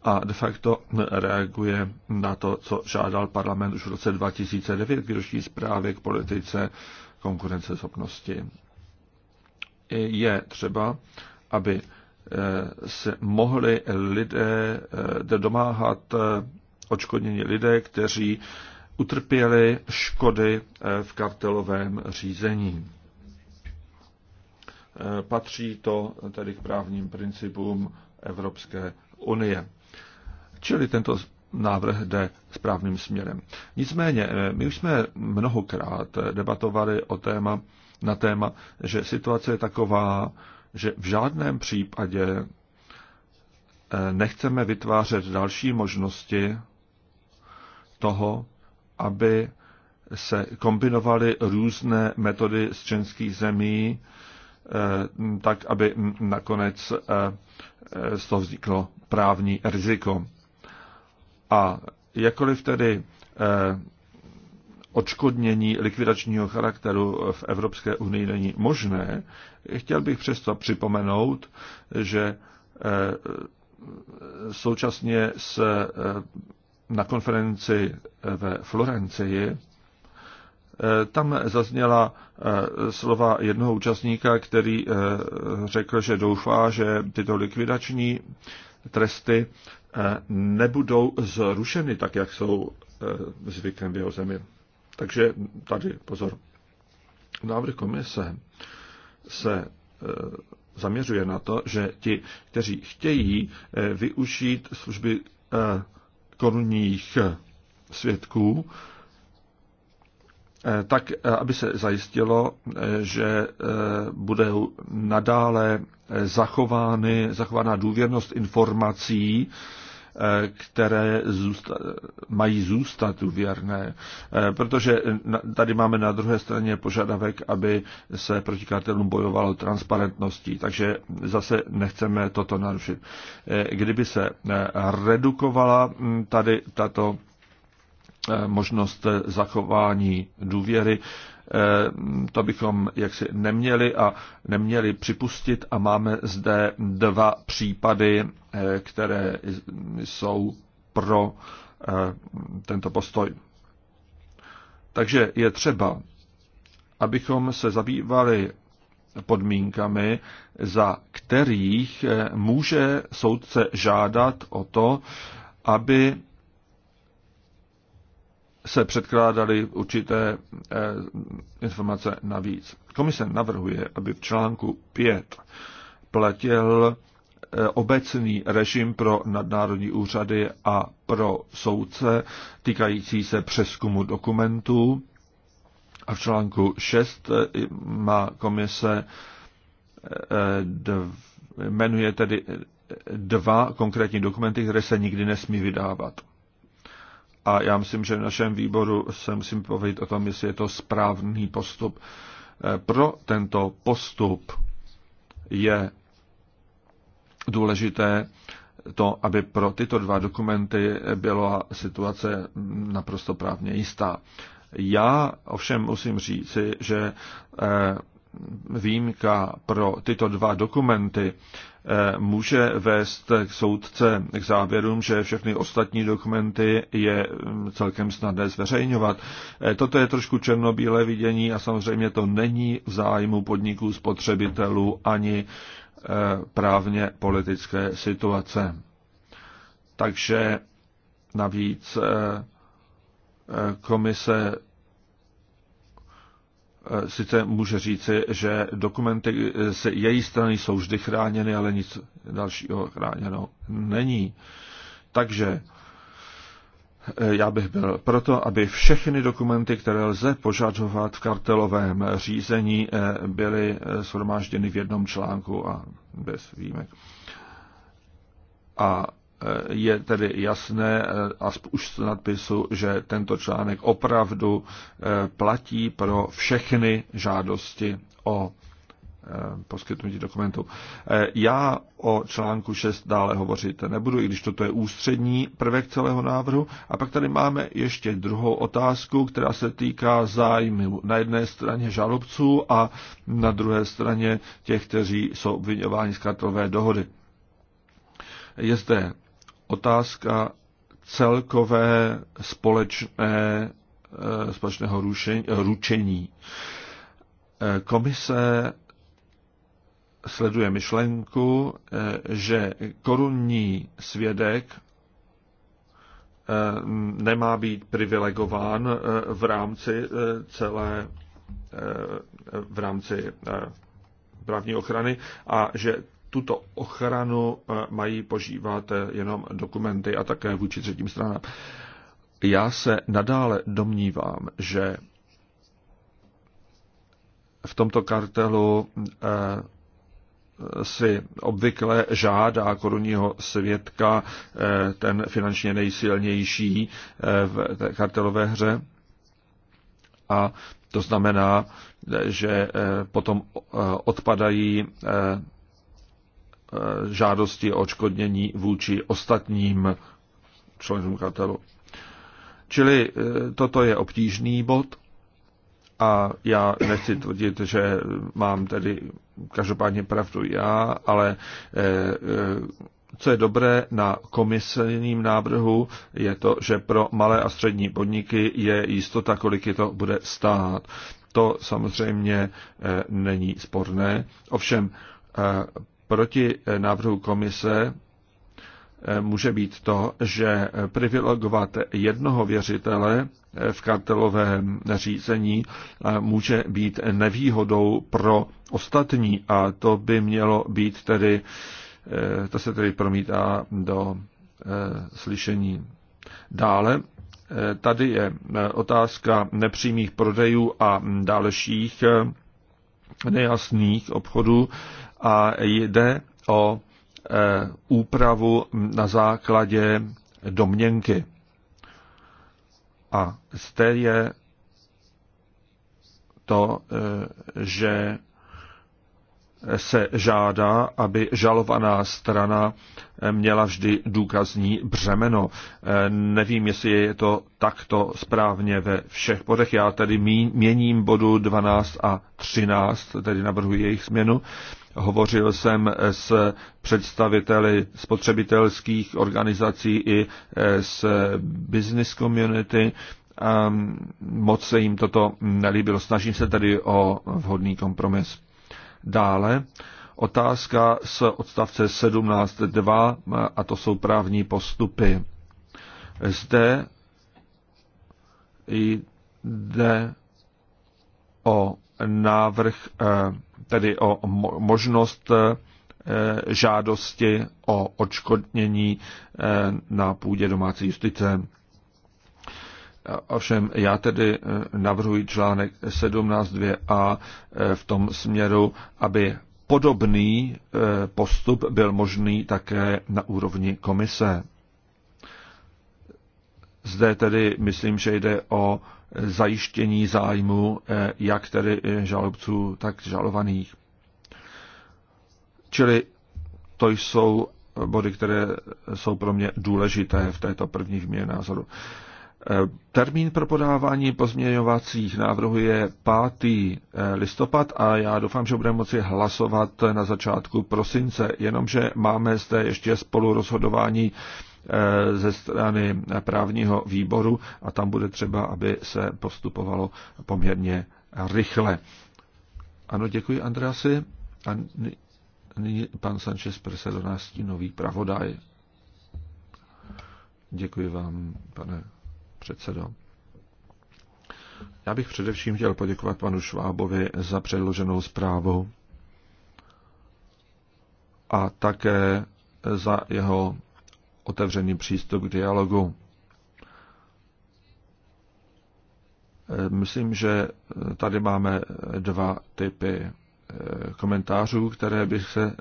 a de facto reaguje na to, co žádal parlament už v roce 2009 k výroční zprávě k politice konkurenceschopnosti. Je třeba, aby eh, se mohli lidé eh, domáhat eh, očkodnění lidé, kteří utrpěli škody v kartelovém řízení. Patří to tedy k právním principům Evropské unie. Čili tento návrh jde správným směrem. Nicméně, my už jsme mnohokrát debatovali o téma, na téma, že situace je taková, že v žádném případě eh, nechceme vytvářet další možnosti toho, aby se kombinovaly různé metody z členských zemí, eh, tak aby nakonec eh, z toho vzniklo právní riziko. A jakoliv tedy odškodnění likvidačního charakteru v Evropské unii není možné, chtěl bych přesto připomenout, že eh, současně s, eh, na konferenci eh, ve Florencii tam zazněla slova jednoho účastníka, který řekl, že doufá, že tyto likvidační tresty nebudou zrušeny tak, jak jsou zvykem v jeho zemi. Takže tady pozor. Návrh komise se e, zaměřuje na to, že ti, kteří chtějí e, využít služby e, korunních svědků, tak aby se zajistilo, že bude nadále zachovány, zachována důvěrnost informací které zůsta- mají zůstat uvěrné, eh, Protože tady máme na druhé straně požadavek, aby se proti kartelům bojovalo transparentností, takže zase nechceme toto narušit. Eh, kdyby se eh, redukovala hm, tady tato možnost zachování důvěry, Eh, to bychom jaksi neměli a neměli připustit a máme zde dva případy, eh, které jsou pro eh, tento postoj. Takže je třeba, abychom se zabývali podmínkami, za kterých může soudce žádat o to, aby se předkládaly určité eh, informace navíc. Komise navrhuje, aby v článku 5 platil eh, obecný režim pro nadnárodní úřady a pro soudce týkající se přeskumu dokumentů. A v článku 6 eh, má komise jmenuje tedy dva konkrétní dokumenty, které se nikdy nesmí vydávat a já myslím, že v našem výboru se musím povědět o tom, jestli je to správný postup. Eh, pro tento postup je důležité to, aby pro tyto dva dokumenty byla situace naprosto právně jistá. Já ovšem musím říci, že eh, výjimka pro tyto dva dokumenty Eh, může vést soudce k závěrům, že všechny ostatní dokumenty je mm, celkem snadné zveřejňovat. Eh, toto je trošku černobílé vidění a samozřejmě to není v zájmu podniků spotřebitelů ani eh, právně politické situace. Takže navíc komise sice může říci, že dokumenty z její strany jsou vždy chráněny, ale nic dalšího chráněno není. Takže eh, já bych byl proto, aby všechny dokumenty, které lze požadovat v kartelovém řízení, eh, byly eh, shromážděny v jednom článku a bez výjimek. A Eh, je tedy jasné eh, a už z nadpisu, že tento článek opravdu eh, platí pro všechny žádosti o poskytnutí dokumentu. Já o článku 6 dále hovořit nebudu, i když toto je ústřední prvek celého návrhu. A pak tady máme ještě druhou otázku, která se týká zájmu na jedné straně žalobců a na druhé straně těch, kteří jsou obvinováni z kartelové dohody. Je zde otázka celkové společné, eh, společného rušení, ručení. Eh, komise sleduje myšlenku, eh, že korunní svědek nemá být privilegován v rámci celé v rámci právní ochrany a že tuto ochranu eh, mají požívat eh, jenom dokumenty a také vůči třetím stranám. Já se nadále domnívám, že v tomto kartelu eh, si obvykle žádá korunního světka ten finančně nejsilnější v té kartelové hře. A to znamená, že potom odpadají Eh, žádosti o očkodnění vůči ostatním členům kartelu. Čili eh, toto je obtížný bod a já nechci tvrdit, že mám tedy každopádně pravdu já, ale eh, co je dobré na komisijním návrhu, je to, že pro malé a střední podniky je jistota, kolik je to bude stát. To samozřejmě není sporné. Ovšem proti eh, návrhu komise eh, může být to, že eh, privilegovat jednoho věřitele v kartelovém řízení může být nevýhodou pro ostatní a to by mělo být tedy, to se tedy promítá do slyšení. Dále tady je otázka nepřímých prodejů a dalších nejasných obchodů a jde o e, úpravu na základě domněnky. A zde je to, e, že se žádá, aby žalovaná strana měla vždy důkazní břemeno. E, nevím, jestli je to takto správně ve všech bodech. Já tady měním bodu 12 a 13, tedy navrhuji jejich změnu, Hovořil jsem s představiteli spotřebitelských organizací i eh, s business community. A moc se jim toto nelíbilo. Snažím se tedy o vhodný kompromis. Dále otázka z odstavce 17.2 a to jsou právní postupy. Zde jde o návrh eh, tedy o možnost eh, eh, žádosti o odškodnění eh, na půdě domácí justice. Ovšem já tedy navrhuji článek 17.2a v tom směru, aby podobný postup byl možný také na úrovni komise. Zde tedy myslím, že jde o zajištění zájmu eh, jak tedy eh, žalobců, tak žalovaných. Čili to jsou body, které jsou pro mě důležité v této první změně názoru. Eh, termín pro podávání pozměňovacích návrhů je 5. listopad a já doufám, že budeme moci hlasovat na začátku prosince, jenomže máme zde ještě spolu rozhodování Eh, ze strany právního výboru a tam bude třeba, aby se postupovalo poměrně rychle. Ano, děkuji Andreasi. A nyní pan Sanchez do nás nový pravodaj. Děkuji vám, pane předsedo. Já bych především chtěl poděkovat panu Švábovi za předloženou zprávu a také za jeho otevřený přístup k dialogu. E, myslím, že tady máme dva typy e, komentářů, které bych se e,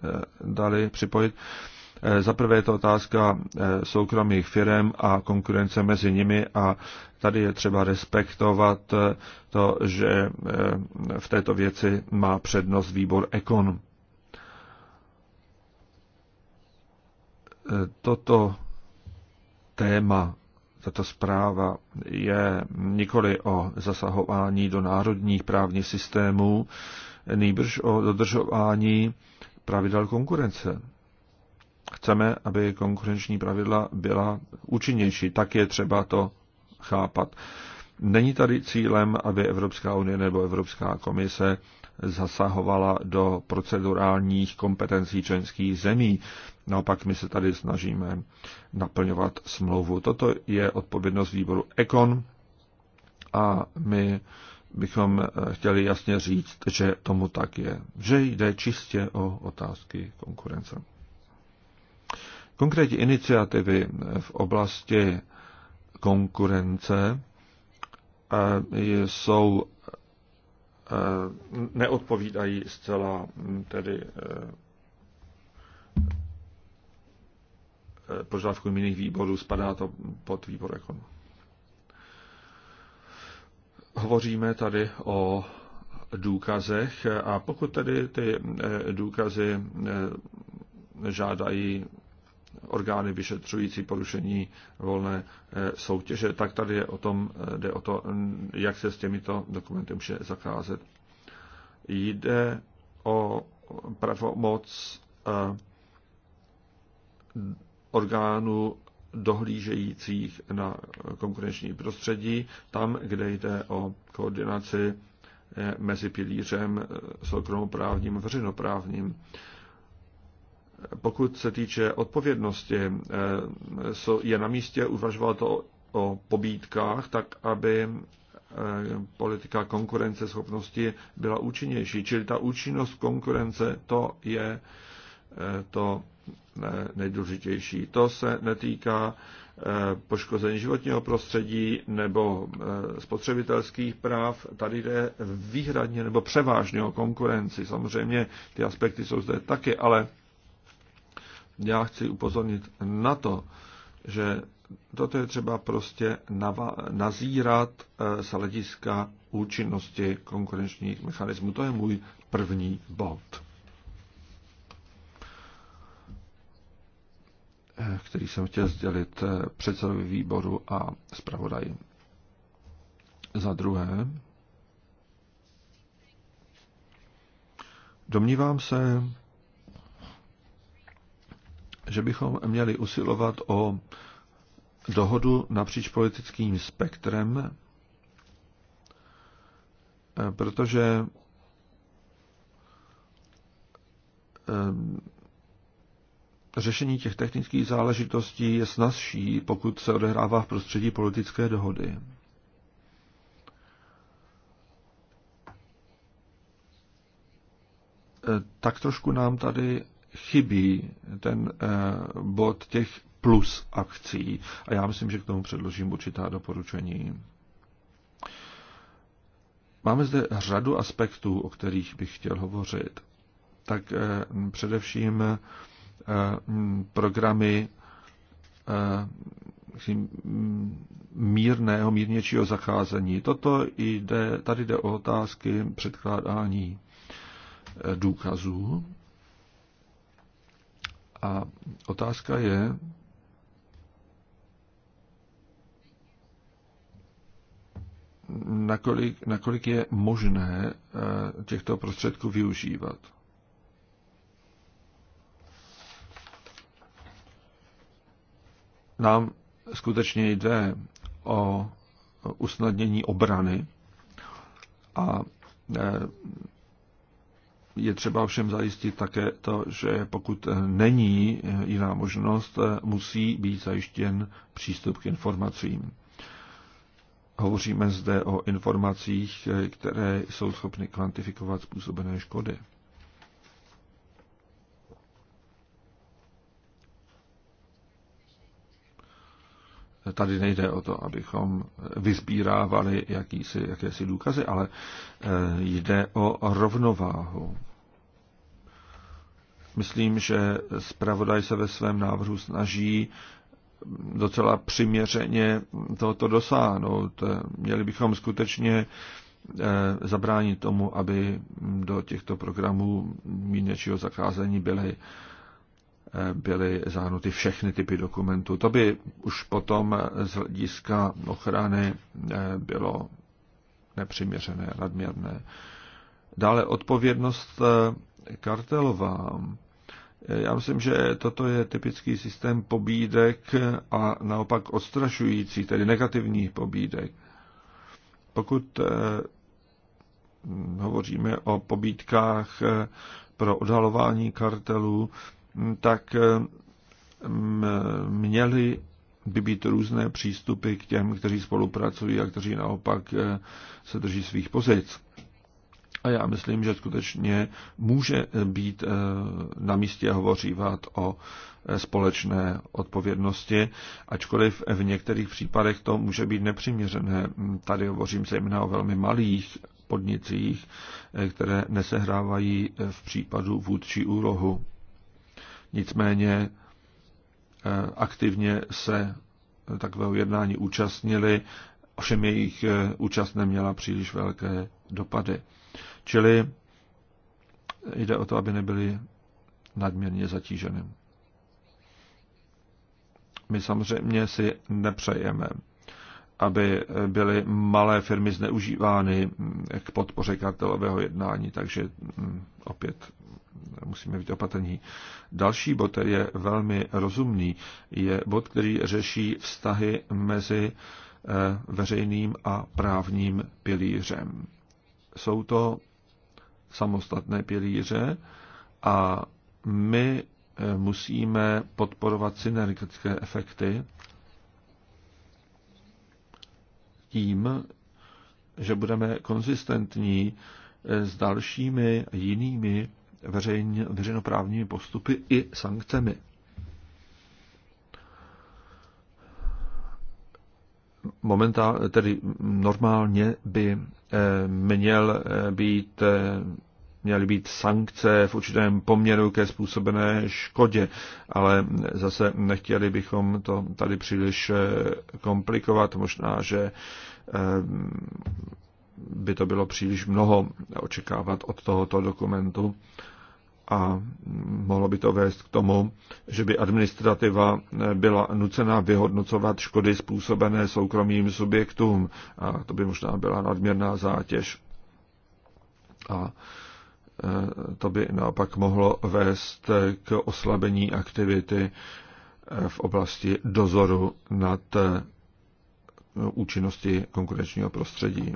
dali připojit. Za prvé je to otázka soukromých firm a konkurence mezi nimi a tady je třeba respektovat to, že v této věci má přednost výbor Ekon. toto téma, tato zpráva je nikoli o zasahování do národních právních systémů, nejbrž o dodržování pravidel konkurence. Chceme, aby konkurenční pravidla byla účinnější, tak je třeba to chápat. Není tady cílem, aby Evropská unie nebo Evropská komise zasahovala do procedurálních kompetencí členských zemí. Naopak no my se tady snažíme naplňovat smlouvu. Toto je odpovědnost výboru Ekon a my bychom eh, chtěli jasně říct, že tomu tak je, že jde čistě o otázky konkurence. Konkrétní iniciativy v oblasti konkurence eh, jsou eh, neodpovídají zcela mm, tedy požadavkům jiných výborů, spadá to pod výbor ekonomů. Hovoříme tady o důkazech a pokud tedy ty eh, důkazy eh, žádají orgány vyšetřující porušení volné eh, soutěže, tak tady je o tom, jde o to, jak se s těmito dokumenty může zakázet. Jde o pravomoc orgánů dohlížejících na konkurenční prostředí, tam, kde jde o koordinaci eh, mezi pilířem eh, soukromoprávním a veřejnoprávním. Pokud se týče odpovědnosti, eh, je na místě uvažovat o, o pobídkách, tak aby politika konkurence schopnosti byla účinnější. Čili ta účinnost konkurence, to je to nejdůležitější. To se netýká eh, poškození životního prostředí nebo eh, spotřebitelských práv. Tady jde výhradně nebo převážně o konkurenci. Samozřejmě ty aspekty jsou zde taky, ale já chci upozornit na to, že toto je třeba prostě nazírat eh, z hlediska účinnosti konkurenčních mechanismů. To je můj první bod. který jsem chtěl sdělit eh, předsedovi výboru a zpravodaji. Za druhé, domnívám se, že bychom měli usilovat o dohodu napříč politickým spektrem, eh, protože eh, řešení těch technických záležitostí je snazší, pokud se odehrává v prostředí politické dohody. E, tak trošku nám tady chybí ten e, bod těch plus akcí a já myslím, že k tomu předložím určitá doporučení. Máme zde řadu aspektů, o kterých bych chtěl hovořit. Tak e, především Mm, programy mm, mírného, mírnějšího zacházení. Toto jde, tady jde o otázky předkládání e, důkazů. A otázka je, nakolik, nakolik je možné e, těchto prostředků využívat. Nám skutečně jde o usnadnění obrany a e, je třeba všem zajistit také to, že pokud není jiná možnost, musí být zajištěn přístup k informacím. Hovoříme zde o informacích, e, které jsou schopny kvantifikovat způsobené škody. Tady nejde o to, abychom vyzbírávali jakýsi, jakési důkazy, ale eh, jde o rovnováhu. Myslím, že zpravodaj se ve svém návrhu snaží mm, docela přiměřeně tohoto dosáhnout. Měli bychom skutečně eh, zabránit tomu, aby do těchto programů mínečního zacházení byly byly zahrnuty všechny typy dokumentů. To by už potom z hlediska ochrany eh, bylo nepřiměřené, nadměrné. Dále odpovědnost eh, kartelová. Eh, já myslím, že toto je typický systém pobídek a naopak odstrašující, tedy negativních pobídek. Pokud hovoříme o pobídkách pro odhalování kartelů, tak eh, měly by být různé přístupy k těm, kteří spolupracují a kteří naopak eh, se drží svých pozic. A já myslím, že skutečně může být eh, na místě hovořívat o společné odpovědnosti, ačkoliv v některých případech to může být nepřiměřené. Tady hovořím zejména o velmi malých podnicích, které nesehrávají v případu vůdčí úlohu. Nicméně eh, aktivně se takového jednání účastnili, ovšem jejich eh, účast neměla příliš velké dopady. Čili jde o to, aby nebyli nadměrně zatíženým. My samozřejmě si nepřejeme, aby byly malé firmy zneužívány k podpoře kartelového jednání, takže mm, opět musíme být opatrní. Další bod, který je velmi rozumný, je bod, který řeší vztahy mezi eh, veřejným a právním pilířem. Jsou to samostatné pilíře a my eh, musíme podporovat synergické efekty tím, že budeme konzistentní s dalšími jinými veřejn, veřejnoprávními postupy i sankcemi. Momentálně, tedy normálně by eh, měl eh, být eh, měly být sankce v určitém poměru ke způsobené škodě, ale zase nechtěli bychom to tady příliš eh, komplikovat. Možná, že eh, by to bylo příliš mnoho očekávat od tohoto dokumentu a mohlo by to vést k tomu, že by administrativa eh, byla nucena vyhodnocovat škody způsobené soukromým subjektům a to by možná byla nadměrná zátěž. A Eh, to by naopak mohlo vést k oslabení aktivity eh, v oblasti dozoru nad eh, účinnosti konkurenčního prostředí.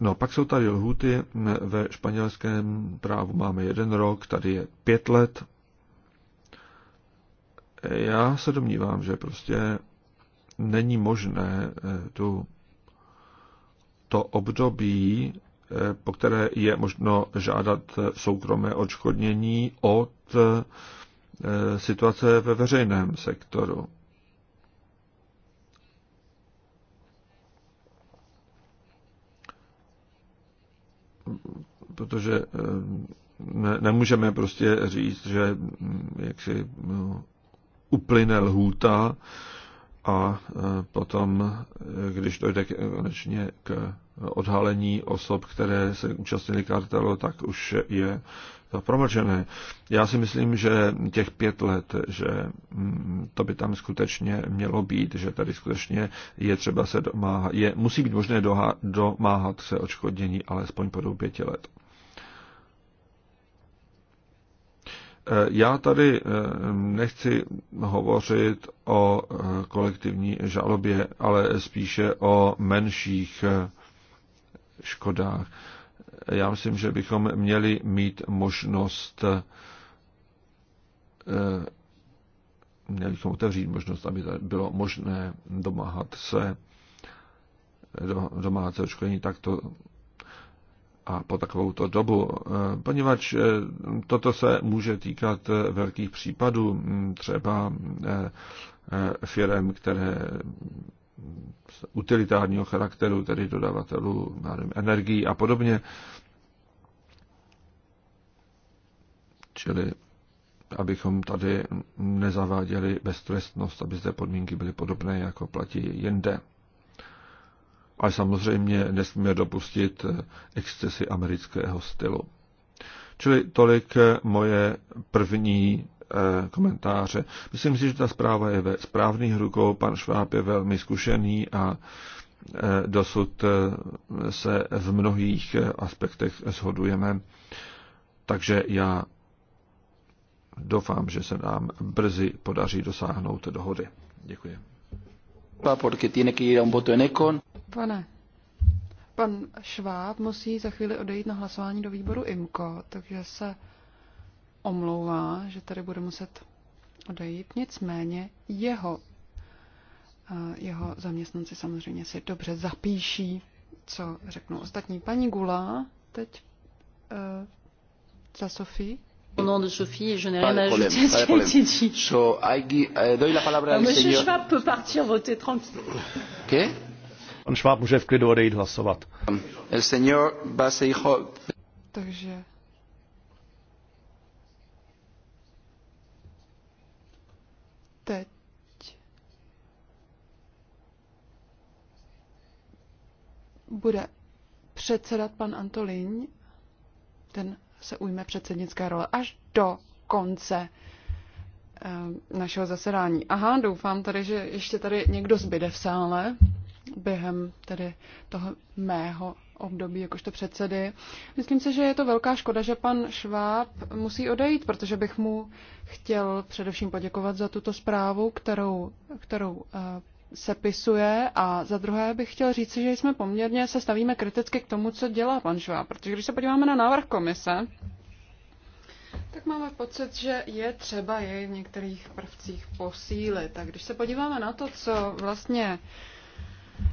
No, pak jsou tady lhuty. Ve španělském právu máme jeden rok, tady je pět let. Já se domnívám, že prostě není možné tu to období po které je možno žádat soukromé odškodnění od eh, situace ve veřejném sektoru. Protože eh, ne, nemůžeme prostě říct, že mm, jak si no, uplyne lhůta, a e, potom, e, když dojde konečně k odhalení osob, které se účastnili kartelu, tak už je to promlčené. Já si myslím, že těch pět let, že mm, to by tam skutečně mělo být, že tady skutečně je třeba se domáhat, je, musí být možné doha, domáhat se odškodnění alespoň po dobu pěti let. Eh, já tady eh, nechci hovořit o eh, kolektivní žalobě, ale spíše o menších škodách. Já myslím, že bychom měli mít možnost měli bychom otevřít možnost, aby bylo možné domáhat se domáhat se očkodnění takto a po takovouto dobu, eh, poněvadž eh, toto se může týkat eh, velkých případů, hm, třeba firm, které z utilitárního charakteru, tedy dodavatelů nevím, energií a podobně. Čili abychom tady nezaváděli beztrestnost, aby zde podmínky byly podobné, jako platí jinde ale samozřejmě nesmíme dopustit eh, excesy amerického stylu. Čili tolik eh, moje první eh, komentáře. Myslím si, že ta zpráva je ve správných rukou. Pan Šváb je velmi zkušený a dosud se v mnohých aspektech shodujeme. Takže já doufám, že se nám brzy podaří dosáhnout dohody. Děkuji. Porque tiene que ir a un voto en Econ. Pane, pan Šváb musí za chvíli odejít na hlasování do výboru IMKO, takže se omlouvá, že tady bude muset odejít. Nicméně jeho, eh, jeho zaměstnanci samozřejmě si dobře zapíší, co řeknou ostatní. Paní Gula, teď eh, za Sofii. Au nom de Sophie, je n'ai rien à ajouter à ce qui a été dit. So, I, eh, la Monsieur Schwab peut partir voter tranquille. Okay. Pan Šváb může v klidu odejít hlasovat. Um, Takže teď. Bude předsedat pan Antolín, ten se ujme předsednické role až do konce eh, našeho zasedání. Aha, doufám tady, že ještě tady někdo zbyde v sále během tedy toho mého období jakožto předsedy. Myslím si, že je to velká škoda, že pan Šváb musí odejít, protože bych mu chtěl především poděkovat za tuto zprávu, kterou, kterou eh, sepisuje a za druhé bych chtěl říct, že jsme poměrně se stavíme kriticky k tomu, co dělá pan Šváb, protože když se podíváme na návrh komise, tak máme pocit, že je třeba jej v některých prvcích posílit. Tak když se podíváme na to, co vlastně uh,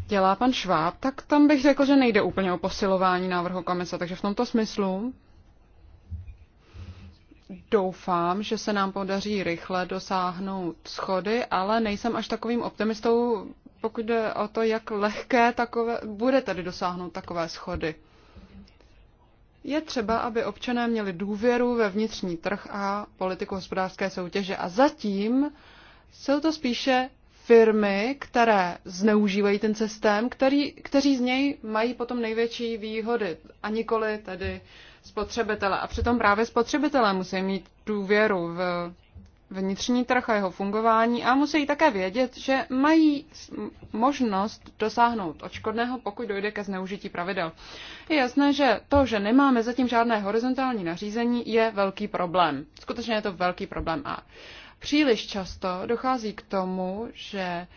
dělá pan Šváb, tak tam bych řekl, že nejde úplně o posilování návrhu komise. Takže v tomto smyslu doufám, že se nám podaří rychle dosáhnout schody, ale nejsem až takovým optimistou, pokud jde o to, jak lehké takové, bude tady dosáhnout takové schody. Je třeba, aby občané měli důvěru ve vnitřní trh a politiku hospodářské soutěže. A zatím jsou to spíše firmy, které zneužívají ten systém, který, kteří z něj mají potom největší výhody a nikoli tedy spotřebitele. A přitom právě spotřebitelé musí mít důvěru v vnitřní trh a jeho fungování a musí také vědět, že mají možnost dosáhnout odškodného, pokud dojde ke zneužití pravidel. Je jasné, že to, že nemáme zatím žádné horizontální nařízení, je velký problém. Skutečně je to velký problém. A Příliš často dochází k tomu, že eh,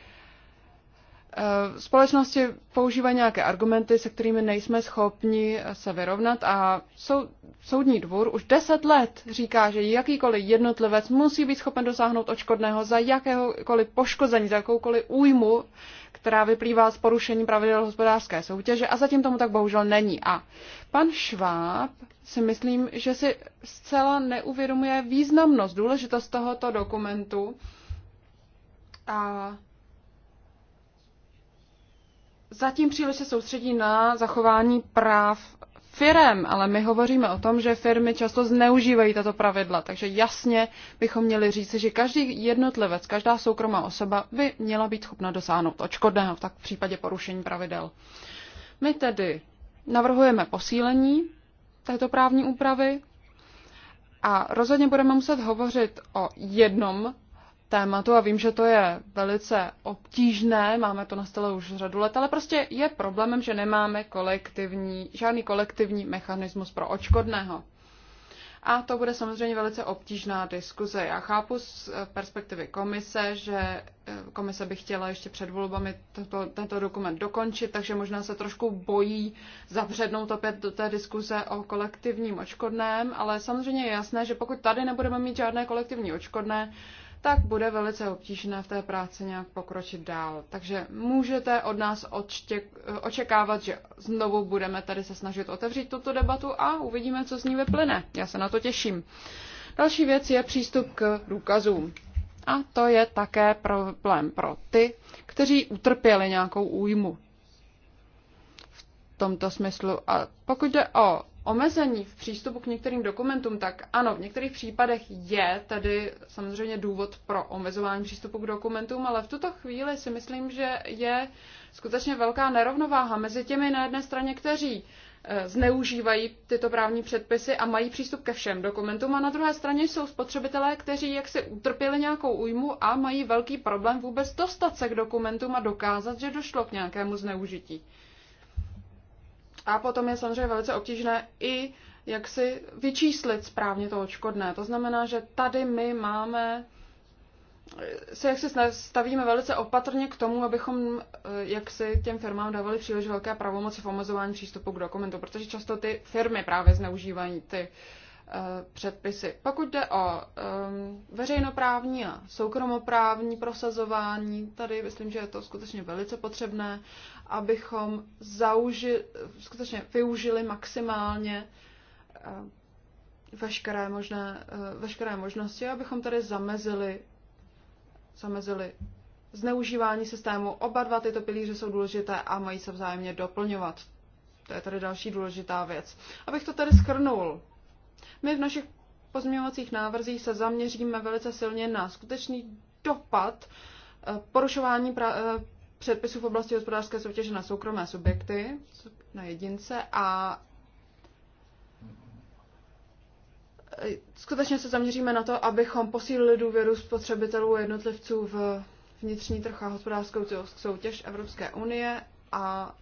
společnosti používají nějaké argumenty, se kterými nejsme schopni se vyrovnat a sou, soudní dvůr už deset let říká, že jakýkoliv jednotlivec musí být schopen dosáhnout očkodného za jakéhokoliv poškození, za jakoukoliv újmu, která vyplývá z porušení pravidel hospodářské soutěže a zatím tomu tak bohužel není. A pan Šváb si myslím, že si zcela neuvědomuje významnost, důležitost tohoto dokumentu a zatím příliš se soustředí na zachování práv firem, ale my hovoříme o tom, že firmy často zneužívají tato pravidla, takže jasně bychom měli říci, že každý jednotlivec, každá soukromá osoba by měla být schopna dosáhnout v tak v případě porušení pravidel. My tedy navrhujeme posílení této právní úpravy a rozhodně budeme muset hovořit o jednom tématu a vím, že to je velice obtížné, máme to na stole už řadu let, ale prostě je problémem, že nemáme kolektivní, žádný kolektivní mechanismus pro očkodného. A to bude samozřejmě velice obtížná diskuze. Já chápu z eh, perspektivy komise, že eh, komise by chtěla ještě před volbami tento, tento dokument dokončit, takže možná se trošku bojí zavřednout opět do té diskuze o kolektivním očkodném, ale samozřejmě je jasné, že pokud tady nebudeme mít žádné kolektivní očkodné, tak bude velice obtížné v té práci nějak pokročit dál. Takže můžete od nás odštěk, očekávat, že znovu budeme tady se snažit otevřít tuto debatu a uvidíme, co z ní vyplyne. Já se na to těším. Další věc je přístup k důkazům. A to je také problém pro ty, kteří utrpěli nějakou újmu v tomto smyslu. A pokud jde o omezení v přístupu k některým dokumentům, tak ano, v některých případech je tady samozřejmě důvod pro omezování přístupu k dokumentům, ale v tuto chvíli si myslím, že je skutečně velká nerovnováha mezi těmi na jedné straně, kteří eh, zneužívají tyto právní předpisy a mají přístup ke všem dokumentům a na druhé straně jsou spotřebitelé, kteří jaksi utrpěli nějakou újmu a mají velký problém vůbec dostat se k dokumentům a dokázat, že došlo k nějakému zneužití. A potom je samozřejmě velice obtížné i jak si vyčíslit správně to odškodné. To znamená, že tady my máme se jak si stavíme velice opatrně k tomu, abychom eh, jak si těm firmám dávali příliš velké pravomoci v omezování přístupu k dokumentu, protože často ty firmy právě zneužívají ty uh, Eh, předpisy. Pokud jde o um, veřejnoprávní a soukromoprávní prosazování, tady myslím, že je to skutečně velice potřebné, abychom zauži, skutečně využili maximálně uh, veškeré, možné, uh, veškeré možnosti, abychom tady zamezili, zamezili zneužívání systému. Oba dva tyto pilíře jsou důležité a mají se vzájemně doplňovat. To je tady další důležitá věc. Abych to tady schrnul, my v našich pozměňovacích návrzích se zaměříme velice silně na skutečný dopad eh, porušování pra- eh, předpisů v oblasti hospodářské soutěže na soukromé subjekty, na jedince a eh, skutečně se zaměříme na to, abychom posílili důvěru spotřebitelů a jednotlivců v vnitřní trh a hospodářskou soutěž Evropské unie a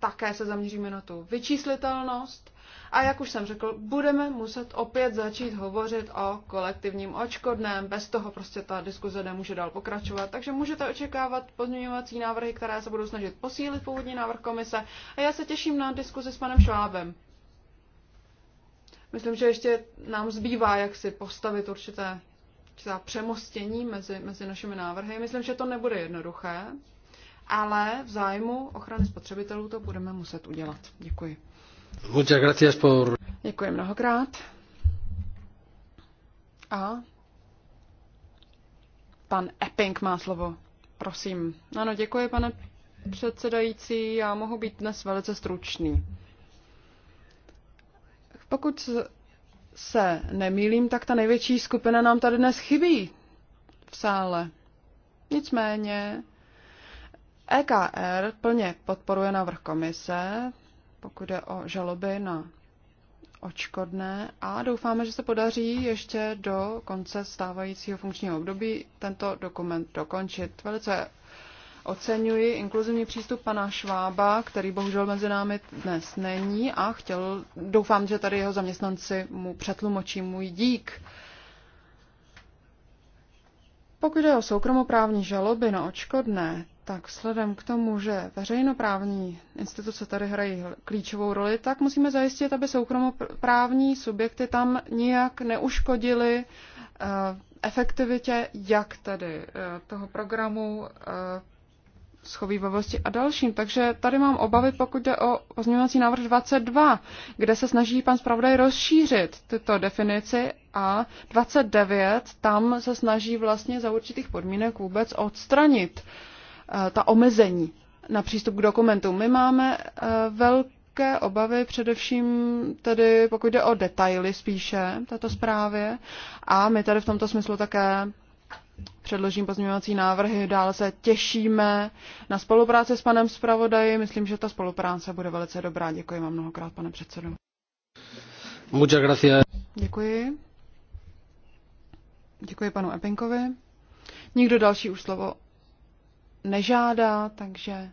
také se zaměříme na tu vyčíslitelnost. A jak už jsem řekl, budeme muset opět začít hovořit o kolektivním očkodném. Bez toho prostě ta diskuze nemůže dál pokračovat. Takže můžete očekávat pozměňovací návrhy, které se budou snažit posílit původní návrh komise. A já se těším na diskuzi s panem Švábem. Myslím, že ještě nám zbývá, jak si postavit určité přemostění mezi, mezi našimi návrhy. Myslím, že to nebude jednoduché, ale v zájmu ochrany spotřebitelů to budeme muset udělat. Děkuji. Muchas gracias por... Děkuji mnohokrát. A pan Epping má slovo. Prosím. Ano, děkuji, pane předsedající. Já mohu být dnes velice stručný. Pokud se nemýlím, tak ta největší skupina nám tady dnes chybí v sále. Nicméně EKR plně podporuje návrh komise, pokud jde o žaloby na očkodné a doufáme, že se podaří ještě do konce stávajícího funkčního období tento dokument dokončit. Velice oceňuji inkluzivní přístup pana Švába, který bohužel mezi námi dnes není a chtěl, doufám, že tady jeho zaměstnanci mu přetlumočí můj dík. Pokud jde o soukromoprávní žaloby na očkodné, tak vzhledem k tomu, že veřejnoprávní instituce tady hrají klíčovou roli, tak musíme zajistit, aby soukromoprávní subjekty tam nijak neuškodily eh, efektivitě jak tedy eh, toho programu eh, schovývavosti a dalším. Takže tady mám obavy, pokud jde o pozměňovací návrh 22, kde se snaží pan zpravodaj rozšířit tyto definici a 29 tam se snaží vlastně za určitých podmínek vůbec odstranit uh, Eh, ta omezení na přístup k dokumentům. My máme eh, velké obavy, především tedy pokud jde o detaily spíše této zprávě a my tady v tomto smyslu také předložím pozměňovací návrhy. Dále se těšíme na spolupráci s panem zpravodaji. Myslím, že ta spolupráce bude velice dobrá. Děkuji vám mnohokrát, pane předsedo. Děkuji. Děkuji panu Epinkovi. Nikdo další už slovo nežádá, takže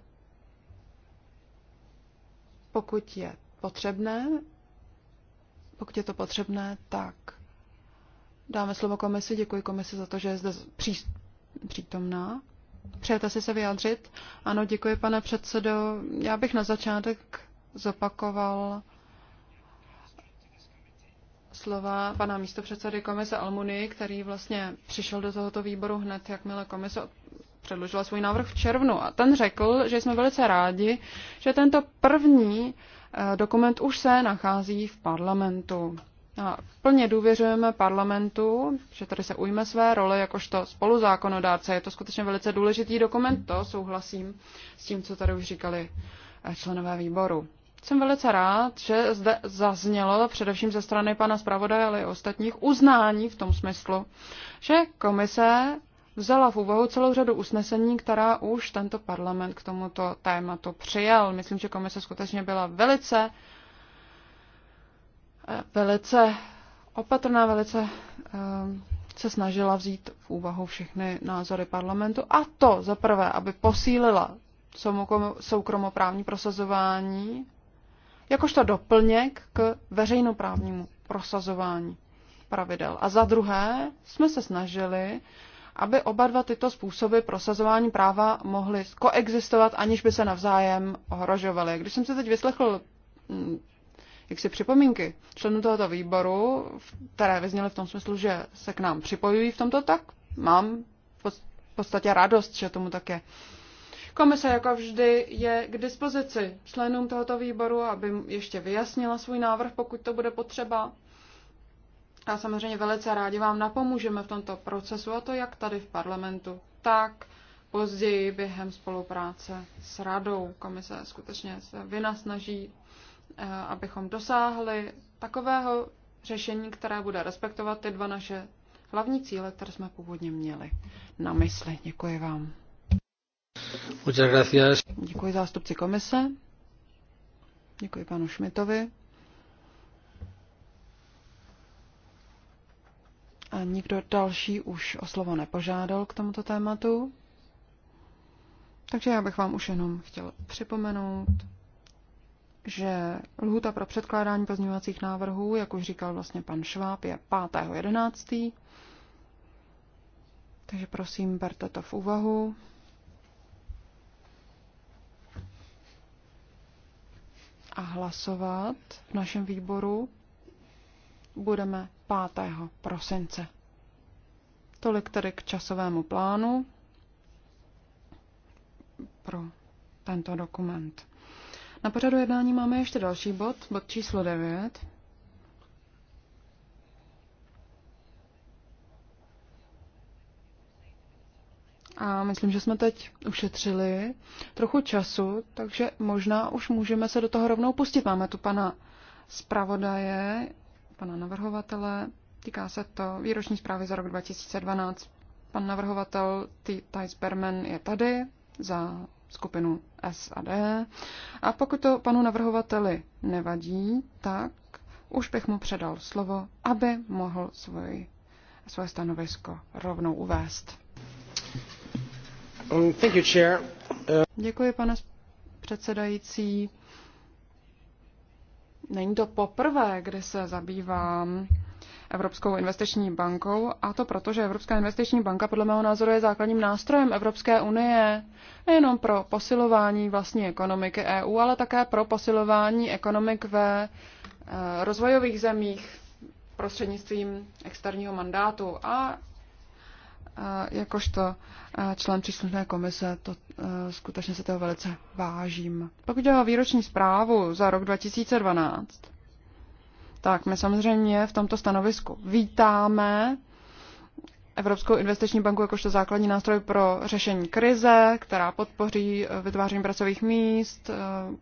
pokud je potřebné, pokud je to potřebné, tak dáme slovo komisi. Děkuji komisi za to, že je zde pří, přítomná. Přejete si se vyjádřit? Ano, děkuji, pane předsedo. Já bych na začátek zopakoval slova pana místopředsedy komise Almuny, který vlastně přišel do tohoto výboru hned, jakmile komise předložila svůj návrh v červnu a ten řekl, že jsme velice rádi, že tento první eh, dokument už se nachází v parlamentu. A plně důvěřujeme parlamentu, že tady se ujme své role jakožto spoluzákonodárce. Je to skutečně velice důležitý dokument, to souhlasím s tím, co tady už říkali eh, členové výboru. Jsem velice rád, že zde zaznělo především ze strany pana zpravodaje, ale i ostatních uznání v tom smyslu, že komise vzala v úvahu celou řadu usnesení, která už tento parlament k tomuto tématu přijal. Myslím, že komise skutečně byla velice, eh, velice opatrná, velice eh, se snažila vzít v úvahu všechny názory parlamentu a to za prvé, aby posílila soukromoprávní prosazování jakožto doplněk k veřejnoprávnímu prosazování pravidel. A za druhé jsme se snažili aby oba dva tyto způsoby prosazování práva mohly koexistovat, aniž by se navzájem ohrožovaly. Když jsem se teď vyslechl mm, jak si připomínky členů tohoto výboru, které vyzněly v tom smyslu, že se k nám připojují v tomto, tak mám v podstatě radost, že tomu tak je. Komise jako vždy je k dispozici členům tohoto výboru, aby ještě vyjasnila svůj návrh, pokud to bude potřeba. A samozřejmě velice rádi vám napomůžeme v tomto procesu, a to jak tady v parlamentu, tak později během spolupráce s radou. Komise skutečně se vynasnaží, eh, abychom dosáhli takového řešení, které bude respektovat ty dva naše hlavní cíle, které jsme původně měli na mysli. Děkuji vám. Děkuji zástupci komise. Děkuji panu Šmitovi. A nikdo další už o slovo nepožádal k tomuto tématu. Takže já bych vám už jenom chtěl připomenout, že lhuta pro předkládání pozměňovacích návrhů, jak už říkal vlastně pan Šváb, je 5.11. Takže prosím, berte to v úvahu. A hlasovat v našem výboru budeme 5. prosince. Tolik tedy k časovému plánu pro tento dokument. Na pořadu jednání máme ještě další bod, bod číslo 9. A myslím, že jsme teď ušetřili trochu času, takže možná už můžeme se do toho rovnou pustit. Máme tu pana zpravodaje pana navrhovatele. Týká se to výroční zprávy za rok 2012. Pan navrhovatel T. Thijs Berman je tady za skupinu S a D. A pokud to panu navrhovateli nevadí, tak už bych mu předal slovo, aby mohl svoji, svoje stanovisko rovnou uvést. Um, Děkuji, pane předsedající. Není to poprvé, kdy se zabývám Evropskou investiční bankou a to proto, že Evropská investiční banka podle mého názoru je základním nástrojem Evropské unie nejenom pro posilování vlastní ekonomiky EU, ale také pro posilování ekonomik ve eh, rozvojových zemích prostřednictvím externího mandátu. A jakožto člen příslušné komise to, skutečně se toho velice vážím. Pokud jde o výroční zprávu za rok 2012, tak my samozřejmě v tomto stanovisku vítáme Evropskou investiční banku jakožto základní nástroj pro řešení krize, která podpoří e, vytváření pracových míst, e,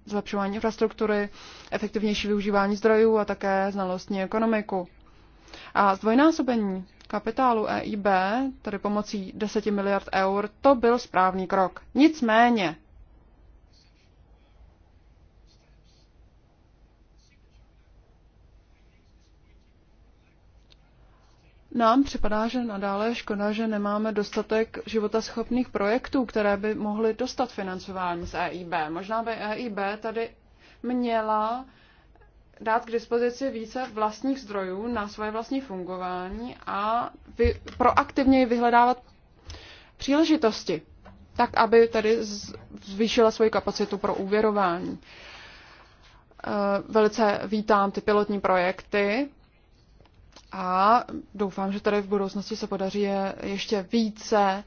zlepšování infrastruktury, efektivnější využívání zdrojů a také znalostní ekonomiku. A zdvojnásobení kapitálu EIB, tedy pomocí 10 miliard eur, to byl správný krok. Nicméně, Nám připadá, že nadále škoda, že nemáme dostatek životaschopných projektů, které by mohly dostat financování z EIB. Možná by EIB tady měla dát k dispozici více vlastních zdrojů na svoje vlastní fungování a vy, proaktivněji vyhledávat příležitosti, tak aby tedy zvýšila svoji kapacitu pro úvěrování. E, velice vítám ty pilotní projekty a doufám, že tady v budoucnosti se podaří je ještě více e,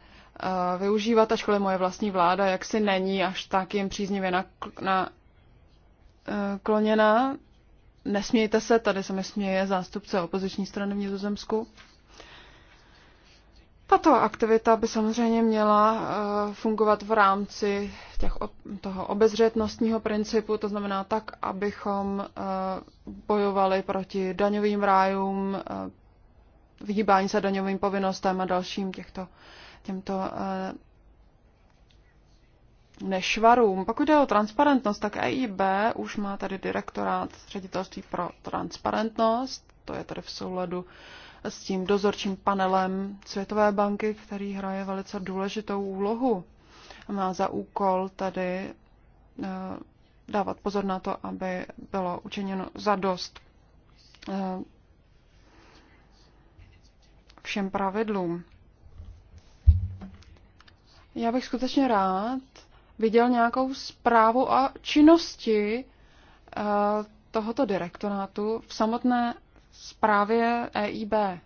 využívat, ačkoliv moje vlastní vláda jaksi není až tak jim příznivě nakloněna, e, nesmějte se, tady se mi směje zástupce opoziční strany v Nizozemsku. Tato aktivita by samozřejmě měla eh, fungovat v rámci těch, toho obezřetnostního principu, to znamená tak, abychom eh, bojovali proti daňovým rájům, eh, vyhýbání se daňovým povinnostem a dalším těchto, těmto nešvarům. Pokud jde o transparentnost, tak EIB už má tady direktorát ředitelství pro transparentnost, to je tady v souladu s tím dozorčím panelem Světové banky, který hraje velice důležitou úlohu. Má za úkol tady eh, dávat pozor na to, aby bylo učiněno za dost eh, všem pravidlům. Já bych skutečně rád viděl nějakou zprávu a činnosti eh, tohoto direktorátu v samotné zprávě EIB. Eh,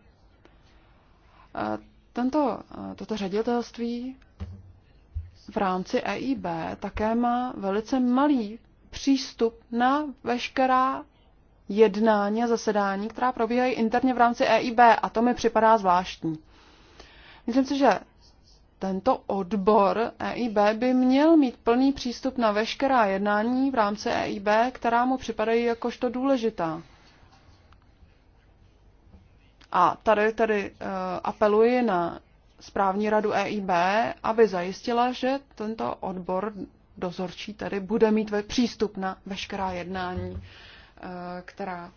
tento, eh, toto ředitelství v rámci EIB také má velice malý přístup na veškerá jednání a zasedání, která probíhají interně v rámci EIB a to mi připadá zvláštní. Myslím si, že tento odbor EIB by měl mít plný přístup na veškerá jednání v rámci EIB, která mu připadají jakožto důležitá. A tady tady eh, apeluji na správní radu EIB, aby zajistila, že tento odbor dozorčí tedy bude mít ve přístup na veškerá jednání, eh, která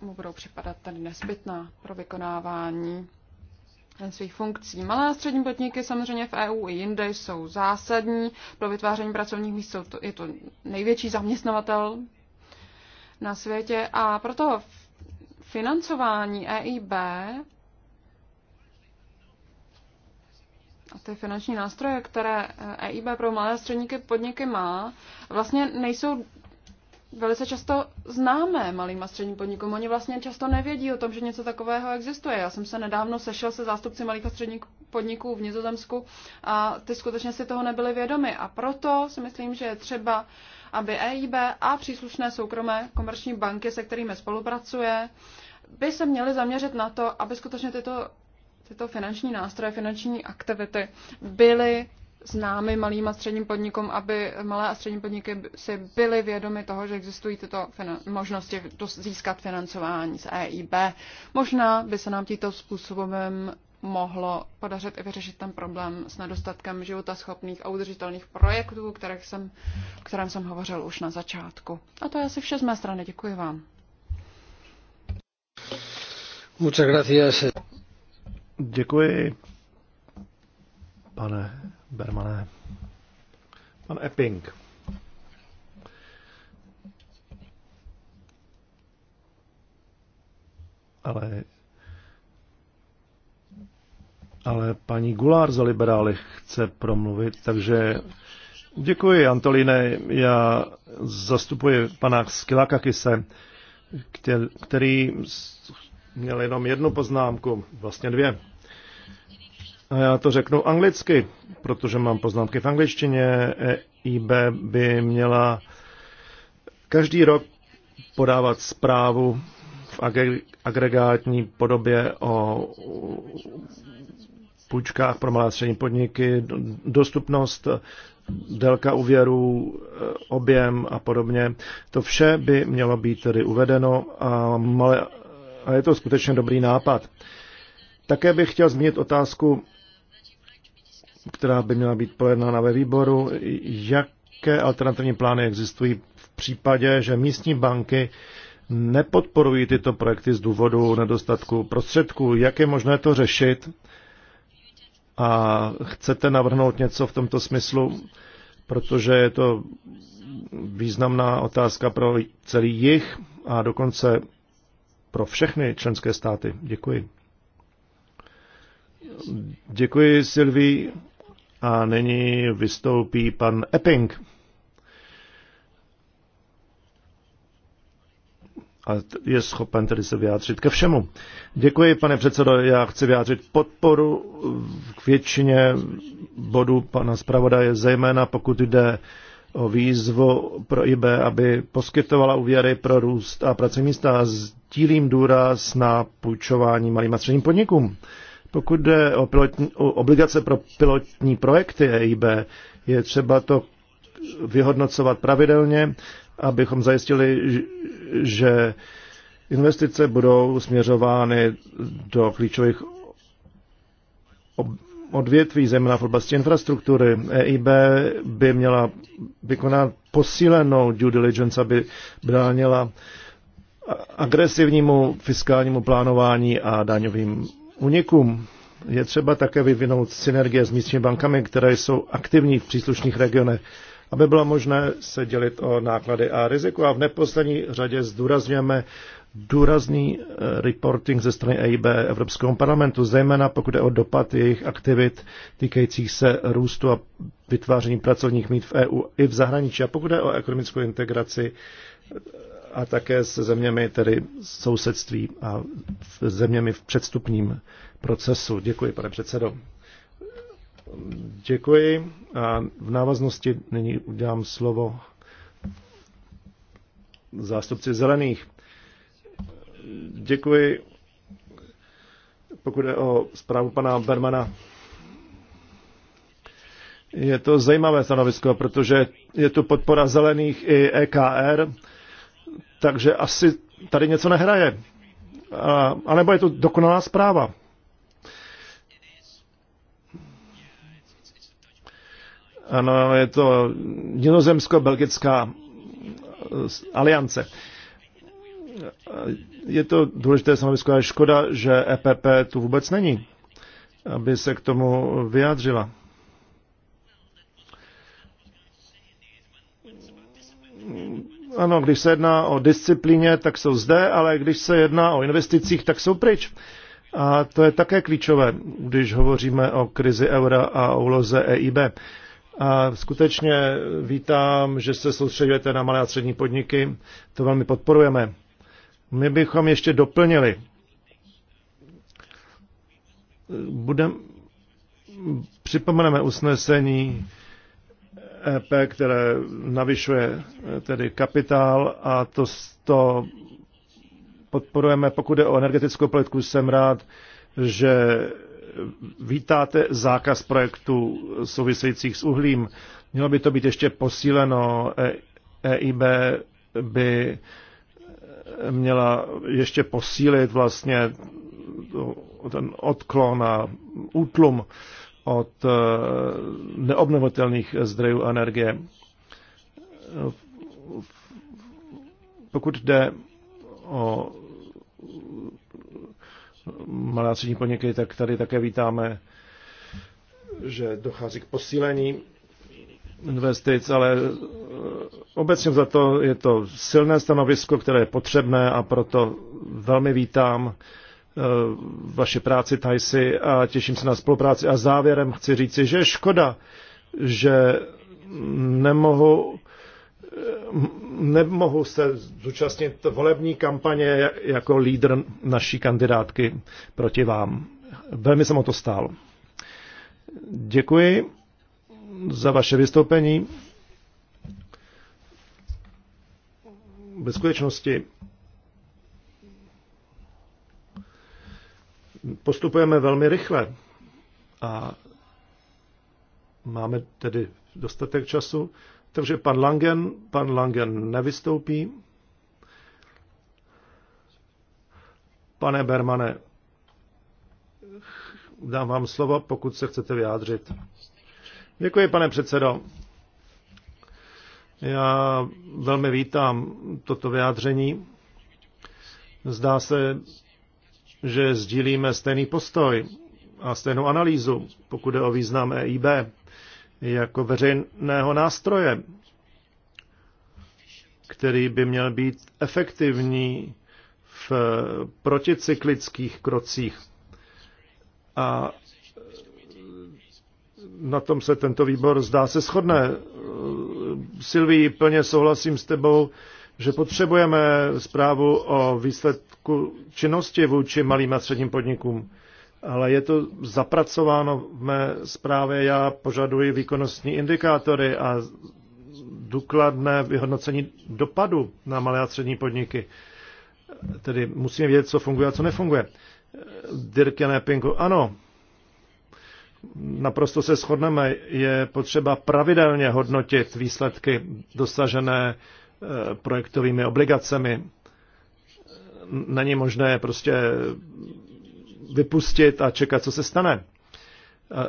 mu budou připadat tady nezbytná pro vykonávání svých funkcí. Malé a střední podniky samozřejmě v EU i jinde jsou zásadní. Pro vytváření pracovních míst je to největší zaměstnavatel na světě a proto financování EIB a ty finanční nástroje, které EIB pro malé a střední podniky má, vlastně nejsou velice často známé malým a středním podnikům. Oni vlastně často nevědí o tom, že něco takového existuje. Já jsem se nedávno sešel se zástupci malých a středních podniků v Nizozemsku a ty skutečně si toho nebyly vědomi. A proto si myslím, že je třeba, aby EIB a příslušné soukromé komerční banky, se kterými spolupracuje, by se měly zaměřit na to, aby skutečně tyto, tyto finanční nástroje, finanční aktivity byly známy malým a středním podnikům, aby malé a střední podniky si byly vědomy toho, že existují tyto možnosti získat financování z EIB. Možná by se nám tímto způsobem mohlo podařit i vyřešit ten problém s nedostatkem životaschopných a udržitelných projektů, kterých jsem, kterém jsem hovořil už na začátku. A to je asi vše z mé strany. Děkuji vám. Muchas gracias. Děkuji, pane Bermané. Pan Epping. Ale ale paní Gulár za liberály chce promluvit, takže děkuji, Antolíne. Já zastupuji pana Skilakakise, který měl jenom jednu poznámku, vlastně dvě. A já to řeknu anglicky, protože mám poznámky v angličtině. EIB by měla každý rok podávat zprávu v agregátní podobě o půjčkách pro malé střední podniky, dostupnost, délka úvěru, e, objem a podobně. To vše by mělo být tedy uvedeno a, malé, a je to skutečně dobrý nápad. Také bych chtěl zmínit otázku která by měla být projednána ve výboru, jaké alternativní plány existují v případě, že místní banky nepodporují tyto projekty z důvodu nedostatku prostředků. Jak je možné to řešit? A chcete navrhnout něco v tomto smyslu, protože je to významná otázka pro celý jich a dokonce pro všechny členské státy. Děkuji. Děkuji Silví a nyní vystoupí pan Epping. a je schopen tedy se vyjádřit ke všemu. Děkuji, pane předsedo, já chci vyjádřit podporu k většině bodů pana zpravodaje, zejména pokud jde o výzvu pro IB, aby poskytovala úvěry pro růst a pracovní místa a sdílím důraz na půjčování malým a středním podnikům. Pokud jde o, pilotní, o obligace pro pilotní projekty EIB, je třeba to vyhodnocovat pravidelně, abychom zajistili, že investice budou směřovány do klíčových odvětví, zejména v oblasti infrastruktury. EIB by měla vykonat posílenou due diligence, aby bránila agresivnímu fiskálnímu plánování a daňovým unikům. Je třeba také vyvinout synergie s místními bankami, které jsou aktivní v příslušných regionech, aby bylo možné se dělit o náklady a riziko. A v neposlední řadě zdůrazňujeme důrazný eh, reporting ze strany EIB Evropského parlamentu, zejména pokud je o dopad jejich aktivit týkajících se růstu a vytváření pracovních mít v EU i v zahraničí. A pokud je o ekonomickou integraci a také s zeměmi tedy sousedství a zeměmi v předstupním procesu. Děkuji, pane předsedo. Děkuji a v návaznosti nyní udělám slovo zástupci zelených. Děkuji. Pokud je o zprávu pana Bermana, je to zajímavé stanovisko, protože je tu podpora zelených i EKR takže asi tady něco nehraje. A, nebo je to dokonalá zpráva. Ano, je to Nizozemsko-Belgická eh, aliance. Je to důležité samozřejmě, a škoda, že EPP tu vůbec není, aby se k tomu vyjádřila. Ano, když se jedná o disciplíně, tak jsou zde, ale když se jedná o investicích, tak jsou pryč. A to je také klíčové, když hovoříme o krizi eura a o úloze EIB. A skutečně vítám, že se soustředujete na malé a střední podniky. To velmi podporujeme. My bychom ještě doplnili. Budem, připomeneme usnesení EP, které navyšuje e, tedy kapitál a to, to podporujeme. Pokud je o energetickou politiku, jsem rád, že vítáte zákaz projektů souvisejících s uhlím. Mělo by to být ještě posíleno. EIB e by měla ještě posílit vlastně ten odklon a útlum od eh, neobnovitelných zdrojů energie. Pokud jde o malé a střední podniky, tak tady také vítáme, že dochází k posílení investic, ale eh, obecně za to je to silné stanovisko, které je potřebné a proto velmi vítám Eh, vaši práci, Tajsi, a těším se na spolupráci. A závěrem chci říci, že je škoda, že nemohu eh, nemohu se zúčastnit volební kampaně jako lídr naší kandidátky proti vám. Velmi jsem o to stál. Děkuji za vaše vystoupení. Ve skutečnosti Postupujeme velmi rychle a máme tedy dostatek času, takže pan Langen, pan Langen nevystoupí. Pane Bermane, dám vám slovo, pokud se chcete vyjádřit. Děkuji, pane předsedo. Já velmi vítám toto vyjádření. Zdá se že sdílíme stejný postoj a stejnou analýzu, pokud je o význam EIB jako veřejného nástroje, který by měl být efektivní v proticyklických krocích. A na tom se tento výbor zdá se shodné. Silví, plně souhlasím s tebou, že potřebujeme zprávu o výsledku činnosti vůči malým a středním podnikům, ale je to zapracováno v mé zprávě. Já požaduji výkonnostní indikátory a důkladné vyhodnocení dopadu na malé a střední podniky. Tedy musíme vědět, co funguje a co nefunguje. Dirkené Pinku, ano, naprosto se shodneme, je potřeba pravidelně hodnotit výsledky dosažené projektovými obligacemi. Není možné prostě vypustit a čekat, co se stane.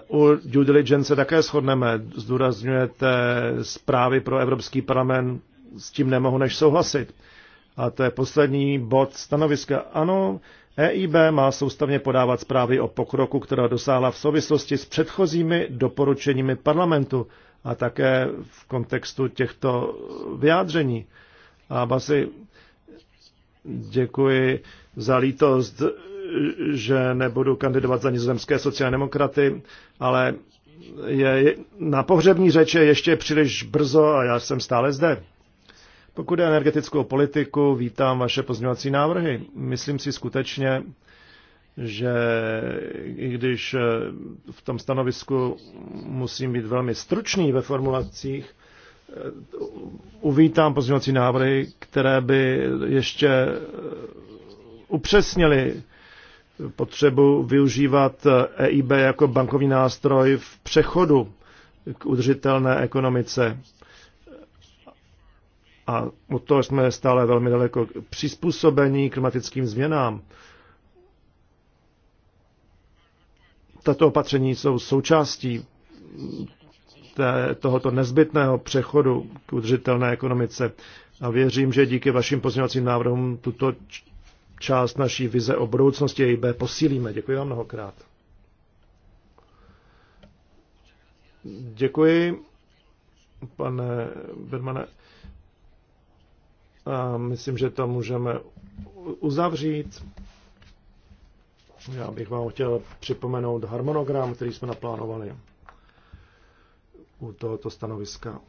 U due diligence se také shodneme. Zdůrazňujete zprávy pro Evropský parlament, s tím nemohu než souhlasit. A to je poslední bod stanoviska. Ano, EIB má soustavně podávat zprávy o pokroku, která dosáhla v souvislosti s předchozími doporučeními parlamentu a také v kontextu těchto vyjádření. A Basi, děkuji za lítost, že nebudu kandidovat za nizozemské sociální demokraty, ale je, na pohřební řeče ještě příliš brzo a já jsem stále zde. Pokud je energetickou politiku, vítám vaše pozměňovací návrhy. Myslím si skutečně, že i když eh, v tom stanovisku musím být velmi stručný ve formulacích, eh, uvítám pozměňovací návrhy, které by ještě eh, upřesnili potřebu využívat EIB e jako bankovní nástroj v přechodu k udržitelné ekonomice. A od toho jsme stále velmi daleko. Přizpůsobení klimatickým změnám tato opatření jsou součástí té, tohoto nezbytného přechodu k udržitelné ekonomice. A věřím, že díky vašim pozměňovacím návrhům tuto část naší vize o budoucnosti EIB posílíme. Děkuji vám mnohokrát. Děkuji, pane Bermane. A myslím, že to můžeme uzavřít. Já bych vám chtěl připomenout harmonogram, který jsme naplánovali u tohoto stanoviska.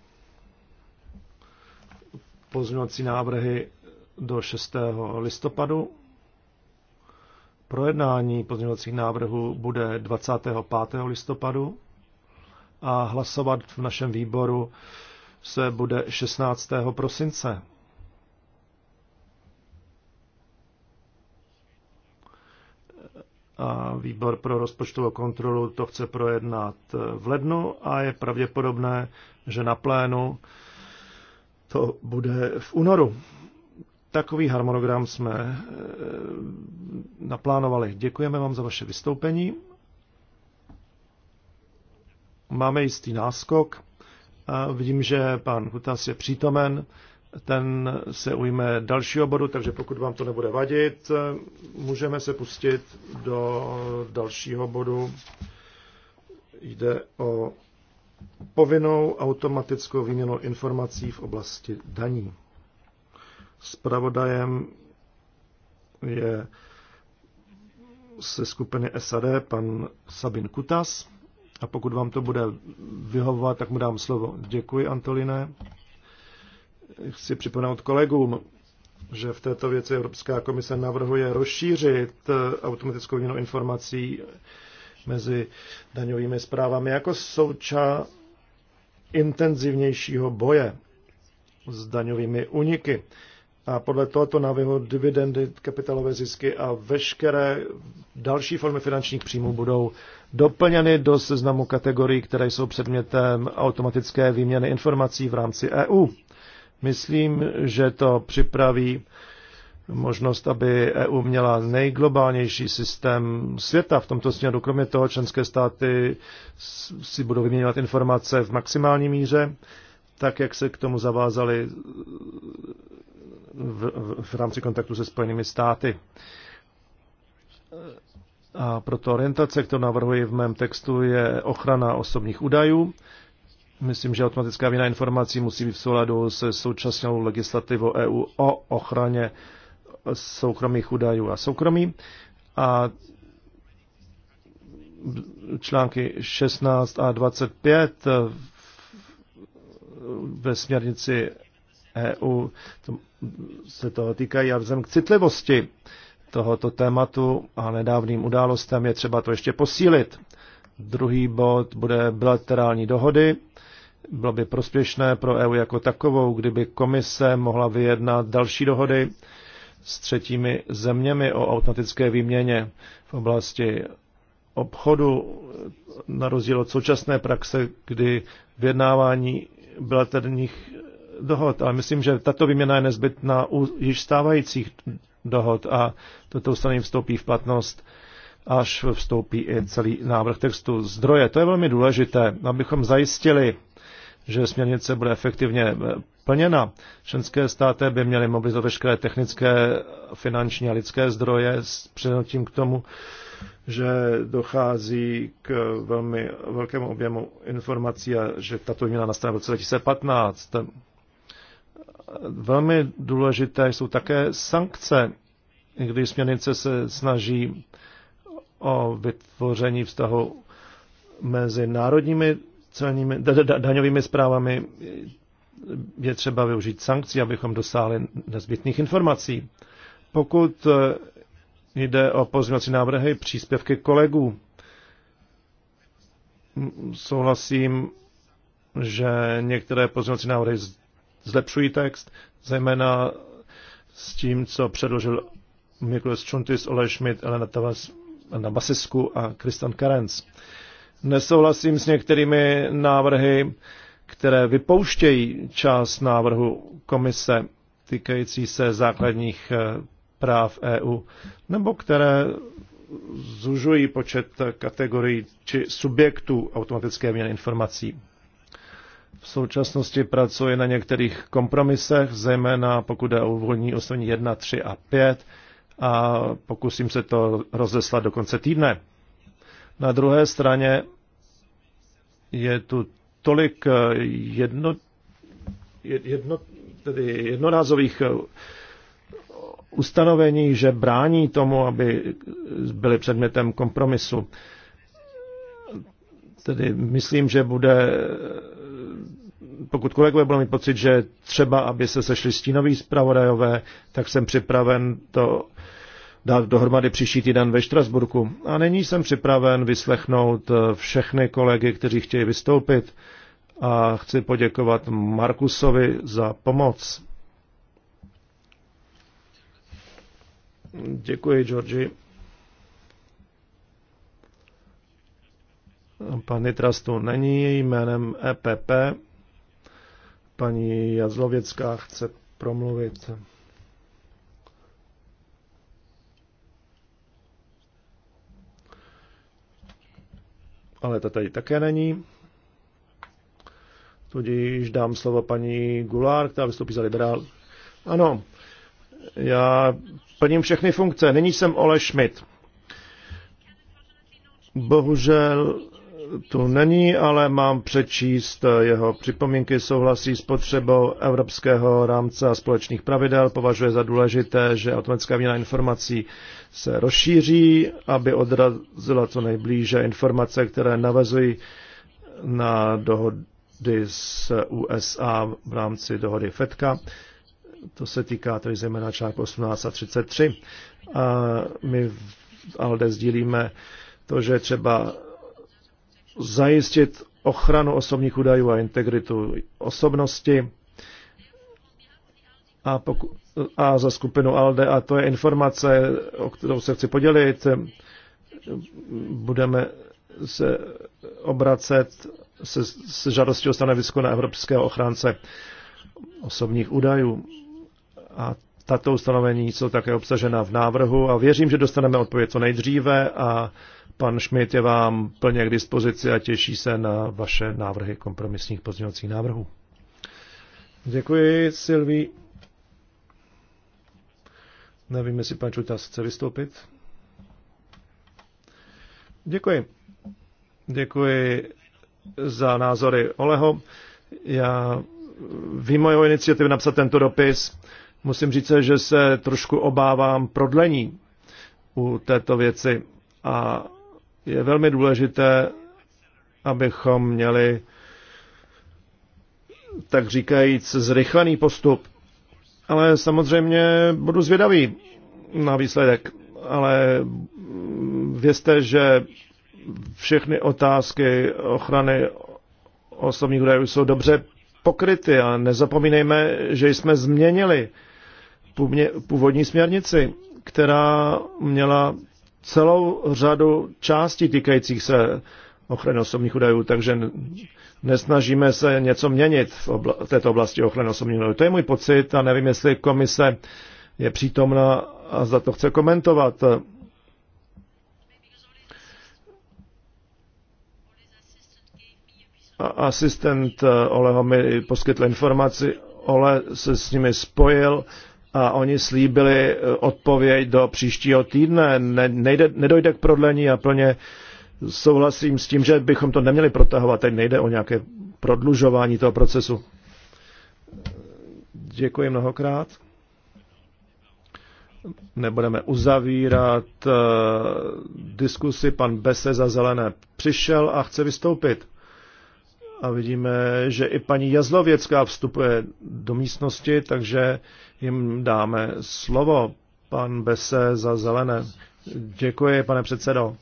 Pozměňovací návrhy do 6. listopadu. Projednání pozměňovacích návrhů bude 25. listopadu a hlasovat v našem výboru se bude 16. prosince. a výbor pro rozpočtovou kontrolu to chce projednat v lednu a je pravděpodobné, že na plénu to bude v únoru. Takový harmonogram jsme e, naplánovali. Děkujeme vám za vaše vystoupení. Máme jistý náskok. A vidím, že pan Hutas je přítomen ten se ujme dalšího bodu, takže pokud vám to nebude vadit, můžeme se pustit do dalšího bodu. Jde o povinnou automatickou výměnu informací v oblasti daní. Spravodajem je se skupiny SAD pan Sabin Kutas. A pokud vám to bude vyhovovat, tak mu dám slovo. Děkuji, Antoline chci připomenout kolegům, že v této věci Evropská komise navrhuje rozšířit eh, automatickou výměnu informací mezi daňovými zprávami jako součást intenzivnějšího boje s daňovými uniky. A podle tohoto návrhu dividendy, kapitálové zisky a veškeré další formy finančních příjmů budou doplněny do seznamu kategorií, které jsou předmětem automatické výměny informací v rámci EU. Myslím, že to připraví možnost, aby EU měla nejglobálnější systém světa v tomto směru. Kromě toho členské státy si budou vyměňovat informace v maximální míře, tak jak se k tomu zavázali v, v, v rámci kontaktu se Spojenými státy. A proto orientace, kterou navrhuji v mém textu, je ochrana osobních údajů Myslím, že automatická výměna informací musí být v souladu se současnou legislativou EU o ochraně soukromých údajů a soukromí. A články 16 a 25 ve směrnici EU se toho týkají a vzhledem k citlivosti tohoto tématu a nedávným událostem je třeba to ještě posílit. Druhý bod bude bilaterální dohody bylo by prospěšné pro EU jako takovou, kdyby komise mohla vyjednat další dohody s třetími zeměmi o automatické výměně v oblasti obchodu, na rozdíl od současné praxe, kdy vyjednávání bilaterních dohod. Ale myslím, že tato výměna je nezbytná u již stávajících dohod a toto ustanovení vstoupí v platnost, až vstoupí i celý návrh textu zdroje. To je velmi důležité, abychom zajistili že směrnice bude efektivně eh, plněna. Členské státy by měly mobilizovat veškeré technické, finanční a lidské zdroje s přenotím k tomu, že dochází k velmi velkému objemu informací a že tato měla nastane v roce 2015. Velmi důležité jsou také sankce, když směrnice se snaží o vytvoření vztahu mezi národními celními, da, da, daňovými zprávami je třeba využít sankcí, abychom dosáhli nezbytných informací. Pokud eh, jde o pozměňovací návrhy, příspěvky kolegů, souhlasím, že některé pozměňovací návrhy zlepšují text, zejména s tím, co předložil Miklos Čuntis, Ole Schmidt, Elena Tavas na Basisku a Kristan Karenc. Nesouhlasím s některými návrhy, které vypouštějí část návrhu komise týkající se základních eh, práv EU, nebo které zužují počet kategorií či subjektů automatické měny informací. V současnosti pracuji na některých kompromisech, zejména pokud je o volní osvění 1, 3 a 5 a pokusím se to rozeslat do konce týdne. Na druhé straně je tu tolik eh, jedno, jedno, tedy jednorázových eh, ustanovení, že brání tomu, aby byly předmětem kompromisu. Tedy myslím, že bude, pokud kolegové budou mít pocit, že třeba, aby se sešli stínoví zpravodajové, tak jsem připraven to dát dohromady příští týden ve Štrasburku. A nyní jsem připraven vyslechnout eh, všechny kolegy, kteří chtějí vystoupit a chci poděkovat Markusovi za pomoc. Děkuji, Georgi. Pan Nitras tu není, jménem EPP. Paní Jazlověcká chce promluvit. ale ta tady také není. Tudíž dám slovo paní Gulár, která vystoupí za liberál. Ano, já plním všechny funkce. Nyní jsem Ole Schmidt. Bohužel tu není, ale mám přečíst jeho připomínky. Souhlasí s potřebou evropského rámce a společných pravidel. Považuje za důležité, že automatická výměna informací se rozšíří, aby odrazila co nejblíže informace, které navazují na dohody s USA v rámci dohody FEDKA. To se týká tedy zejména článku 18 a 33. A my v ALDE sdílíme to, že třeba zajistit ochranu osobních údajů a integritu osobnosti a, poku- a za skupinu ALDE, a to je informace, o kterou se chci podělit. Budeme se obracet se, se žádostí o stanovisko na Evropského ochránce osobních údajů. A tato ustanovení jsou také obsažena v návrhu a věřím, že dostaneme odpověď co nejdříve a pan Šmit je vám plně k dispozici a těší se na vaše návrhy kompromisních pozměňovacích návrhů. Děkuji, Silví. Nevím, jestli pan Čutas chce vystoupit. Děkuji. Děkuji za názory Oleho. Já vím mojou iniciativu napsat tento dopis. Musím říct, že se trošku obávám prodlení u této věci a je velmi důležité, abychom měli tak říkajíc zrychlený postup ale samozřejmě budu zvědavý na výsledek. Ale vězte, že všechny otázky ochrany osobních údajů jsou dobře pokryty a nezapomínejme, že jsme změnili původní směrnici, která měla celou řadu částí týkajících se ochrany osobních údajů, takže nesnažíme se něco měnit v obla- této oblasti ochrany osobních údajů. To je můj pocit a nevím, jestli komise je přítomna a za to chce komentovat. A asistent eh, Oleho mi poskytl informaci, Ole se s nimi spojil a oni slíbili eh, odpověď do příštího týdne. Ne, nejde, nedojde k prodlení a plně souhlasím s tím, že bychom to neměli protahovat. Teď nejde o nějaké prodlužování toho procesu. Děkuji mnohokrát. Nebudeme uzavírat uh, diskusi. Pan Bese za zelené přišel a chce vystoupit. A vidíme, že i paní Jazlověcká vstupuje do místnosti, takže jim dáme slovo. Pan Bese za zelené. Děkuji, pane předsedo.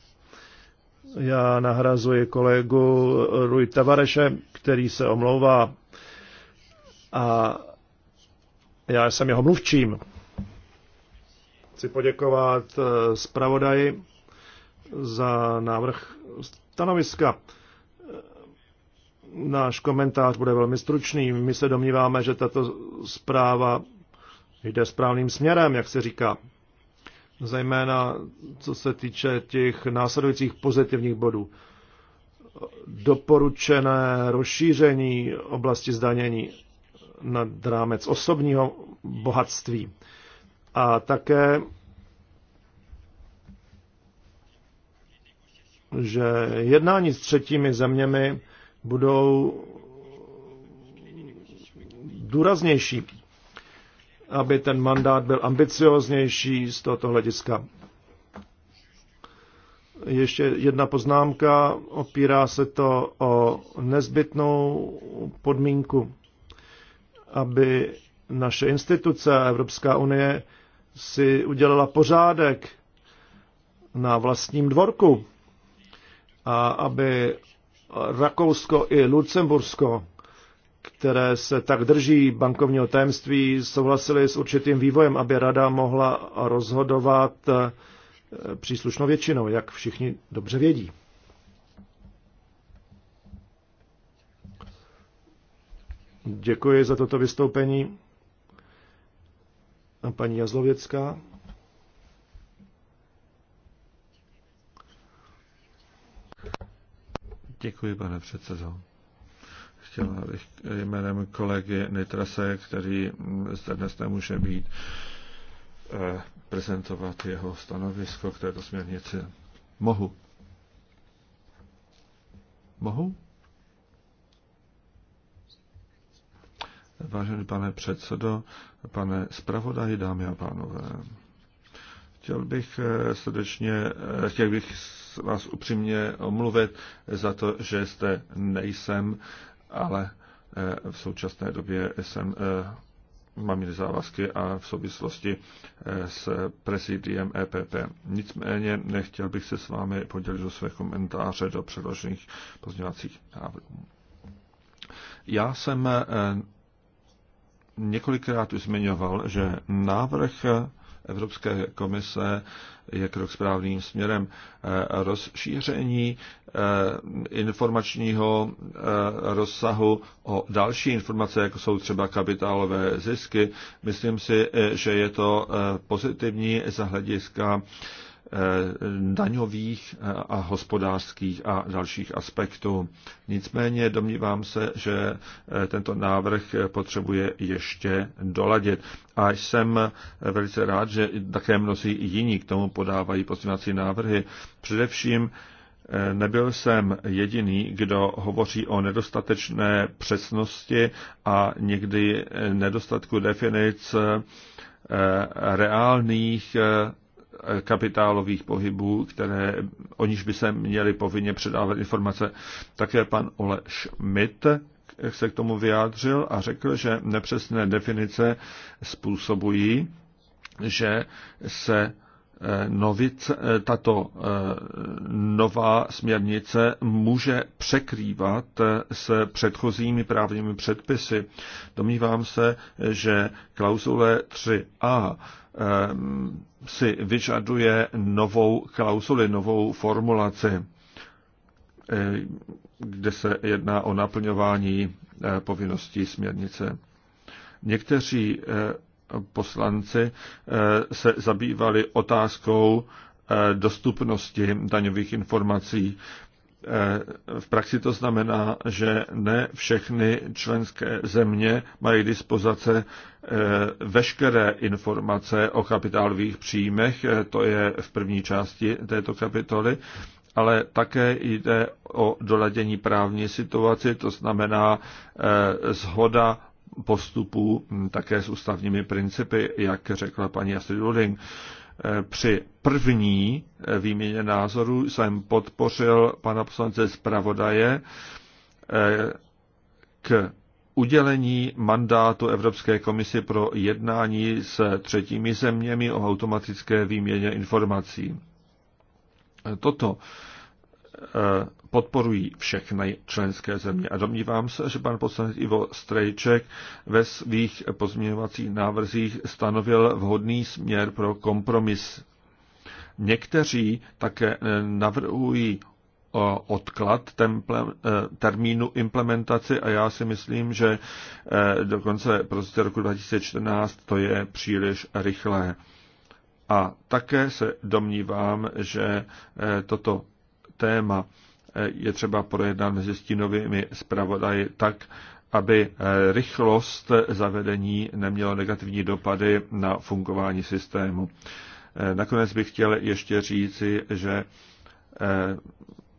Já nahrazuji kolegu Rui Tavareše, který se omlouvá a já jsem jeho mluvčím. Chci poděkovat eh, zpravodaji za návrh stanoviska. Náš komentář bude velmi stručný. My se domníváme, že tato zpráva jde správným směrem, jak se říká zejména co se týče těch následujících pozitivních bodů. Doporučené rozšíření oblasti zdanění nad rámec osobního bohatství a také, že jednání s třetími zeměmi budou důraznější aby ten mandát byl ambicioznější z tohoto hlediska. Ještě jedna poznámka, opírá se to o nezbytnou podmínku, aby naše instituce Evropská unie si udělala pořádek na vlastním dvorku a aby Rakousko i Lucembursko které se tak drží bankovního tajemství, souhlasili s určitým vývojem, aby rada mohla rozhodovat eh, příslušnou většinou, jak všichni dobře vědí. Děkuji za toto vystoupení. A paní Jazlověcká. Děkuji, pane předsedo chtěla bych jménem kolegy Nitrase, který zde dnes nemůže být, eh, prezentovat jeho stanovisko k této směrnici. Mohu. Mohu? Vážený pane předsedo, pane zpravodaji, dámy a pánové, chtěl bych eh, srdečně, eh, chtěl bych vás upřímně omluvit za to, že jste nejsem ale eh, v současné době jsem, eh, mám jiné závazky a v souvislosti eh, s prezidiem EPP. Nicméně nechtěl bych se s vámi podělit o své komentáře do předložených pozměňovacích návrhů. Já jsem několikrát už zmiňoval, že návrh Evropské komise je krok správným směrem. Eh, rozšíření eh, informačního eh, rozsahu o další informace, jako jsou třeba kapitálové zisky, myslím si, že je to pozitivní z hlediska Eh, daňových eh, a hospodářských a dalších aspektů. Nicméně domnívám se, že eh, tento návrh potřebuje ještě doladit. A jsem velice rád, že také mnozí jiní k tomu podávají pozměňovací návrhy. Především nebyl jsem jediný, kdo hovoří o nedostatečné přesnosti a někdy nedostatku definic reálných kapitálových pohybů, které, o níž by se měly povinně předávat informace. Také pan Ole Schmidt se k tomu vyjádřil a řekl, že nepřesné definice způsobují, že se eh, novic, eh, tato eh, nová směrnice může překrývat s předchozími právními předpisy. Domnívám se, že klauzule 3a Eh, si vyžaduje novou klausuli, novou formulaci, eh, kde se jedná o naplňování eh, povinností směrnice. Někteří poslanci se zabývali otázkou dostupnosti daňových informací. Eh, v praxi to znamená, že ne všechny členské země mají dispozice eh, veškeré informace o kapitálových příjmech, eh, to je v první části této kapitoly, ale také jde o doladění právní situaci, to znamená zhoda postupů také s ústavními principy, jak řekla paní Astrid Luding. Eh, při první eh, výměně názorů jsem podpořil pana poslance zpravodaje eh, k udělení mandátu Evropské komisi pro jednání s třetími zeměmi o automatické výměně informací. Toto Eh, podporují všechny členské země. A domnívám se, že pan poslanec Ivo Strejček ve svých pozměňovacích návrzích stanovil vhodný směr pro kompromis. Někteří také eh, navrhují eh, odklad temple, termínu implementaci a já si myslím, že do konce prostě roku 2014 to je příliš rychlé. A také se domnívám, že toto téma eh, je třeba projednat mezi stínovými zpravodaji tak, aby eh, rychlost zavedení neměla negativní dopady na fungování systému. Eh, nakonec bych chtěl ještě říci, že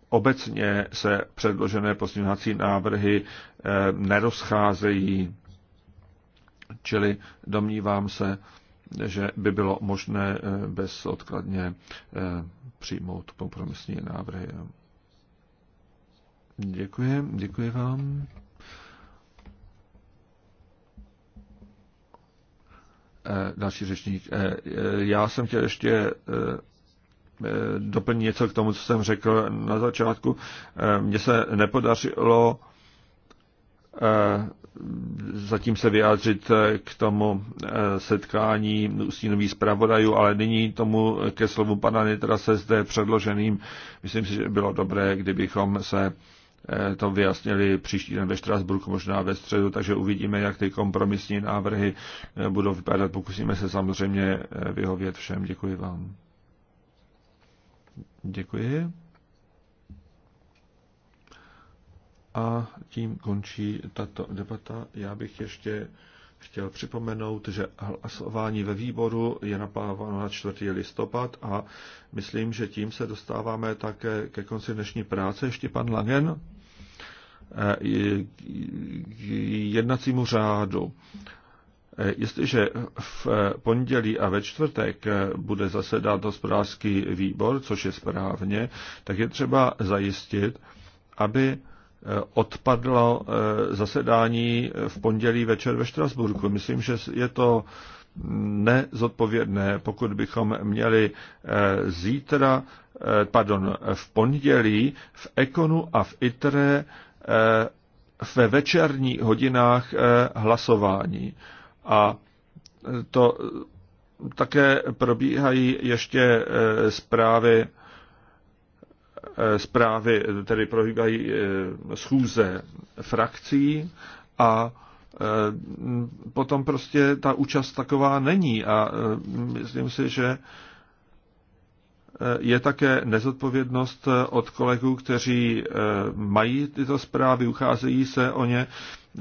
obecně se předložené pozměňovací návrhy nerozcházejí, čili domnívám se, že by bylo možné eh, bezodkladně eh, přijmout kompromisní návrhy. Děkuji, děkuji vám. Eh, další řečník. Já jsem chtěl ještě doplnit něco k tomu, co jsem řekl na začátku. Mně se nepodařilo zatím se vyjádřit k tomu eh, setkání ústínových zpravodajů, ale nyní tomu ke slovu pana Nitra se zde předloženým, myslím si, že bylo dobré, kdybychom se eh, to vyjasnili příští den ve Štrasburku, možná ve středu, takže uvidíme, jak ty kompromisní návrhy eh, budou vypadat. Pokusíme se samozřejmě vyhovět všem. Děkuji vám. Děkuji. A tím končí tato debata. Já bych ještě chtěl připomenout, že hlasování ve výboru je naplánováno na 4. listopad a myslím, že tím se dostáváme také ke konci dnešní práce. Ještě pan Langen eh, jednacímu řádu. Eh, jestliže v pondělí a ve čtvrtek bude zasedat hospodářský výbor, což je správně, tak je třeba zajistit, aby Eh, odpadlo eh, zasedání eh, v pondělí večer ve Štrasburku. Myslím, že je to nezodpovědné, pokud bychom měli zítra, pardon, v pondělí v Ekonu a v ITRE ve večerních hodinách hlasování. A to také probíhají ještě zprávy Eh, zprávy eh, tedy probíhají eh, schůze frakcí a potom prostě ta účast taková není a myslím si, že je také nezodpovědnost od kolegů, kteří mají tyto zprávy, ucházejí se o ně,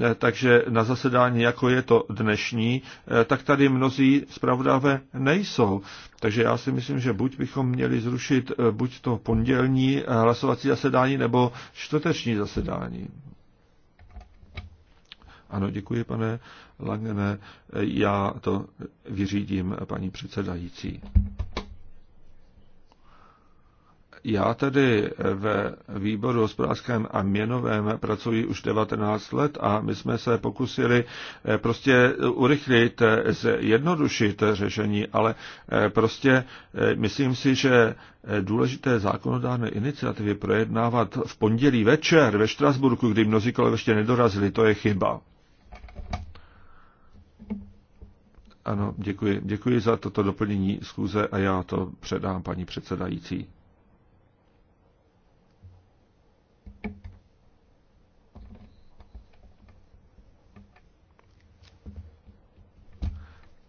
Eh, takže na zasedání, jako je to dnešní, eh, tak tady mnozí zpravodáve nejsou. Takže já si myslím, že buď bychom měli zrušit eh, buď to pondělní hlasovací zasedání, nebo čtvrteční zasedání. Ano, děkuji, pane Langene. Já to vyřídím, paní předsedající. Já tedy ve výboru hospodářském a měnovém pracuji už 19 let a my jsme se pokusili eh, prostě urychlit, eh, zjednodušit řešení, ale eh, prostě myslím si, že důležité zákonodárné iniciativy projednávat v pondělí večer ve Štrasburku, kdy mnozí kolegové ještě nedorazili, to je chyba. Ano, děkuji. Děkuji za toto doplnění schůze a já to předám paní předsedající.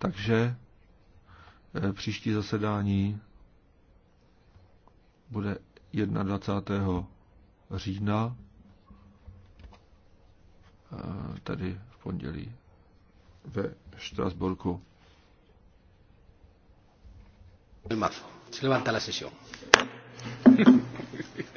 Takže eh, příští zasedání bude 21. října, eh, tedy v pondělí ve Štrasburku. El marzo. Se levanta la sesión.